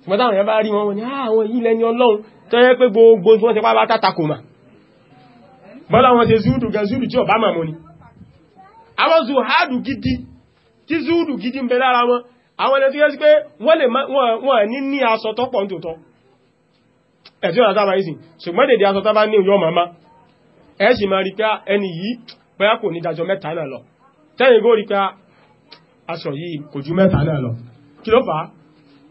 S1: ṣùgbọ́n táwọn èèyàn bá rí wọn ní ah, àwọn yìí lẹ́ni ọlọ́run tó yẹ pé gbogbo gidi tí gidi ń bẹ lára wọn àwọn ẹni tó yẹ sí pé ẹ̀tí ọ̀nà tábà ìsìn ṣùgbọ́n dèdè aṣọ tábà ní ìyọ́ màmá ẹ̀ sì máa rí pé ah, ẹni yìí bóyá kò ní dájọ́ mẹ́ta náà lọ tẹ́yìn gó rí pé ah, aṣọ yìí kò ju mẹ́ta náà lọ kí ló fà á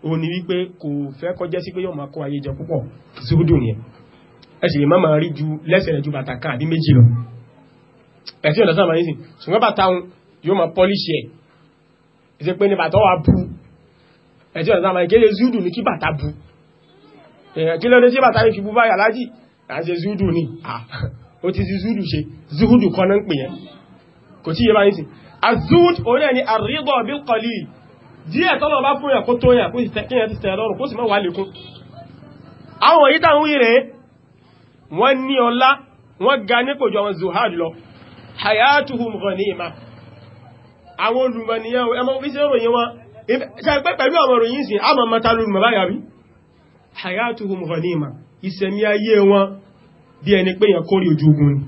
S1: òun ni wípé kò fẹ́ kọjẹ́ sí pé yóò máa kó ayé jẹ púpọ̀ ìṣúrúdù nìyẹn ẹ sì lè má máa rí ju lẹ́sẹ̀ rẹ̀ ju bàtà kan àbí méjì lọ ẹ̀tí ọ̀nà tábà ìsìn ṣùgbọ́n bàtà òun yóò máa pọ́líṣì ẹ̀ ìṣe pé ní bàtà wà bu ẹ̀tí ọ̀nà tábà ìkéde zúdù ní kí bàtà bu èèyàn kí lọ́dún tí bàtà yìí fi bú báyà lájì àṣẹ zúdù ni ó ti ti zúdù ṣe zúdù kan náà ń pè yẹn kò tí yẹ bá ń sìn azúd orí ẹni àrídọ̀ bí kọlí díẹ̀ tọ́lọ̀ bá fún yàn kó tó yàn kó sì tẹ́kíyàn ti tẹ̀ lọ́rùn kó sì mọ́ wà lékún àwọn yìí táwọn yìí rẹ̀ wọ́n ní ọlá wọ́n ga nípò jọ wọn zuhad lọ hayatuhum ghanima àwọn olùmọ̀ nìyẹn ẹmọ fi ṣe ròyìn wọn ṣe pẹ́ pẹ̀lú àwọn ròyìn sìn àmọ́ mọ́ta lórí mọ̀ báyà hayatuhum ghanima ìsẹ̀mí ayé wọn bí ẹni pé yàn kórè ojú ogun ni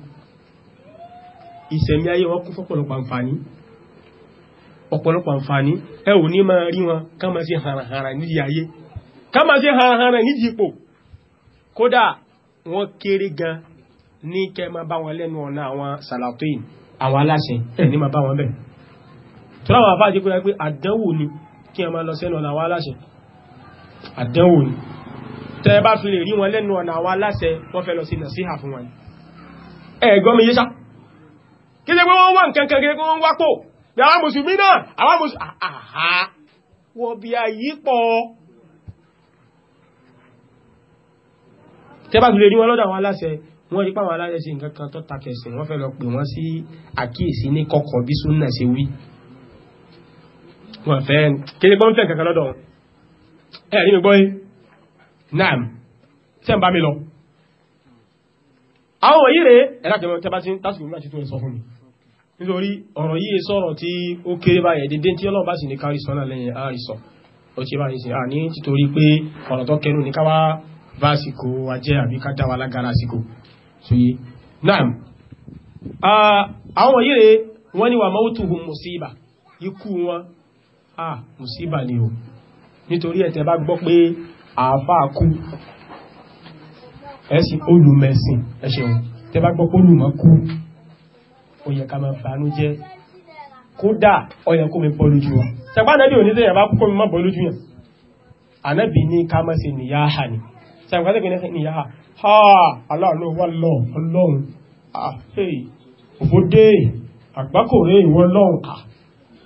S1: ìsẹ̀mí ayé wọn kún fọ́pọ̀lọpọ̀ àǹfààní ọ̀pọ̀lọpọ̀ àǹfààní ẹ ò ní máa rí wọn ká máa ṣe hàràhàrà nídìí ayé ká máa ṣe hàràhàrà nídìí ipò kódà wọ́n kéré gan ní kẹ máa bá wọn lẹ́nu ọ̀nà àwọn salatin àwọn aláṣẹ ẹ̀ ní máa bá wọn bẹ̀ tó láwọn àfáàjẹ́ pé àdánwò ni kí ẹ máa lọ sẹ́nu ọ̀nà àwọn aláṣẹ àdánwò ni tẹ́ bá fi lè rí wọn lẹ́nu ọ̀nà àwọn aláṣẹ wọ́n fẹ́ lọ sí nàṣíhà fún wọn ẹ̀gbọ́n mi yíṣá kí ṣe pé wọ́n wà nǹkan kan kí wọ́n wápò bí àwọn mùsùlùmí náà àwọn mùsùlùmí àhá ah, ah, ah. wọ́n bí ayípọ̀ tẹ́ bá fi lè rí wọn lọ́dọ̀ àwọn aláṣẹ wọ́n naam tẹ́ ń bá mi lọ àwọn yìí rẹ̀ ẹ̀lájẹ̀mọ́ tẹ́bá tí tásìkò náà ti tún sọ fún mi nítorí ọ̀rọ̀ yìí sọ̀rọ̀ tí ó kéré báyẹ̀ dédé tí Ọlọ́run bá sì ní kárí sọ́nà lẹ́yìn àrísọ̀ ó ti báyìí sí àní títorí pé ọ̀rọ̀ tó kẹnu ní káwá bá àsìkò ajẹ́ àbí ká dá lágara àsìkò tó yé àwọn yìí rẹ̀ wọ́n ní wà mautuhum musiba ikú wọn ah musiba ni o nítorí ẹ̀ bá gbọ́ pé àáfàá kú ẹ̀sìn olùmẹ̀sìn ẹ̀ṣẹ̀un tẹ́ bá gbọ́ olùmọ̀ kú ó yẹ ká máa bànú jẹ́ kódà ó yẹ kó mi bọ́ lójú wa ṣẹ̀pá ànábì òní tẹ́yẹ̀ bá kó mi má bọ́ lójú yàn ni ṣẹ̀pá tẹ́kì ní ha aláàánú wà lọ ọlọ́run òfòdé àgbákò rẹ̀ ìwọ ọlọ́run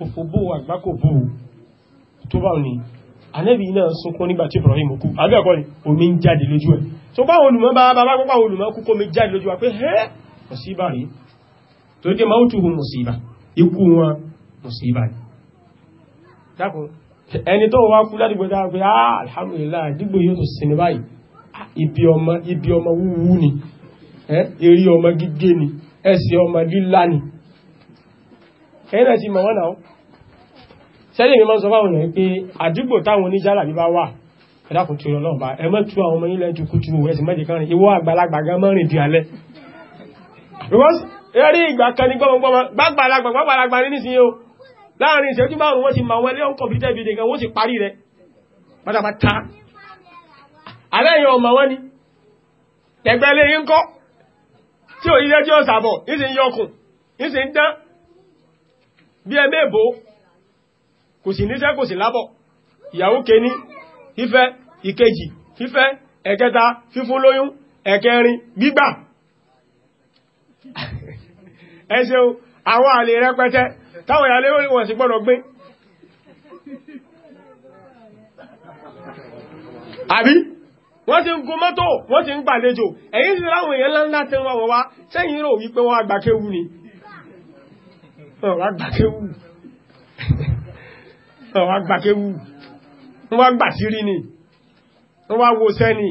S1: òfòbó àgbákò bò tó bá ní anẹ́bì náà sunkún nígbà tí Ibrahim kú agbẹ́kọ́ ni omi ń jáde lójú ẹ̀ tó bá olùmọ́ bá bá pọ́pá olùmọ́ kú kó mi jáde lójú wa pé hẹ́ mùsíbà rí tó jẹ́ máa túhù mùsíbà ikú wọn mùsíbà rí dákùn ẹni tó wá kú ládìgbò ah alhamdulillah dígbò yóò tó sinmi báyìí ibi ọmọ ibi ọmọ wúwú ni eré ọmọ gígé ni ẹsẹ̀ ọmọ sẹ́lẹ̀ mi máa ń sọ fáwọn èèyàn pé àdúgbò táwọn oníjàlá bí bá wà ẹ̀dàkùn tí ó lọ́nà bá ẹ̀mọ́ tú àwọn ọmọ ilẹ̀ jù kú tú ẹ̀sìn mẹ́jì kan rìn ìwọ àgbàlagbà gan mọ́rin di alẹ́ because eré ìgbà kan ní gbọ́mọgbọ́mọ gbàgbàlagbà gbàgbàlagbà ní nísìnyí o láàrin ìṣẹ́jú márùn wọ́n ti ma wọlé uncompleted video kan wọ́n sì parí rẹ̀ pátápátá alẹ́yìn ọmọ wọn ni ẹgbẹ́ ilé yín kọ́ tí ò ilé jẹ́ ọ̀sàbọ̀ ní sì ń yọkùn ní sì ń dán bí ẹ mẹ́bòó kò sì níṣẹ́ kò sì lábọ̀ ìyàwó kẹni fífẹ́ ìkejì fífẹ́ ẹ̀kẹta fífún lóyún ẹ̀kẹrin gbígbà (laughs) ẹ ṣeun àwọn àlè rẹpẹtẹ táwọn ìyàlẹ́ wọ́n sì gbọ́dọ̀ gbé àbí wọ́n ti ń go mọ́tò wọ́n ti ń gbàlejò ẹ̀yìn sí láwọn èèyàn ńláńlá tẹ́ wọ́n wá sẹ́yìn rò wípé wọ́n agbàkéwú ni wọ́n agbàkéwú wọ́n wá gbà kéwù wọ́n wá gbà sírí ni wọ́n wá wo sẹ́ni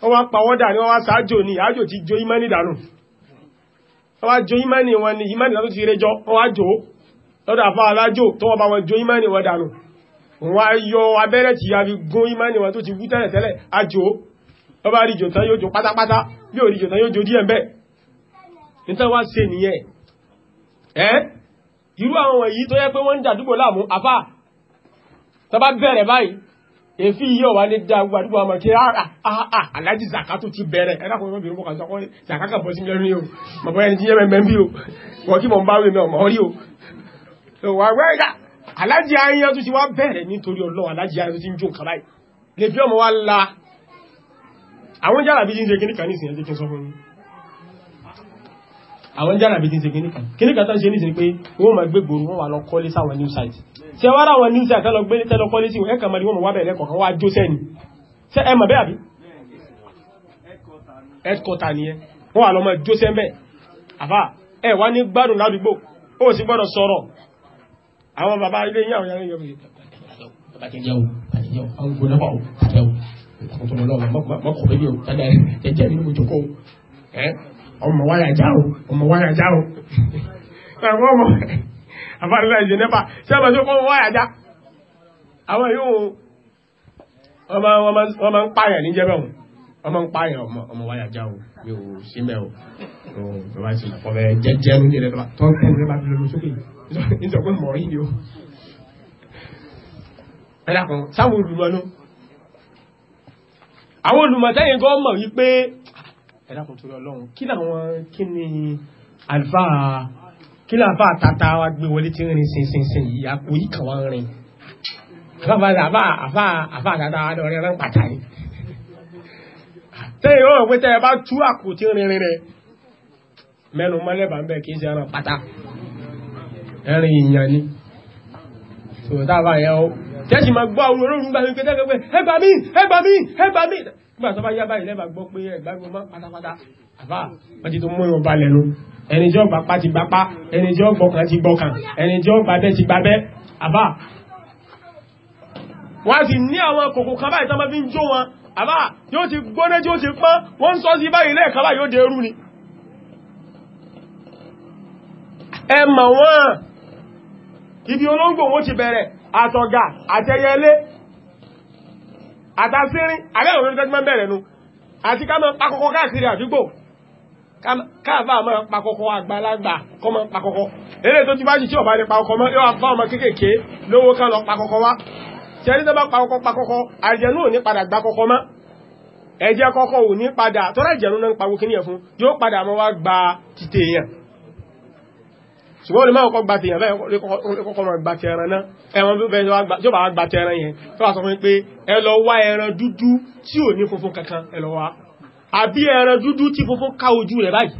S1: wọ́n wá pàwọ́dà ni wọ́n wá sáájò ni àájò ti jo imani dànù wọ́n wá jo imani wọn ni imani dànù ti rẹjọ wọ́n wá jò lọ́dọ̀ àfá alájò tó wọ́n bá wọn jo imani wọn dànù wọ́n yọ abẹ́rẹ́ ti ya fi gún imani wọn tó ti wú tẹ́lẹ̀ tẹ́lẹ̀ àjò wọ́n bá rí jòtán yóò jò pátápátá bí ò rí jòtán yóò jò díẹ̀ bẹ́ẹ̀ nítorí irú àwọn wọ̀nyí tó yẹ pé wọ́n ń dàdúgbò láàmú àfáà tó bá bẹ̀rẹ̀ báyìí èfi yíò wà lè dá gbogbo àdúgbò àmọ̀ kí aláàjì zaka ti bẹ̀rẹ̀ ẹ̀dàkùn ìwọ̀n bìrún mọ́kànlá ọkọ̀ zaka kà bọ́ sí lẹ́rú ní o mọ̀bọ̀ ẹni tí yẹ́ mẹ́mẹ́ bí o wọ́n kí mọ̀ ń bá wèé mẹ́ ọmọ orí o wà wẹ́ẹ̀dà aláàjì ayé tó ti wá bẹ̀rẹ̀ nítorí ọlọ́wọ́ aláàjì ayé tó ti ń jó la àwọn jàrà bí jíjẹ kí ní àwọn jàràbí ti ṣe kìníkà kìníkà tán ṣe níṣe pé wọ́n ma gbé gbòòrò wọ́n wà lọ kọ́lé sáwọn new site tí ẹwà ráwọn new site tẹ́lọ gbé tẹ́lọ kọ́lé sí ẹ̀kà mọ́ni wọ́n wà bẹ̀rẹ̀ kọ̀kan wá jó sẹ́ni ṣe ẹ mọ̀ bẹ́ àbí headquarter ni ẹ wọ́n wà lọ mọ́ jó sẹ́ mẹ́ àfà ẹ wá ní gbádùn ládùúgbò ó sì gbọ́dọ̀ sọ̀rọ̀ àwọn bàbá ilé yín àwọn yàrá yọ̀bí bàbá kẹjẹ o kẹjẹ o àwọn gbọ́dọ̀ bá o kẹjẹ o ọmọ wáyà já o ọmọ wáyà já o ẹ̀kọ́ ọmọ àfàrílà ìjẹ nẹ́pà sábà tó kọ́ wáyà já àwọn yóò wọ́n máa ń pààyàn ní jẹ́bẹ̀ wọn wọ́n máa ń pààyàn ọmọ wáyà já o mi ò sí mẹ́ o ọmọ sí ọbẹ̀ jẹ́jẹ́ ní ilẹ̀ tó ń kúrò nípa lórí sókè nítorí mọ̀ rí ni o ẹ̀dàkùn sáwọn olùmọ̀ náà àwọn olùmọ̀ tẹ́yìn gan mọ̀ wípé ẹ̀dàkùn torí ọlọ́run kí làwọn kí ni alfa kí làbá tata wa gbé wọlé tí ń rin sinsinsin yìí àpò yìí kàn wá rin àbá àbá àbá àbá tata wa lọ rẹran pàtàkì tẹ́ ìwọ́n òpin tẹ́ ẹ bá tú àpò tí ń rin rin rẹ̀ mẹ́nu mọ́lẹ́bà ń bẹ̀ kí ṣe ẹran pátá ẹrin ìyàn ni tòótá bá yẹ ó tẹ́sì máa gbọ́ àwọn olórùn gbà mí pé tẹ́gbẹ́ ẹgbà mí ẹgbà mí ẹgbà mí nígbà tó bá yá báyìí lẹ́bàá gbọ́ pé ẹ̀gbágbọ́n máa pátápátá àbá wọ́n ti tó mú ìwọ̀n balẹ̀ nu ẹni jọ́ gbapá ti gbapá ẹni jọ́ gbọkàn ti gbọkàn ẹni jọ́ gbabẹ́ ti gbabẹ́ àbá wọ́n á sì ní àwọn kòkò kan báyìí tó máa fi ń jó wọn àbá yóò ti gbóná tí ó ti pọ́n wọ́n ń sọ sí báyìí lẹ́ẹ̀kan báyìí ó dẹrú ni ẹ mọ̀ wọ́n ibi olóńgbò wọn ti bẹ̀rẹ̀ àtọ̀gà àtẹyẹlé àtàsírín àbẹ́rẹ̀ olórin tẹ́jú máa bẹ̀rẹ̀ nu àti ká máa pakọ́kọ́ káàkiri àdúgbò káàbà máa pakọ́kọ́ àgbàlagbà kọ́ máa pakọ́kọ́ eré tó ti bá jì tí ọ̀bá ní pakọ́kọ́ mọ́ yóò fá ọmọ kéékèèké lówó ká lọ pakọ́kọ́ wá ṣẹ́rí tó bá pakọ́kọ́ pakọ́kọ́ àjẹnú ò ní padà gbá kọ́kọ́ mọ́ ẹ̀jẹ̀ kọ́kọ́ ṣùgbọ́n olùmọ́ ọkọ̀ gbàtẹ̀ yẹn bẹ́ẹ̀ kọ́kọ́ mọ̀ gbàtẹ̀ ẹran náà ẹran tó bẹ́ẹ̀ tí ó bá gbàtẹ̀ ẹran yẹn tó wà sọ fún pé ẹ lọ wá ẹran dúdú tí ò ní funfun kankan ẹ lọ wá àbí ẹran dúdú tí funfun ká ojú rẹ̀ báyìí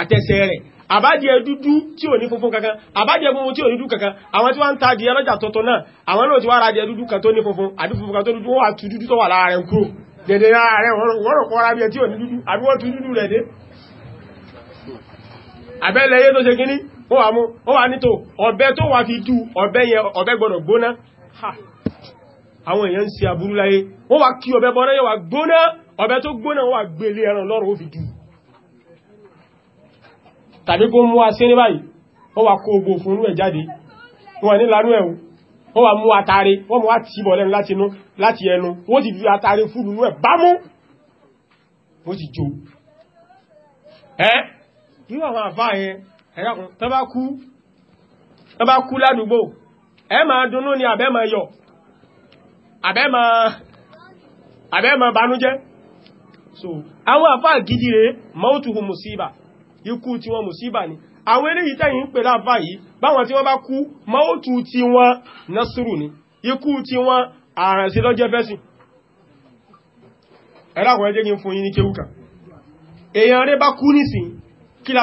S1: àtẹsẹ̀ rẹ̀ àbádìẹ dúdú tí ò ní funfun kankan àbádìẹ funfun tí ò ní dúdú kankan àwọn tí wọ́n ń ta adìẹ lọ́jà tuntun náà àwọn náà ti wá ra adìẹ dúdú kan tó ní funfun àbí funfun ó wà mú ó wà nítò ọ̀bẹ tó wà fi tú ọ̀bẹ yẹn ọ̀bẹ gbọ́dọ̀ gbóná àwọn èèyàn ń ṣe aburú láyé wọ́n wà kí ọ̀bẹ bọ́ná yẹn wà gbóná ọ̀bẹ tó gbóná wà gbélé ẹran lọ́rùn ó fi tú tàbí kó mú asé ní báyìí wọ́n wà kó ogbò fún ẹ̀ jáde wọ́n ní lanú ẹ̀hùn wọ́n wà mú àtàrí wọ́n mú àti ìbọ̀ lẹ́nu láti ẹnu wọ́n ti fi àtàrí irú àwọn àfáà yẹn ẹ̀dàkùn tó bá kú tó bá kú ládùúgbò ẹ máa dunnú ni àbẹ́ máa yọ̀ banújẹ́ so àwọn àfáà gidi rẹ̀ mọ́tùhù mùsíbà ikú tí wọ́n mùsíbà ni àwọn eléyìí tẹ́yìn ń pè láàfáà yìí báwọn tí wọ́n bá kú mọ́tù tí wọ́n násùrù ni ikú tí wọ́n àrànsí lọ́jẹ́ fẹ́sìn ẹ̀dàkùn ẹjẹ́ kí n fún yín ní kéwùkà èèyàn rẹ̀ bá kú nísìn kí la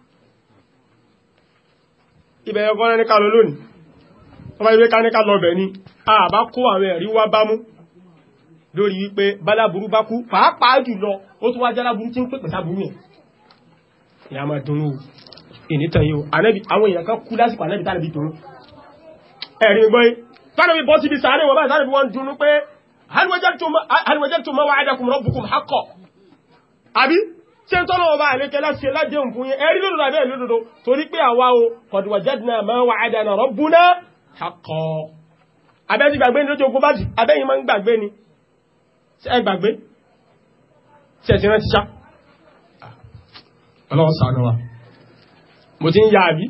S1: ibẹ̀ ẹ̀kọ́ rẹ̀ níkà lọ lónìí wọ́n ibẹ̀ ká níkà lọ bẹ̀ ni a bá kó àwọn ẹ̀rí wá bá mú lórí wípé báláburú bá kú pàápàá jùlọ ó tún wá jáláburú tí ń pè pẹ̀sáburú yẹn ìyá máa dunnú ìnítàn yìí àwọn èèyàn kan kú lásìkò ànábì tánàbí tó ń ẹ̀rí gbọ́ tánàbí bọ́ síbi sàárè ṣe ń tọ́lọ̀ ọba àlékẹ́ láti lájẹun fún yẹn ẹ̀rí lódòdó àbẹ́ lódòdó torí pé àwa o qad wajadna ma wa'adana rabbuna haqqan abẹ́ ti gbàgbé ní lójú ogun bá ti abẹ́yìn máa ń gbàgbé ni ẹ mo ti ń ya àbí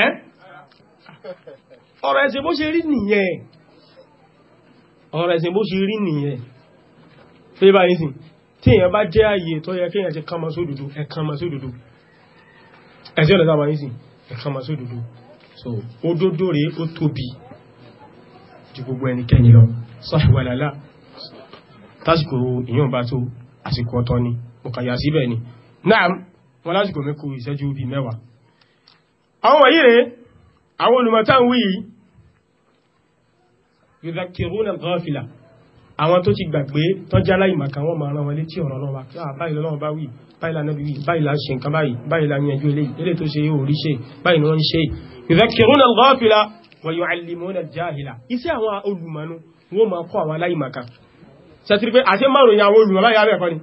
S1: ẹ́ ọ̀rọ̀ ẹ̀sìn bó ṣe rí nìyẹn ọ̀rọ̀ ẹ̀sìn bó ṣe rí nìyẹn fẹ́ báyìí sìn tí èyàn bá jẹ́ ààyè tó yẹ kéèyàn ti kánmà sódòdó ẹ̀kánmà sódòdó ẹ̀sí ọ̀nà sáwọn ìsìn ẹ̀kánmà sódòdó so òdodo rèé ó tóbi ju gbogbo ẹnikẹ́ni lọ sọ́ṣùwàlálà tásìkò èyàn bá tó àsìkò ọ̀tọ̀ ni mo kàyà síbẹ̀ ni náà wọn lásìkò mẹ́kù ìṣẹ́jú bíi mẹ́wàá àwọn wọ̀nyí rèé àwọn olùmọ̀tá ń wí yìí yudhakiruna al-ghafila àwọn tó ti gbàgbé tán jálá ìmàkà wọn máa rán wọn létí ọ̀rọ̀ náà wà kí báyìí lọ́nà bá wì báyìí lánà bí wì báyìí lá ṣe nǹkan báyìí báyìí lá yanjú eléyìí eléyìí tó ṣe yóò rí ṣe báyìí ni wọ́n ń ṣe yudhakkiruna al-ghafila wa yu'allimuna al-jahila iṣẹ́ àwọn olùmọ̀nù wọ́n máa kọ́ àwọn aláìmàkà sẹ́tìrí pé àti márùn ìyàwó olùmọ̀ báyìí abẹ́ ẹ̀kọ́ ni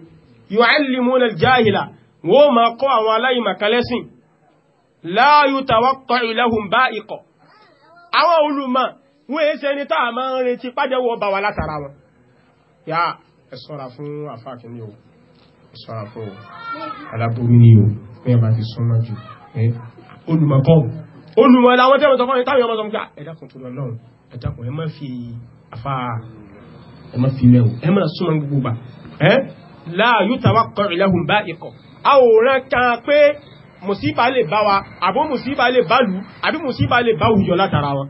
S1: yu'allimuna al-jahila wọ́n máa kọ́ àwọn aláìmàkà lẹ́sìn la yutawaqqa'u lahum ba'iqa àwọn olùmọ̀ wọ́n èé ṣe ní táà máa ń retí pàdéwọ̀ bá wa látara wọn yá ẹ sọ́ra fún àfáàkì ni o ẹ sọ́ra fún o aláborí ni o bẹ́ẹ̀ bá ti súnmọ́ jù olùmọ̀kọ́ olùmọ̀ làwọn tẹ́wọ̀n tọ́kọ́ táwọn fi afá ẹ má fi lẹ́wọ̀ ẹ má súnmọ́ gbogbo bá ẹ láàyò tàwa kọ ìlẹ́hùn bá ikọ̀ àwòrán kan pé mùsíbà lè bá wa àbó mùsíbà lè bá lù àbí mùsíbà lè bá wùyọ látara wọn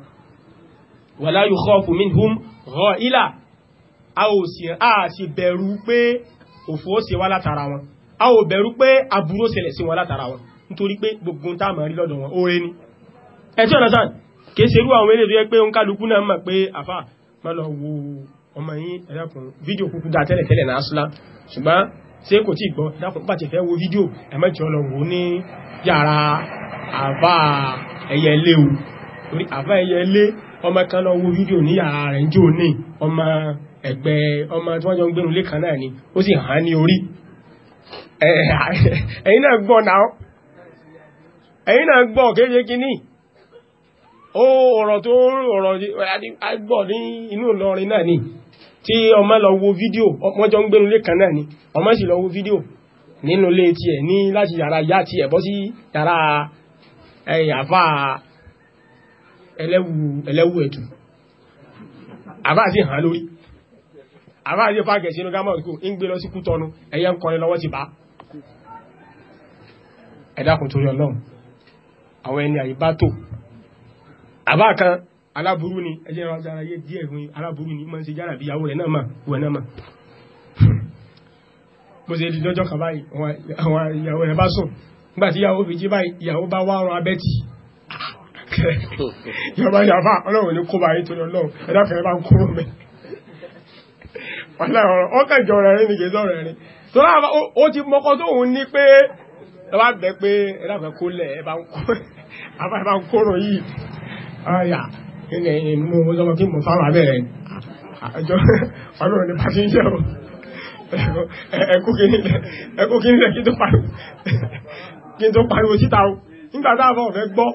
S1: wàlá yóò kọ́ fún mi rọ ilà a ò sì bẹ̀rù pé òfò ó ṣe wá látara wọn a ò bẹ̀rù pé aburú ó ṣẹlẹ̀ sí wọn látara wọn nítorí pé gbogbo tá a máa rí lọ́dọ̀ wọn oore ni ẹ̀tí ọ̀nà sáà kìí ṣerú àwọn eré tó yẹ pé ń náà mọ̀ pé àfà má lọ wo wo fídíò lọ wò ní yàrá àfà ẹ̀yẹ o torí àfà ẹ̀yẹ ọmọ kan lọ ẹ̀gbẹ́ ọmọ tí wọ́n jọ ń gbénu lé kan náà ni ó sì hàn ní orí ẹ̀yin náà gbọ́ náà ẹ̀yin náà gbọ́ kéje kìíní ó ọ̀rọ̀ tó ọ̀rọ̀ agbọ́ ní inú Ìlọrin náà ni tí ọmọ lọ wo fídíò wọ́n jọ ń gbénu lé kan náà ni ọmọ sì lọ wo fídíò nínú ilé tiẹ̀ ní láti yàrá ìyá tiẹ̀ bọ́ sí yàrá àfà ẹlẹ́wù ẹ̀tù àbá sí hàn lórí àbá àti fáàkì ẹ̀sìn inú gámọ̀ ìkú ń gbé lọ sí kútọ́nu ẹ̀yẹ ń kọrin lọ́wọ́ ti bá ẹ̀dàkùn torí ọlọ́run àwọn ẹni àyíbá tò àbá kan aláburú ni ẹjẹ́ ìrọ̀jára yé díẹ̀ ìhun aláburú ni máa ń ṣe jára bí ìyàwó rẹ̀ náà mà wẹ̀ náà mà bó ṣe di lọ́jọ́ kan báyìí àwọn ìyàwó rẹ̀ bá sùn nígbà tí ìyàwó fi jí báyìí ìyàwó bá wá ọrùn abẹ́tì ìyàwó (laughs) bá yàrá ọlọ́run ní kó báyìí torí ọlọ́run ẹ̀dá fẹ́rẹ́ bá ń kúrò mẹ́ ọkàjọ rẹ̀rin ní (laughs) kí tó pariwo síta o nígbà táwọn ọ̀fẹ́ gbọ́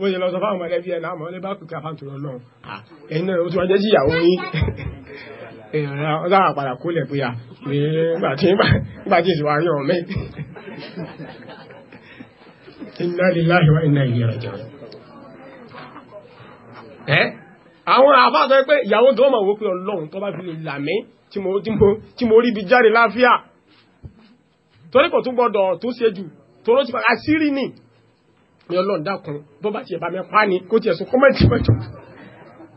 S1: ó yẹ lọ sọ fáwọn mọ̀lẹ́bí ẹ̀ náà mọ̀lẹ́bá kùkà fáwọn tó lọ lọ́run ẹ̀yìn náà ó ti wájẹ́ sí ìyàwó yín (laughs) èèyàn láwà padà kólẹ̀ pé à nígbà tí nígbà tí ìsìnwá rí ọ̀mẹ́ inna lillahi wa inna ilayhi raji'un ẹ́ àwọn àbáṣọ pé ìyàwó tó mọ̀ wó pé ọlọ́run tó bá fi lè làmí tí mo rí bí jáde láfíà torí kò tún gbọ́dọ̀ tó ṣe jù toró ti pàkà sírí ni ní ọlọ́run dákun bó bá ti ẹ̀bá mẹ́pá ni kó ti ẹ̀sùn kọ́mẹ́ntì mẹ́jọ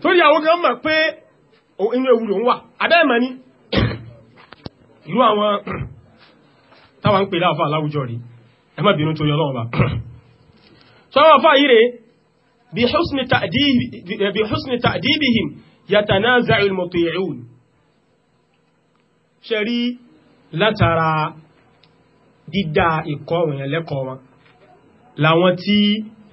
S1: torí àwọn kan mọ̀ pé inú ewu ló ń wà abẹ́ẹ̀ mọ̀ ní irú àwọn (coughs) táwa ń pè láàfà láwùjọ rí ẹ má bínú tó yọ lọ́wọ́ bá sọ àwọn àfà yìí rèé bihusni ta'dibihim yatanaza'u al-muti'un ṣẹ̀rí látara dídá ìkọ́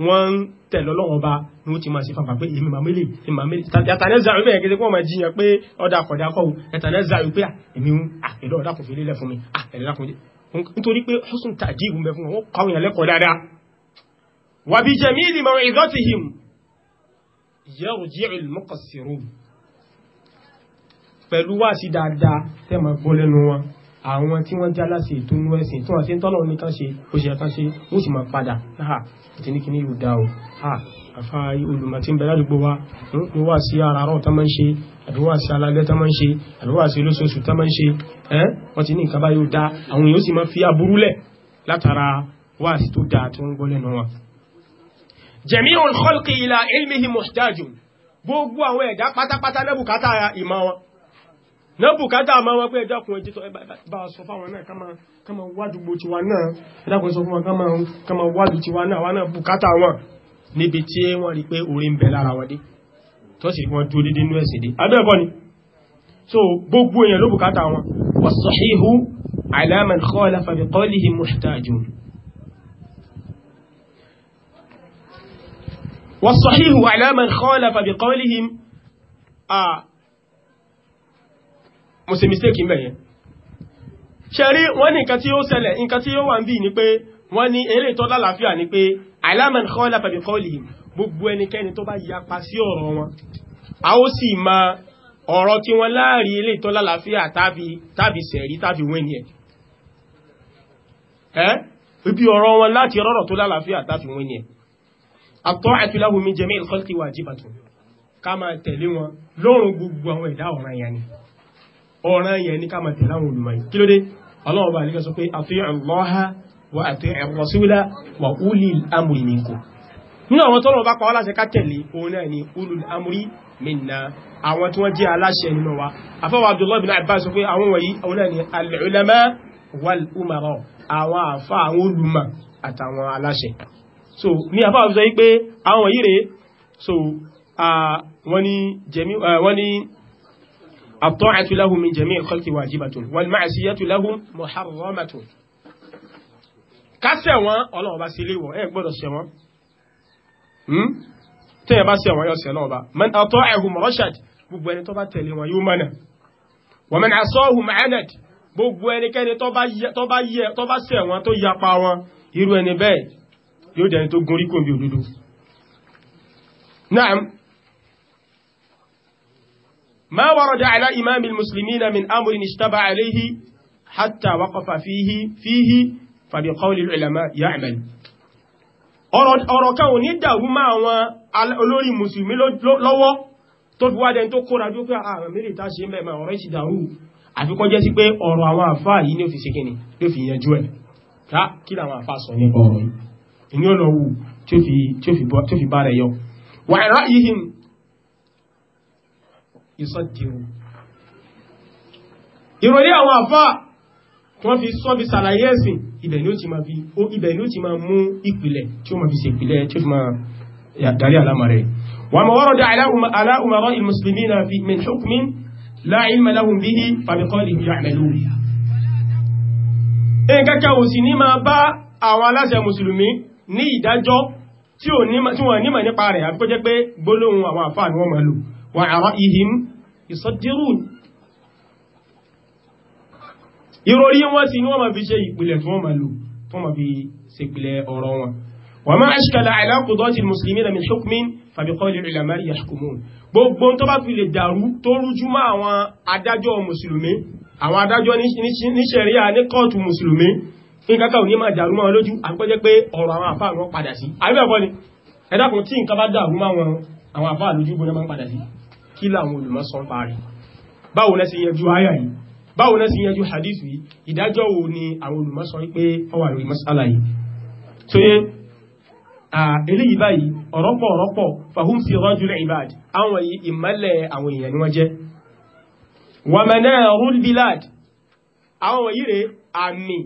S1: wọ́n ń tẹ̀lọ́ lọ́wọ́ bá ní ó ti máa ṣe fàfà pé èmi màmílì èmi màmílì ẹ̀tànẹ́zà wípé ẹ̀kẹ́ kó máa jiyàn pé ọ̀dà kọ̀dà kọ́wù ẹ̀tànẹ́zà wípé èmi ń àkẹ́dọ̀ ọ̀dà kò fi lélẹ̀ fún mi àkẹ́dọ̀ kò nítorí pé husn tàjí ìwú mẹ́fún wọn kọ́wìn ẹlẹ́kọ̀ọ́ dáadáa wà bí jẹ́mí ìlì mọ̀ ìdọ́tìhìm yẹ́rù jẹ́ ìlmọ́kọ̀sìrò pẹ̀lú wá sí dáadáa tẹ́ máa gbọ́ lẹ́nu wọn àwọn tí wọ́n já láti ìdúnú ẹ̀sìn tí wọ́n ṣe ń tọ́lọ̀ ní kan ṣe ó ṣe kan ṣe ó sì máa padà náà àti ní kíní yóò dá o àfa olùmọ̀ tí ń bẹ ládùúgbò wa mo wà sí àràárọ̀ tá máa ń ṣe àbí sí alalẹ́ tá máa ń ṣe àbí sí olóṣooṣù tá máa ń ṣe ẹ́ wọ́n ti ní nǹkan báyìí dá àwọn èèyàn sì máa fi aburú lẹ̀ látara wà sí tó dáa tó ń gbọ́ lẹ́nu wọn. jami'ul khalqi ila ilmihi muhtajun gbogbo àwọn ẹ̀dá pátápátá lẹ́bùkátà ìmọ̀ wọn náà bùkátà máa wọ́n pé ẹ̀dàkùn ẹjí tó bá sọ fáwọn náà ká máa wádùgbò tiwa náà ẹ̀dàkùn sọ fún wọn ká máa wádù tiwa náà wọn náà bùkátà wọn níbi tí wọ́n rí pé orí ń bẹ lára wọn dé tó sì wọ́n tó dédé inú ẹ̀sìn dé abẹ́ẹ̀kọ́ ni so gbogbo èèyàn ló bùkátà wọn wàsàhíhù alaman khalafa bi qawlihi muhtajun wàsàhíhù alaman khalafa bi qawlihi muhtajun mo ṣe mistake ńbẹ̀ yẹn ṣẹ̀rí wọ́n ní nǹkan tí ó ṣẹlẹ̀ nǹkan tí ó wà ń bí ni pé wọ́n ní eré tó lálàáfíà ni pé àìlámàn kọ́lá pẹ̀lú kọ́lì gbogbo ẹnikẹ́ni tó bá yapa sí ọ̀rọ̀ wọn a ó sì ma ọ̀rọ̀ tí wọ́n láàrí eré tó lálàáfíà tàbí sẹ̀rí tàbí wẹ́ni ẹ̀ ibi ọ̀rọ̀ wọn láti rọ́rọ̀ tó lálàáfíà tàbí wẹ́ni ẹ̀ àtọ́ àtúláhùn jẹ́mí ìkọ́lì wàjíbàtún ká máa tẹ̀lé wọn lórun gbogbo àwọn ẹ̀dá ọ̀ràn yẹn ni ọ̀ràn yẹn ní ká máa tẹ̀lé àwọn olùmọ̀ yìí kí ló dé ọlọ́run bá nígbà sọ pé ati'u Allah wa ati'u rasula wa ulil amri minkum nínú àwọn tọ́lọ̀ bá pa wá láṣẹ ká tẹ̀lé òun náà ni ulul amri minna àwọn tí wọ́n jẹ́ aláṣẹ nínú wa afọ́wọ́ الطاعة لهم من جميع الخلق واجبة والمعصية لهم محرمة kásẹ̀ wọn ọlọ́ọ̀bá sí ilé wọ̀ ẹ gbọ́dọ̀ ṣẹ̀ wọn tí ẹ bá ṣẹ̀ wọn yóò ṣẹ̀ lọ́ọ̀bá man ata'ahum rashad gbogbo ẹni tó bá tẹ̀lé wọn yóò mọ́nà wa man asahum anad gbogbo ẹnikẹ́ni tó bá ṣẹ̀ wọn tó yapa wọn irú ẹni bẹ́ẹ̀ yóò dẹni tó gun orí òdodo ما ورد على إمام المسلمين من أمر اشتبع عليه حتى وقف فيه فيه فبقول العلماء يعمل ọ̀rọ̀ kan ò ní dàrú máa àwọn olórí mùsùlùmí lọ́wọ́ tó fi wádẹ́ tó kóra jú pé àwọn mẹ́rin tá ṣe mẹ́mà ọ̀rọ̀ ìsì dàrú àfikọ́ jẹ́ sí pé ọ̀rọ̀ àwọn àfáà yìí ní òfin ṣe kíni fi yanjú ẹ̀ kí làwọn àfáà sọ ìsọ́dìrú ìròrí àwọn àfá tí wọ́n fi sọ́ fi sàlàyé ẹ̀sìn ibẹ̀ ni ó ti máa fi ó ibẹ̀ ni ó ti máa mú ìpìlẹ̀ tí ó máa fi ṣe ìpìlẹ̀ tí ó fi máa yàtàrí àlámà rẹ̀ wà mọ̀ wọ́rọ̀ dá aláhùmarọ́ ilmùsùlùmí na fi min hukmin láìmọ̀láhùn bí i fàbíkọ́lì yàmẹ̀lú ẹn kẹ́kẹ́ ò sì ní máa bá àwọn aláṣẹ mùsùlùmí ìdájọ́ tí wọ́n nímọ̀ nípa rẹ̀ àbíkọ́ jẹ́ pé gbólóhùn àwọn àfáà ni wọ́n máa lò wà àrọ́ ihim ìsọ́dírùn ìròrí wọn sí ní wọ́n ma fi ṣe ìpìlẹ̀ tí wọ́n ma lò tó ma fi ṣe ìpìlẹ̀ ọ̀rọ̀ wọn wọ́n máa ṣkàlà àìlákùdọ́tì musulmi na mishokmin fàbíkọ́lì ìlàmà yashkumun gbogbo tó bá fi lè dàrú tó rújú mọ́ àwọn adájọ́ musulmi àwọn adájọ́ ní ṣẹ̀ríà ní kọ́ọ̀tù musulmi ní kàkà òní máa dàrú mọ́ lójú kí làwọn olùmọ̀ sọ ń parí báwo lẹ́sí yẹjú àyà yìí báwo lẹ́sí yẹjú hadith yìí ìdájọ́ wo ni àwọn olùmọ̀ sọ wípé ọwà lórí masala yìí tó yẹ eléyìí báyìí ọ̀rọ̀pọ̀ ọ̀rọ̀pọ̀ fahum sirajul ibad àwọn ìmọ́lẹ̀ àwọn èèyàn ni wọ́n jẹ́ wa manarul bilad àwọn wọ̀nyí rẹ̀ àmì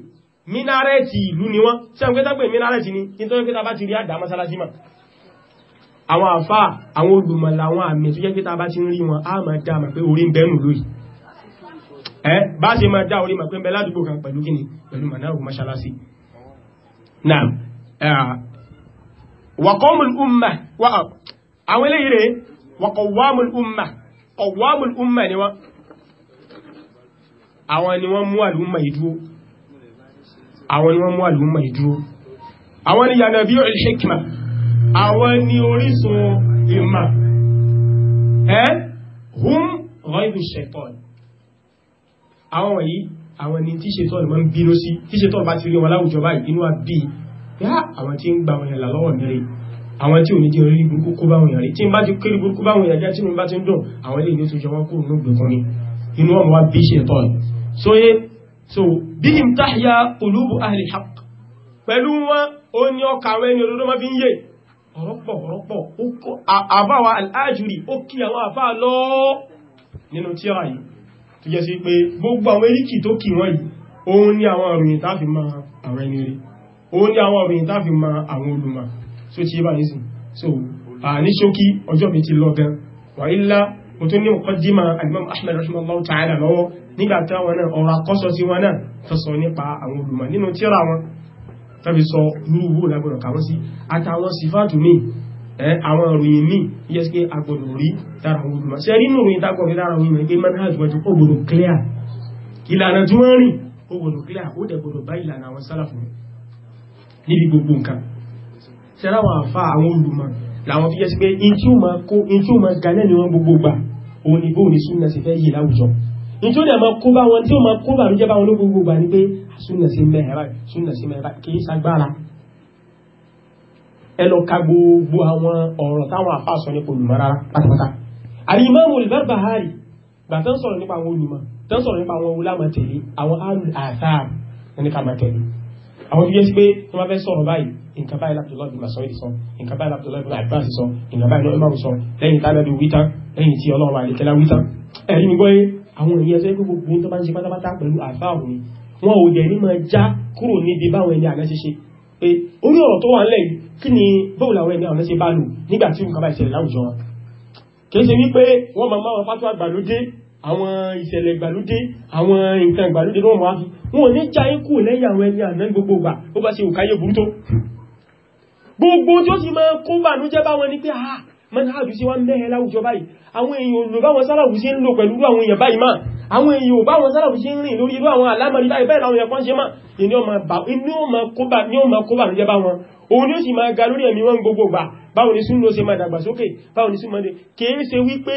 S1: mínárẹ̀tì ìlú ni wọ́n sẹ́wọ́n pẹ́tàpẹ́ mínárẹ̀tì ni nítorí pẹ́tàpá ti rí àdá mọ́sálásí àwọn àfá àwọn olùmọ̀lá àwọn àmì tó jẹ́ kí ta bá ti ń rí wọn a máa dá mà pé orí ń bẹ́nu lóyìí ẹ́ bá ṣe máa dá orí mà pé ń bẹ ládùúgbò kan pẹ̀lú kíni pẹ̀lú mọ̀náàrù mọ́ṣálásí náà wàkọ́mùl umma àwọn eléyìí rẹ̀ wàkọ̀wàmùl umma kọ̀wàmùl umma ni wọ́n àwọn àwọn ni orísun ìmọ̀ ẹ́ hum ghaibu shaitan àwọn wọ̀nyí àwọn ni tí shaitan mọ́ ń bínú sí tí shaitan bá ti rí wọn láwùjọ báyìí inú àbí yá àwọn tí ń gba wọn yàlá lọ́wọ́ mẹ́rin àwọn tí ò ní jẹ́ orí burúkú kó báwọn yàrí tí ń bá ti kéré burúkú báwọn yàjá tí wọ́n bá ti ń dùn àwọn ilé ìlú tó jọ wọ́n kúrò ní ògbèkún ni inú ọmọ wa bí shaitan so yé so bihim tahya qulubu ahli haqq pẹ̀lú wọn ó ní ọkà àwọn ẹni olódó máa fi ń yé ọ̀rọ̀pọ̀ ọ̀rọ̀pọ̀ àbáwà al'ájúrí ó kí àwọn àfá lọ nínú tí a yìí tó jẹ́ sí pé gbogbo àwọn eríkì tó kì wọ́n yìí òun ni àwọn ìròyìn tá fi ma àwọn ẹni òun ni àwọn ìròyìn tá ma àwọn olùmọ̀ so ti bá yìí so a ní ṣókí ọjọ́ mi ti lọ gan wà ilá mo tó ní muqaddima alimam ahmed rahimahullahu ta'ala lọ́wọ́ nígbà táwọn náà ọ̀rọ̀ akọ́sọ sí wọn náà tọ́sọ nípa àwọn olùmọ̀ nínú tíra wọn tàbí sọ lúrúwú lágbọ̀nà kàwọn sí àtàwọn sífàtù mi, àwọn ìròyìn míì yẹ́ sí pé agbọ̀dọ̀ rí dára àwọn olùmọ̀ ṣe rí nùròyìn tàgbọ̀ fi dára àwọn olùmọ̀ pé manhaj wọn ti ó gbọdọ̀ clear ìlànà tí wọ́n rìn ó gbọdọ̀ clear ó dẹ̀ gbọdọ̀ bá ìlànà àwọn sálàfù níbi gbogbo nǹkan ṣẹ́ra wọn àfa àwọn sí pé in tí ó máa ga lẹ́nu wọn gbogbo nítorí ó dẹ̀ máa kó bá wọn tí ó máa kó bá lójẹ́ bá wọn lókùn gbogbo ní pé súnà sí mẹ́ẹ̀rá súnà sí mẹ́ẹ̀rá kì í sagbára ẹ lọ ka gbogbo àwọn ọ̀rọ̀ táwọn àfáàsọ nípa olùmọ̀ rárá pátápátá àrímáàmù Al-Barbahari gbà tán sọ̀rọ̀ nípa àwọn olùmọ̀ tán sọ̀rọ̀ nípa àwọn olámọ̀ tẹ̀lé àwọn àrùn àtàrù ní ká máa tẹ̀lé àwọn fíjẹ́ sí pé wọ́n máa fẹ́ sọ̀rọ̀ báyìí nǹkan báyìí Abdullah bin Mas'ud sọ nǹkan báyìí Abdullah bin Abbas sọ nǹkan báyìí lọ́wọ́ sọ lẹ́yìn tábẹ́lú wítán lẹ́yìn tí ọlọ́run àlekẹ́lá wítán ẹ̀rí gbọ́ àwọn èèyàn tó ẹgbẹ́ gbogbo tó bá ń ṣe pátápátá pẹ̀lú àfá òun wọn ò dẹ̀ ní máa já kúrò níbi báwọn ẹni àná ṣe ṣe pé orí ọ̀rọ̀ tó wà ń lẹ̀ kí ni bóòlù àwọn ẹni àná ṣe bá lò nígbà tí nǹkan bá ìṣẹ̀lẹ̀ láwùjọ wọn kì í ṣe wípé wọ́n máa máa fátó àgbàlódé àwọn ìṣẹ̀lẹ̀ ìgbàlódé àwọn nǹkan ìgbàlódé ló wọ́n wọn ò ní já ikú lẹ́yìn àwọn ẹni àná gbogbo gbà ó bá ṣe òkáyé burú tó gbogbo tó sì máa kó bànújẹ́ báwọn ni pé ah manhajù sí wá ń bẹ́ẹ̀ láwùjọ báyìí àwọn èèyàn lò báwọn sálàwù sí ń lò pẹ̀lú àwọn èèyàn báyìí máa àwọn èèyàn báwọn sálàwù sí ń rìn lórí irú àwọn alámọ̀rí báyìí bẹ́ẹ̀ láwọn ẹ̀kọ́ ṣe máa inú ọmọ kóbà ní ẹbá wọn òun yóò sì máa ga lórí ẹ̀mí wọn gbogbo gbà báwọn ni súnlọ ṣe máa dàgbàsókè báwọn ni súnmọ́dé kìí ṣe wípé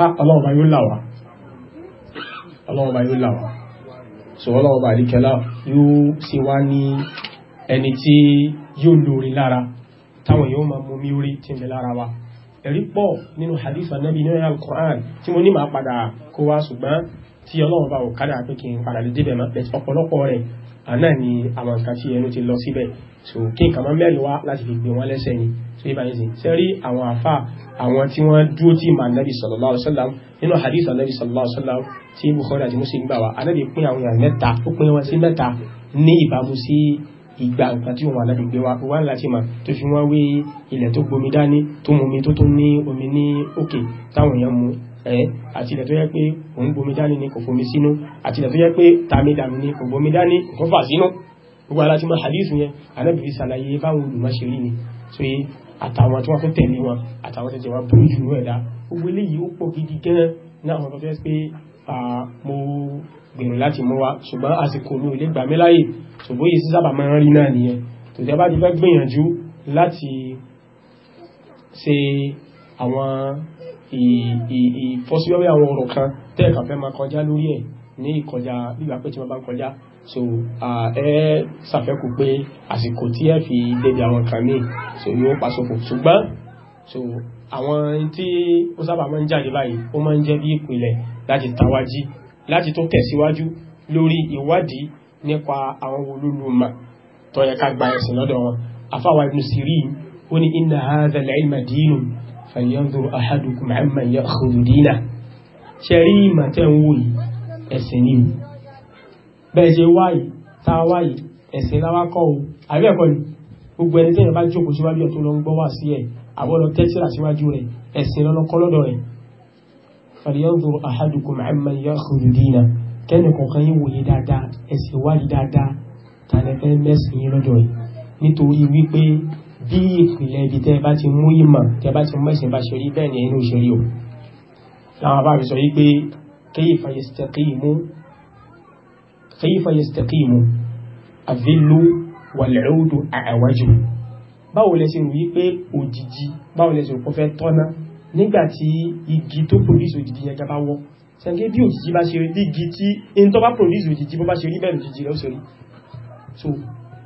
S1: Ah, ọlọ́ọ̀bá yóò làwà ọlọ́ọ̀bá yóò làwà so ọlọ́ọ̀bá àríkẹ́lá yóò ṣe wá ní ẹni tí yóò lórí lára táwọn yóò máa mú mi tí ń lára wa ẹ̀rí pọ̀ nínú hadith anabi ní ọ̀yà al-Qur'an tí mo ní máa padà kó wá ṣùgbọ́n tí ọlọ́ọ̀bá ò kádà pé kí n padà lè débẹ̀ máa pẹ̀ ọ̀pọ̀lọpọ̀ rẹ̀ àná ni àwọn nǹkan tí ẹnu ti lọ síbẹ̀ so kí nǹkan máa mẹ́rin wá láti fi gbé wọn lẹ́sẹ̀ ni so yíba yìí sẹ́ rí àwọn àfà àwọn tí wọ́n dúró tí ma nàbì sallallahu alaihi wasallam nínú hadith nàbì sallallahu alaihi wasallam tí Bukhari àti Muslim gbà wá anábì pín àwọn èèyàn mẹ́ta ó pín wọn sí mẹ́ta ní ìbámu sí ìgbà nǹkan tí wọn alábìgbé wa wá láti mà tó fi wọn wé ilẹ̀ tó gbomi dání tó mumi tó tún ní omi ní òkè táwọn èèyàn mu ẹ́ àti ilẹ̀ tó yẹ pé òun bomi dání ni kò fomi sínú àti ilẹ̀ tó yẹ pé tàmídàmí ni kò bomi dání kò fà sínú gbogbo aláti mọ́ hadithu yẹn anábìrì sàlàyé báwọn olùmọ́ṣeré ni tó yẹ àtàwọn tí wọ́n fẹ́ tẹ̀lé wọn àtàwọn tẹ̀jẹ̀ wọn burú jù lọ ẹ̀dá gbogbo eléyìí ó pọ̀ gidi gan náà wọn fẹ́ pé mo gbèrò láti mú wa ṣùgbọ́n àsìkò mi ò lè gbà mí láyè ṣùgbọ́n yìí sábà máa ń rí náà nìyẹn tòjá bá ti fẹ́ gbìyànjú láti ṣe àwọn ìfọ́síwẹ́wẹ́ àwọn ọ̀rọ̀ kan tẹ́ẹ̀kà fẹ́ máa kọjá lórí ẹ̀ ní ìkọjá bíbá pé tí wọ́n bá kọjá so ẹ ṣàfẹ́kù pé àsìkò tí ẹ fi débi àwọn kan ní so yóò pàṣọpọ̀ ṣùgbọ́n so àwọn tí ó sábà máa ń jáde báyìí ó máa ń jẹ́ bí ìpìlẹ̀ láti tàwájí láti tó tẹ̀síwájú lórí ìwádìí nípa àwọn olùlùmọ̀ tó yẹ ká gba ẹ̀sìn lọ́dọ̀ wọn afáwa ibn Sirin ó ní inna hadha al falyanzur ahadukum amman ya'khudhu dínà ṣẹ̀rí ìmọ̀ tẹ́ ń wò yìí ẹ̀sìn ni o bẹ́ẹ̀ ṣe wáyì tá a wáyì ẹ̀sìn láwákọ́ o àbí ẹ̀kọ́ ni gbogbo ẹni tẹ́yìn bá jókòó síwájú ẹ̀ tó lọ ń nítorí wípé bí ìpìlẹ̀ ibi tẹ́ bá ti mú ìmọ̀ tẹ́ bá ti mẹ́sìn bá ṣe rí bẹ́ẹ̀ ni inú ṣe rí o láwọn bá fi sọ wípé kayfa yastaqimu kayfa yastaqimu àvílú wal-'udu a'waju báwo lẹ ṣe rò wípé òjìji báwo lẹ ṣe rò fẹ́ tọ́ná nígbàtí igi tó produce òjìji yẹn gaba wọ́ sẹ́ńgé bí òjìji bá ṣe rí igi tí in tó bá produce òjìji bó bá ṣe rí bẹ́ẹ̀ òjìji lọ́sọ̀rí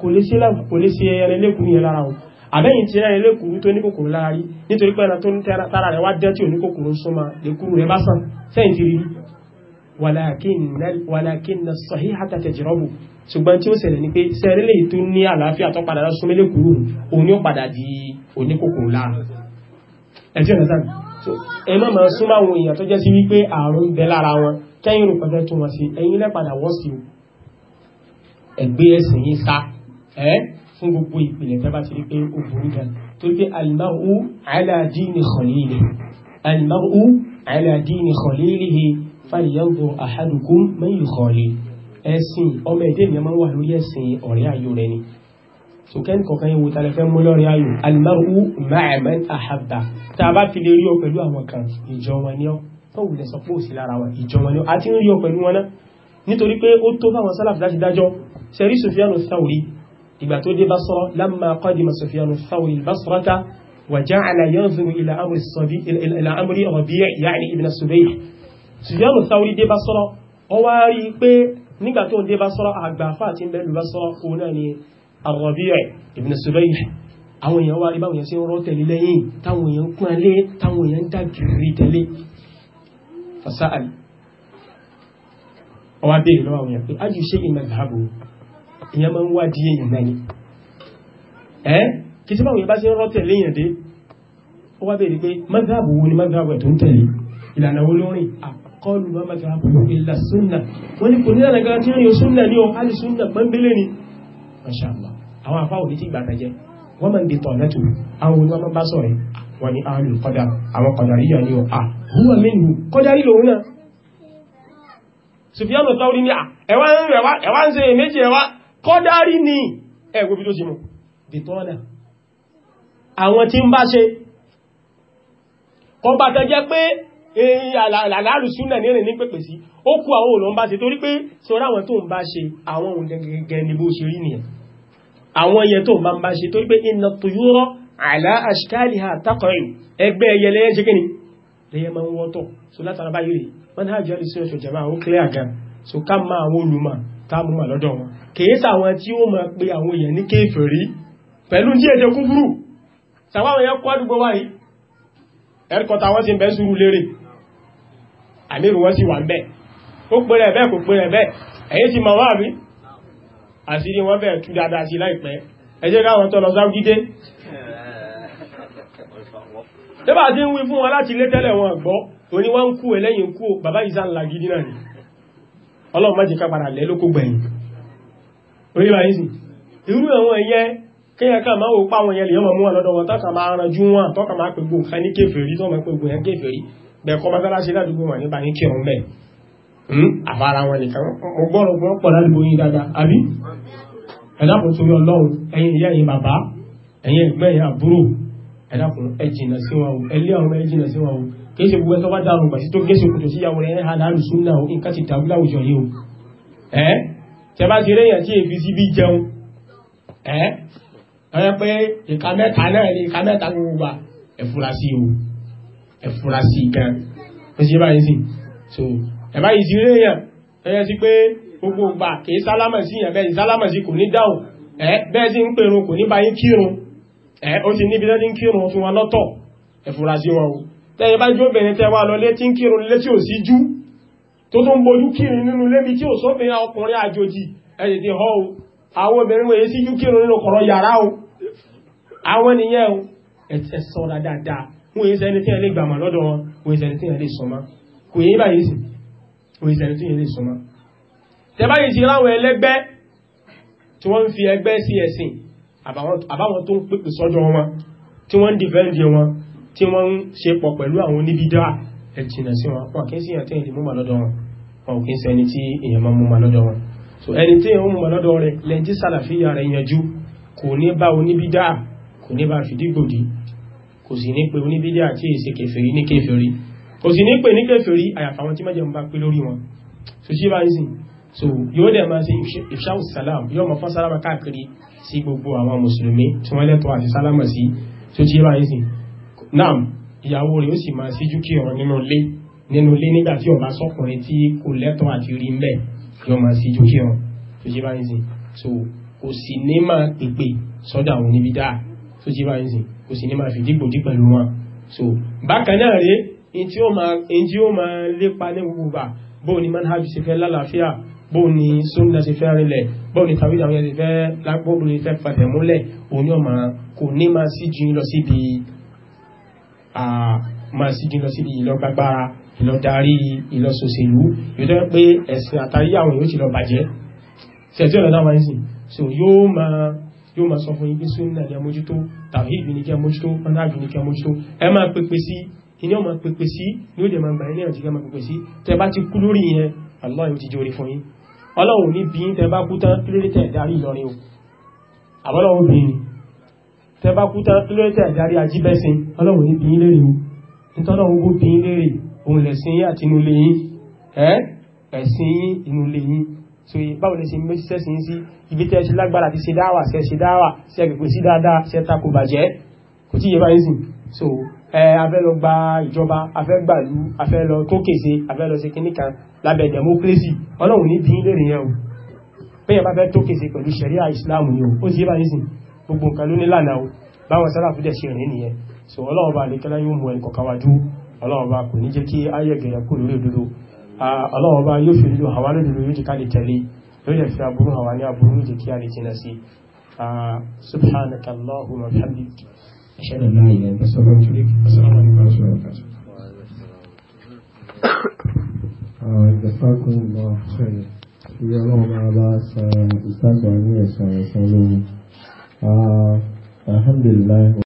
S1: kò lè ṣe ẹrẹ lẹ́kùn yẹn lára o àbẹ́yìn ti rẹ̀ lẹ́kùn tó ní kòkòrò lára rí nítorí pé ẹ̀nà tó ń tara rẹ̀ wá dẹ́ tí ò ní kòkòrò súnmọ́ lẹ́kùn rẹ̀ bá sàn sẹ́yìn ti rí wàlákín na sọ̀hí àtàtẹ̀ jìrọ́bù ṣùgbọ́n tí ó ṣẹlẹ̀ ní pé sẹ́rẹ́lẹ̀ tó ní àlàáfíà tó padà súnmọ́ lẹ́kùn òní ó padà di oníkòkòrò lára ẹ̀tí ọ̀nà yìí sáà ẹ́ fún gbogbo ìpìlẹ̀ tẹ́bá ti rí pé ó burú gan torí pé alimahu aladini khalili alimahu aladini khalilihi fàlìyànbó ahadukum man yukhalil ẹ̀sìn ọmọ èdè ni a máa wà lórí ẹ̀sìn ọ̀rẹ́ ayò rẹ ni so kẹ́ni kọ̀ọ̀kan yẹn wo ta lẹ fẹ́ mú lọ́rẹ́ ayò alimahu ma'aman ahabba tá a bá fi lè rí ọ pẹ̀lú àwọn kan ìjọ wọn nítorí pé ó tó fáwọn sálàfù láti dájọ́ sẹ́rí Sufyan Thauri ìgbà tó dé Basra lamma qadima Sufyan ath-Thawri al-Basrata wa ja'ala yanzuru ila amri Rabi' ya'ni ibn Subayh Sufyan ath-Thawri dé Basra ó wá rí pé nígbà tó dé Basra àgbàfà tí ń bẹ̀lú Basra kò náà ni Rabi' ibn Subayh àwọn èèyàn wá rí báwọn èèyàn sí ń rọ́ tẹ̀lé lẹ́yìn táwọn èèyàn ń alé táwọn èèyàn ń dàgìrì tẹ̀lé fasáàlì ọwá bèèrè lọ́wọ́ àwọn èèyàn pé ájú ṣe ìmẹ̀ ìyẹn máa ń wádìí èyàn náà ni ẹ́ kì í sí báwọn yẹn bá ṣe ń rọ́ tẹ̀lé èyàn dé ó wá bèèrè pé mọ́sáàbù wo ni mọ́sáàbù ẹ̀ tó ń tẹ̀lé ìlànà olórin àkọlù bá mọ́sáàbù ìlà súnà wọ́n ní kò ní ìlànà kan tí wọ́n yóò súnà ní ni mashallah àwọn afá òní tí gbàtàjẹ́ wọ́n máa ń dìtọ̀ lẹ́tù àwọn olú ọmọ bá sọ̀rẹ̀ wọ́n ni ààrùn kọ́dà àwọn kọ̀dàrí yà ní ọ̀há húwà mẹ́nu kọ́dàrí lòun náà sùfíànù táwọn ń ṣe méjì ẹ̀wà kọ́dárí ní ẹgbò bí tó sí mú dìtọ́nà àwọn tí ń bá ṣe kọ́ bàtà jẹ́ pé èyí e, àlàlùsúnà ní ẹ̀rìn ní pẹ̀pẹ̀ sí ó kú àwọn olóń bá ṣe torí pé sọ́rọ̀ àwọn tó ń bá ṣe àwọn òǹgẹ̀gẹ̀ ni, bó ṣe rí nìyẹn àwọn ẹyẹ tó ń bá ṣe torí pé so látara báyìí rí wọ́n kèésà àwọn tí ó máa pe àwọn èèyàn ní kéfèrí pẹ̀lú tí èdè kúfúrú sàwọn èèyàn kọ́ àdúgbò wáyé ẹ̀rkọta wọ́n ti bẹ́ sùúrù lérè àmìrù wọ́n sì wà bẹ́ ó pèrè ẹ̀bẹ́ kò pèrè ẹ̀bẹ́ èyí ti mọ̀ wáàrí àṣírí wọ́n bẹ̀ tú dáadáa sí láìpẹ́ ẹ jẹ́ káwọn tó lọ sáwọ́gídé gidi náà ni ọlọ́run má jẹ́ orí bá yìí irú àwọn ẹ̀yẹ kíyàn ká máa wò pa àwọn ẹ̀yẹ lè yọ́mọ̀ mú wọn lọ́dọ̀ wọn tọ́ka máa ranjú wọn tọ́ka máa pè gbòǹkà ní kéfèrí tọ́ máa pè gbòǹkà kéfèrí bẹ̀ẹ̀kọ́ mọ́sálásí ládùúgbò wọn nípa ní kírun bẹ́ẹ̀ hmm? àfara wọn nìkan ọgbọ́rọ̀ gbọ́n pọ̀ ládùúgbò yín dáadáa àbí ẹ̀dàkùn torí ọlọ́run ẹ̀yin ìyá yìí bàbá ẹ̀yin ẹ̀gbẹ́ yìí àbúrò ẹ̀dàkùn ẹ jìnà sí wọn o ẹlé àwọn ẹ jìnà sí wọn o kìí ṣe gbogbo ẹ̀tọ́ bá dàrú gbàsí tó gẹ́sẹ̀ tẹbá ti rẹ̀yàn tí èfi sí bí jẹun ẹ́ ọ̀rẹ́ pé ìka mẹ́ta náà ní ìka mẹ́ta gbogbo ẹ̀fúrasí o ẹ̀fúrasí gan ó sì báyìí sí so ẹ̀bá yìí sí rẹ̀yàn ẹ̀yẹ sí pé gbogbo ìgbà kìí sálámà sí yàn bẹ́ẹ̀ sálámà sí kò ní dáhùn ẹ́ bẹ́ẹ̀ sí ń pèrun kò ní bá yín kírun ẹ́ ó ti níbi tẹ́tí ń kírun fún wọn lọ́tọ̀ ẹ̀fúrasí wọn o tẹ́yìn bá jó obìnrin tẹ́ wá lọ létí ń kírun létí ò sí jú tó tó ń bojú kírun nínú lémi tí ò sóbìnrin ọkùnrin àjòjì ẹ̀dẹ̀dẹ̀ họ o àwọn obìnrin wòye sí yúkírun nínú kọ̀rọ̀ yàrá o àwọn ènìyàn o ẹ̀tẹ̀ sọ́ra dáadáa wòye sẹ́ni tí ẹ lè gbàmà lọ́dọ̀ wọn wòye sẹ́ni tí ẹ lè sọmá kò yí báyìí sí wòye sẹ́ni tí ẹ lè sọmá tẹ báyìí sí wọ́n ń fi ẹgbẹ́ sí ẹ̀sìn àbáwọn tó ń pèpè sọ́dọ̀ wọn tí wọ́n ń dìfẹ́ǹdì wọn tí wọ́n ń ṣe pọ̀ pẹ̀lú àwọn oníbídà ẹ̀jìnà sí wọn wà kí sí àti ẹ̀lì múmà lọ́dọ̀ wọn wọn tí èèyàn máa lọ́dọ̀ wọn so ẹni tí èèyàn múmà lọ́dọ̀ rẹ̀ lẹ́ntí sàlàfíà rẹ̀ yanjú kò ní bá oníbídà kò ní bá fìdígbòdì kò sì ní pé oníbídà àti èsè kèfèrí ní kèfèrí kò sì ní pé ní kèfèrí àyàfà tí mẹ́jẹ̀ ń bá pé lórí wọn so ṣí bá so yóò dẹ̀ máa ṣe ìfṣáwù sàlám yóò mọ̀ fún sálámà káàkiri sí gbogbo àwọn mùsùlùmí so ṣí bá ń ìyàwó rẹ̀ ó sì máa síjú kí ọ̀rọ̀ nínú ilé nínú ilé nígbà tí ọba sọkùnrin tí kò lẹ́tọ̀ọ́ àti rí mbẹ́ yọ máa síjú kí ọ̀rọ̀ tó ṣe báyìí sìn so kò sì ní máa pèpè sọ́dọ̀ àwọn níbi dáa tó ṣe báyìí sìn kò sì ní máa fi dígbò dí pẹ̀lú wọn so bákan náà rèé in tí ó máa lépa ní gbogbo gbà bóò ni manhaj ṣe fẹ́ lálàáfíà bóò ni sunna ṣe fẹ́ rinlẹ̀ bóò ni tàbí àwọn ẹ̀ṣẹ̀ fẹ́ lágbóòrò ìfẹ́ fàtẹ̀múlẹ̀ òní ọmọ kò ní máa máa síjú lọ síbi ìlọgbàgbára ìlọdarí ìlọsòṣèlú yóò tẹ́ pé ẹ̀sìn àtàrí àwọn yóò ti lọ bàjẹ́ sẹ̀tí ọ̀nà dáwọn ẹ̀sìn so yóò máa yóò máa sọ fún yín pé sunna ní amójútó tàbí ìbí ní kí amójútó ọ̀nà àjò ní kí amójútó ẹ máa pèpè sí kíní ọmọ pèpè sí ní ó dẹ̀ máa gbà ní ẹ̀jì ká máa pèpè sí tẹ bá ti kú lórí yẹn Allah yóò ti jórí fún yín ọlọ́run ní bí tẹ bá kú tán kí lórí tẹ̀ darí Ìlọrin o àbọ́lọ́run bí tẹ́bá kú tán kí ló ń tẹ́ àdárí ajíbẹ́sìn ọlọ́run ní bíyín lérè o nítorí ọ̀hún gbó bíyín lérè òun lẹ̀sìn yín àti inú lẹ́yìn ẹ́ ẹ̀sìn yín inú lẹ́yìn so báwo lẹ ṣe méjì sẹ́sìn sí ibi tẹ́ ṣe lágbára ti ṣe dáwà ṣe ṣe dáwà ṣe pèpè sí dáadáa ṣe tako bàjẹ́ kò tí yẹ báyìí sìn so ẹ afẹ́ lọ gba ìjọba afẹ́ gbàlú afẹ́ lọ tó kèsè afẹ́ lọ ṣe kíní kan lábẹ́ democracy ọlọ́run ní bíyín lérè yẹn o bẹ́ẹ̀ bá fẹ́ tó kèsè pẹ̀lú ṣẹ̀ríà ìsìláàmù yẹn o ó ti yẹ báyìí sìn gbogbo nǹkan ló ní lànà o báwọn sàlàfù dẹ̀ ṣe rìn nìyẹn so ọlọ́run bá yóò mú ẹnì kọ̀ọ̀kan wájú kò ní jẹ́ kí ayé gẹ̀yà kú lórí òdodo ọlọ́run bá yóò fi lílo àwa lódodo yóò jẹ́ ká lè tẹ̀lé yóò dẹ̀ fi aburú àwa ní aburú yóò jẹ́ kí a lè jìnà sí subhanaka allahumma wa bihamdika ashhadu an la ilaha illa anta astaghfiruka wa atubu ilayk assalamu alaykum ìgbẹ̀fàkùn lọ ṣẹlẹ̀ ìyẹ́ ọlọ́run máa bá sọ ìsáàtọ̀ ní ẹ̀sùn ẹ̀sùn olóhun Ờ, ờ, alhamdulillah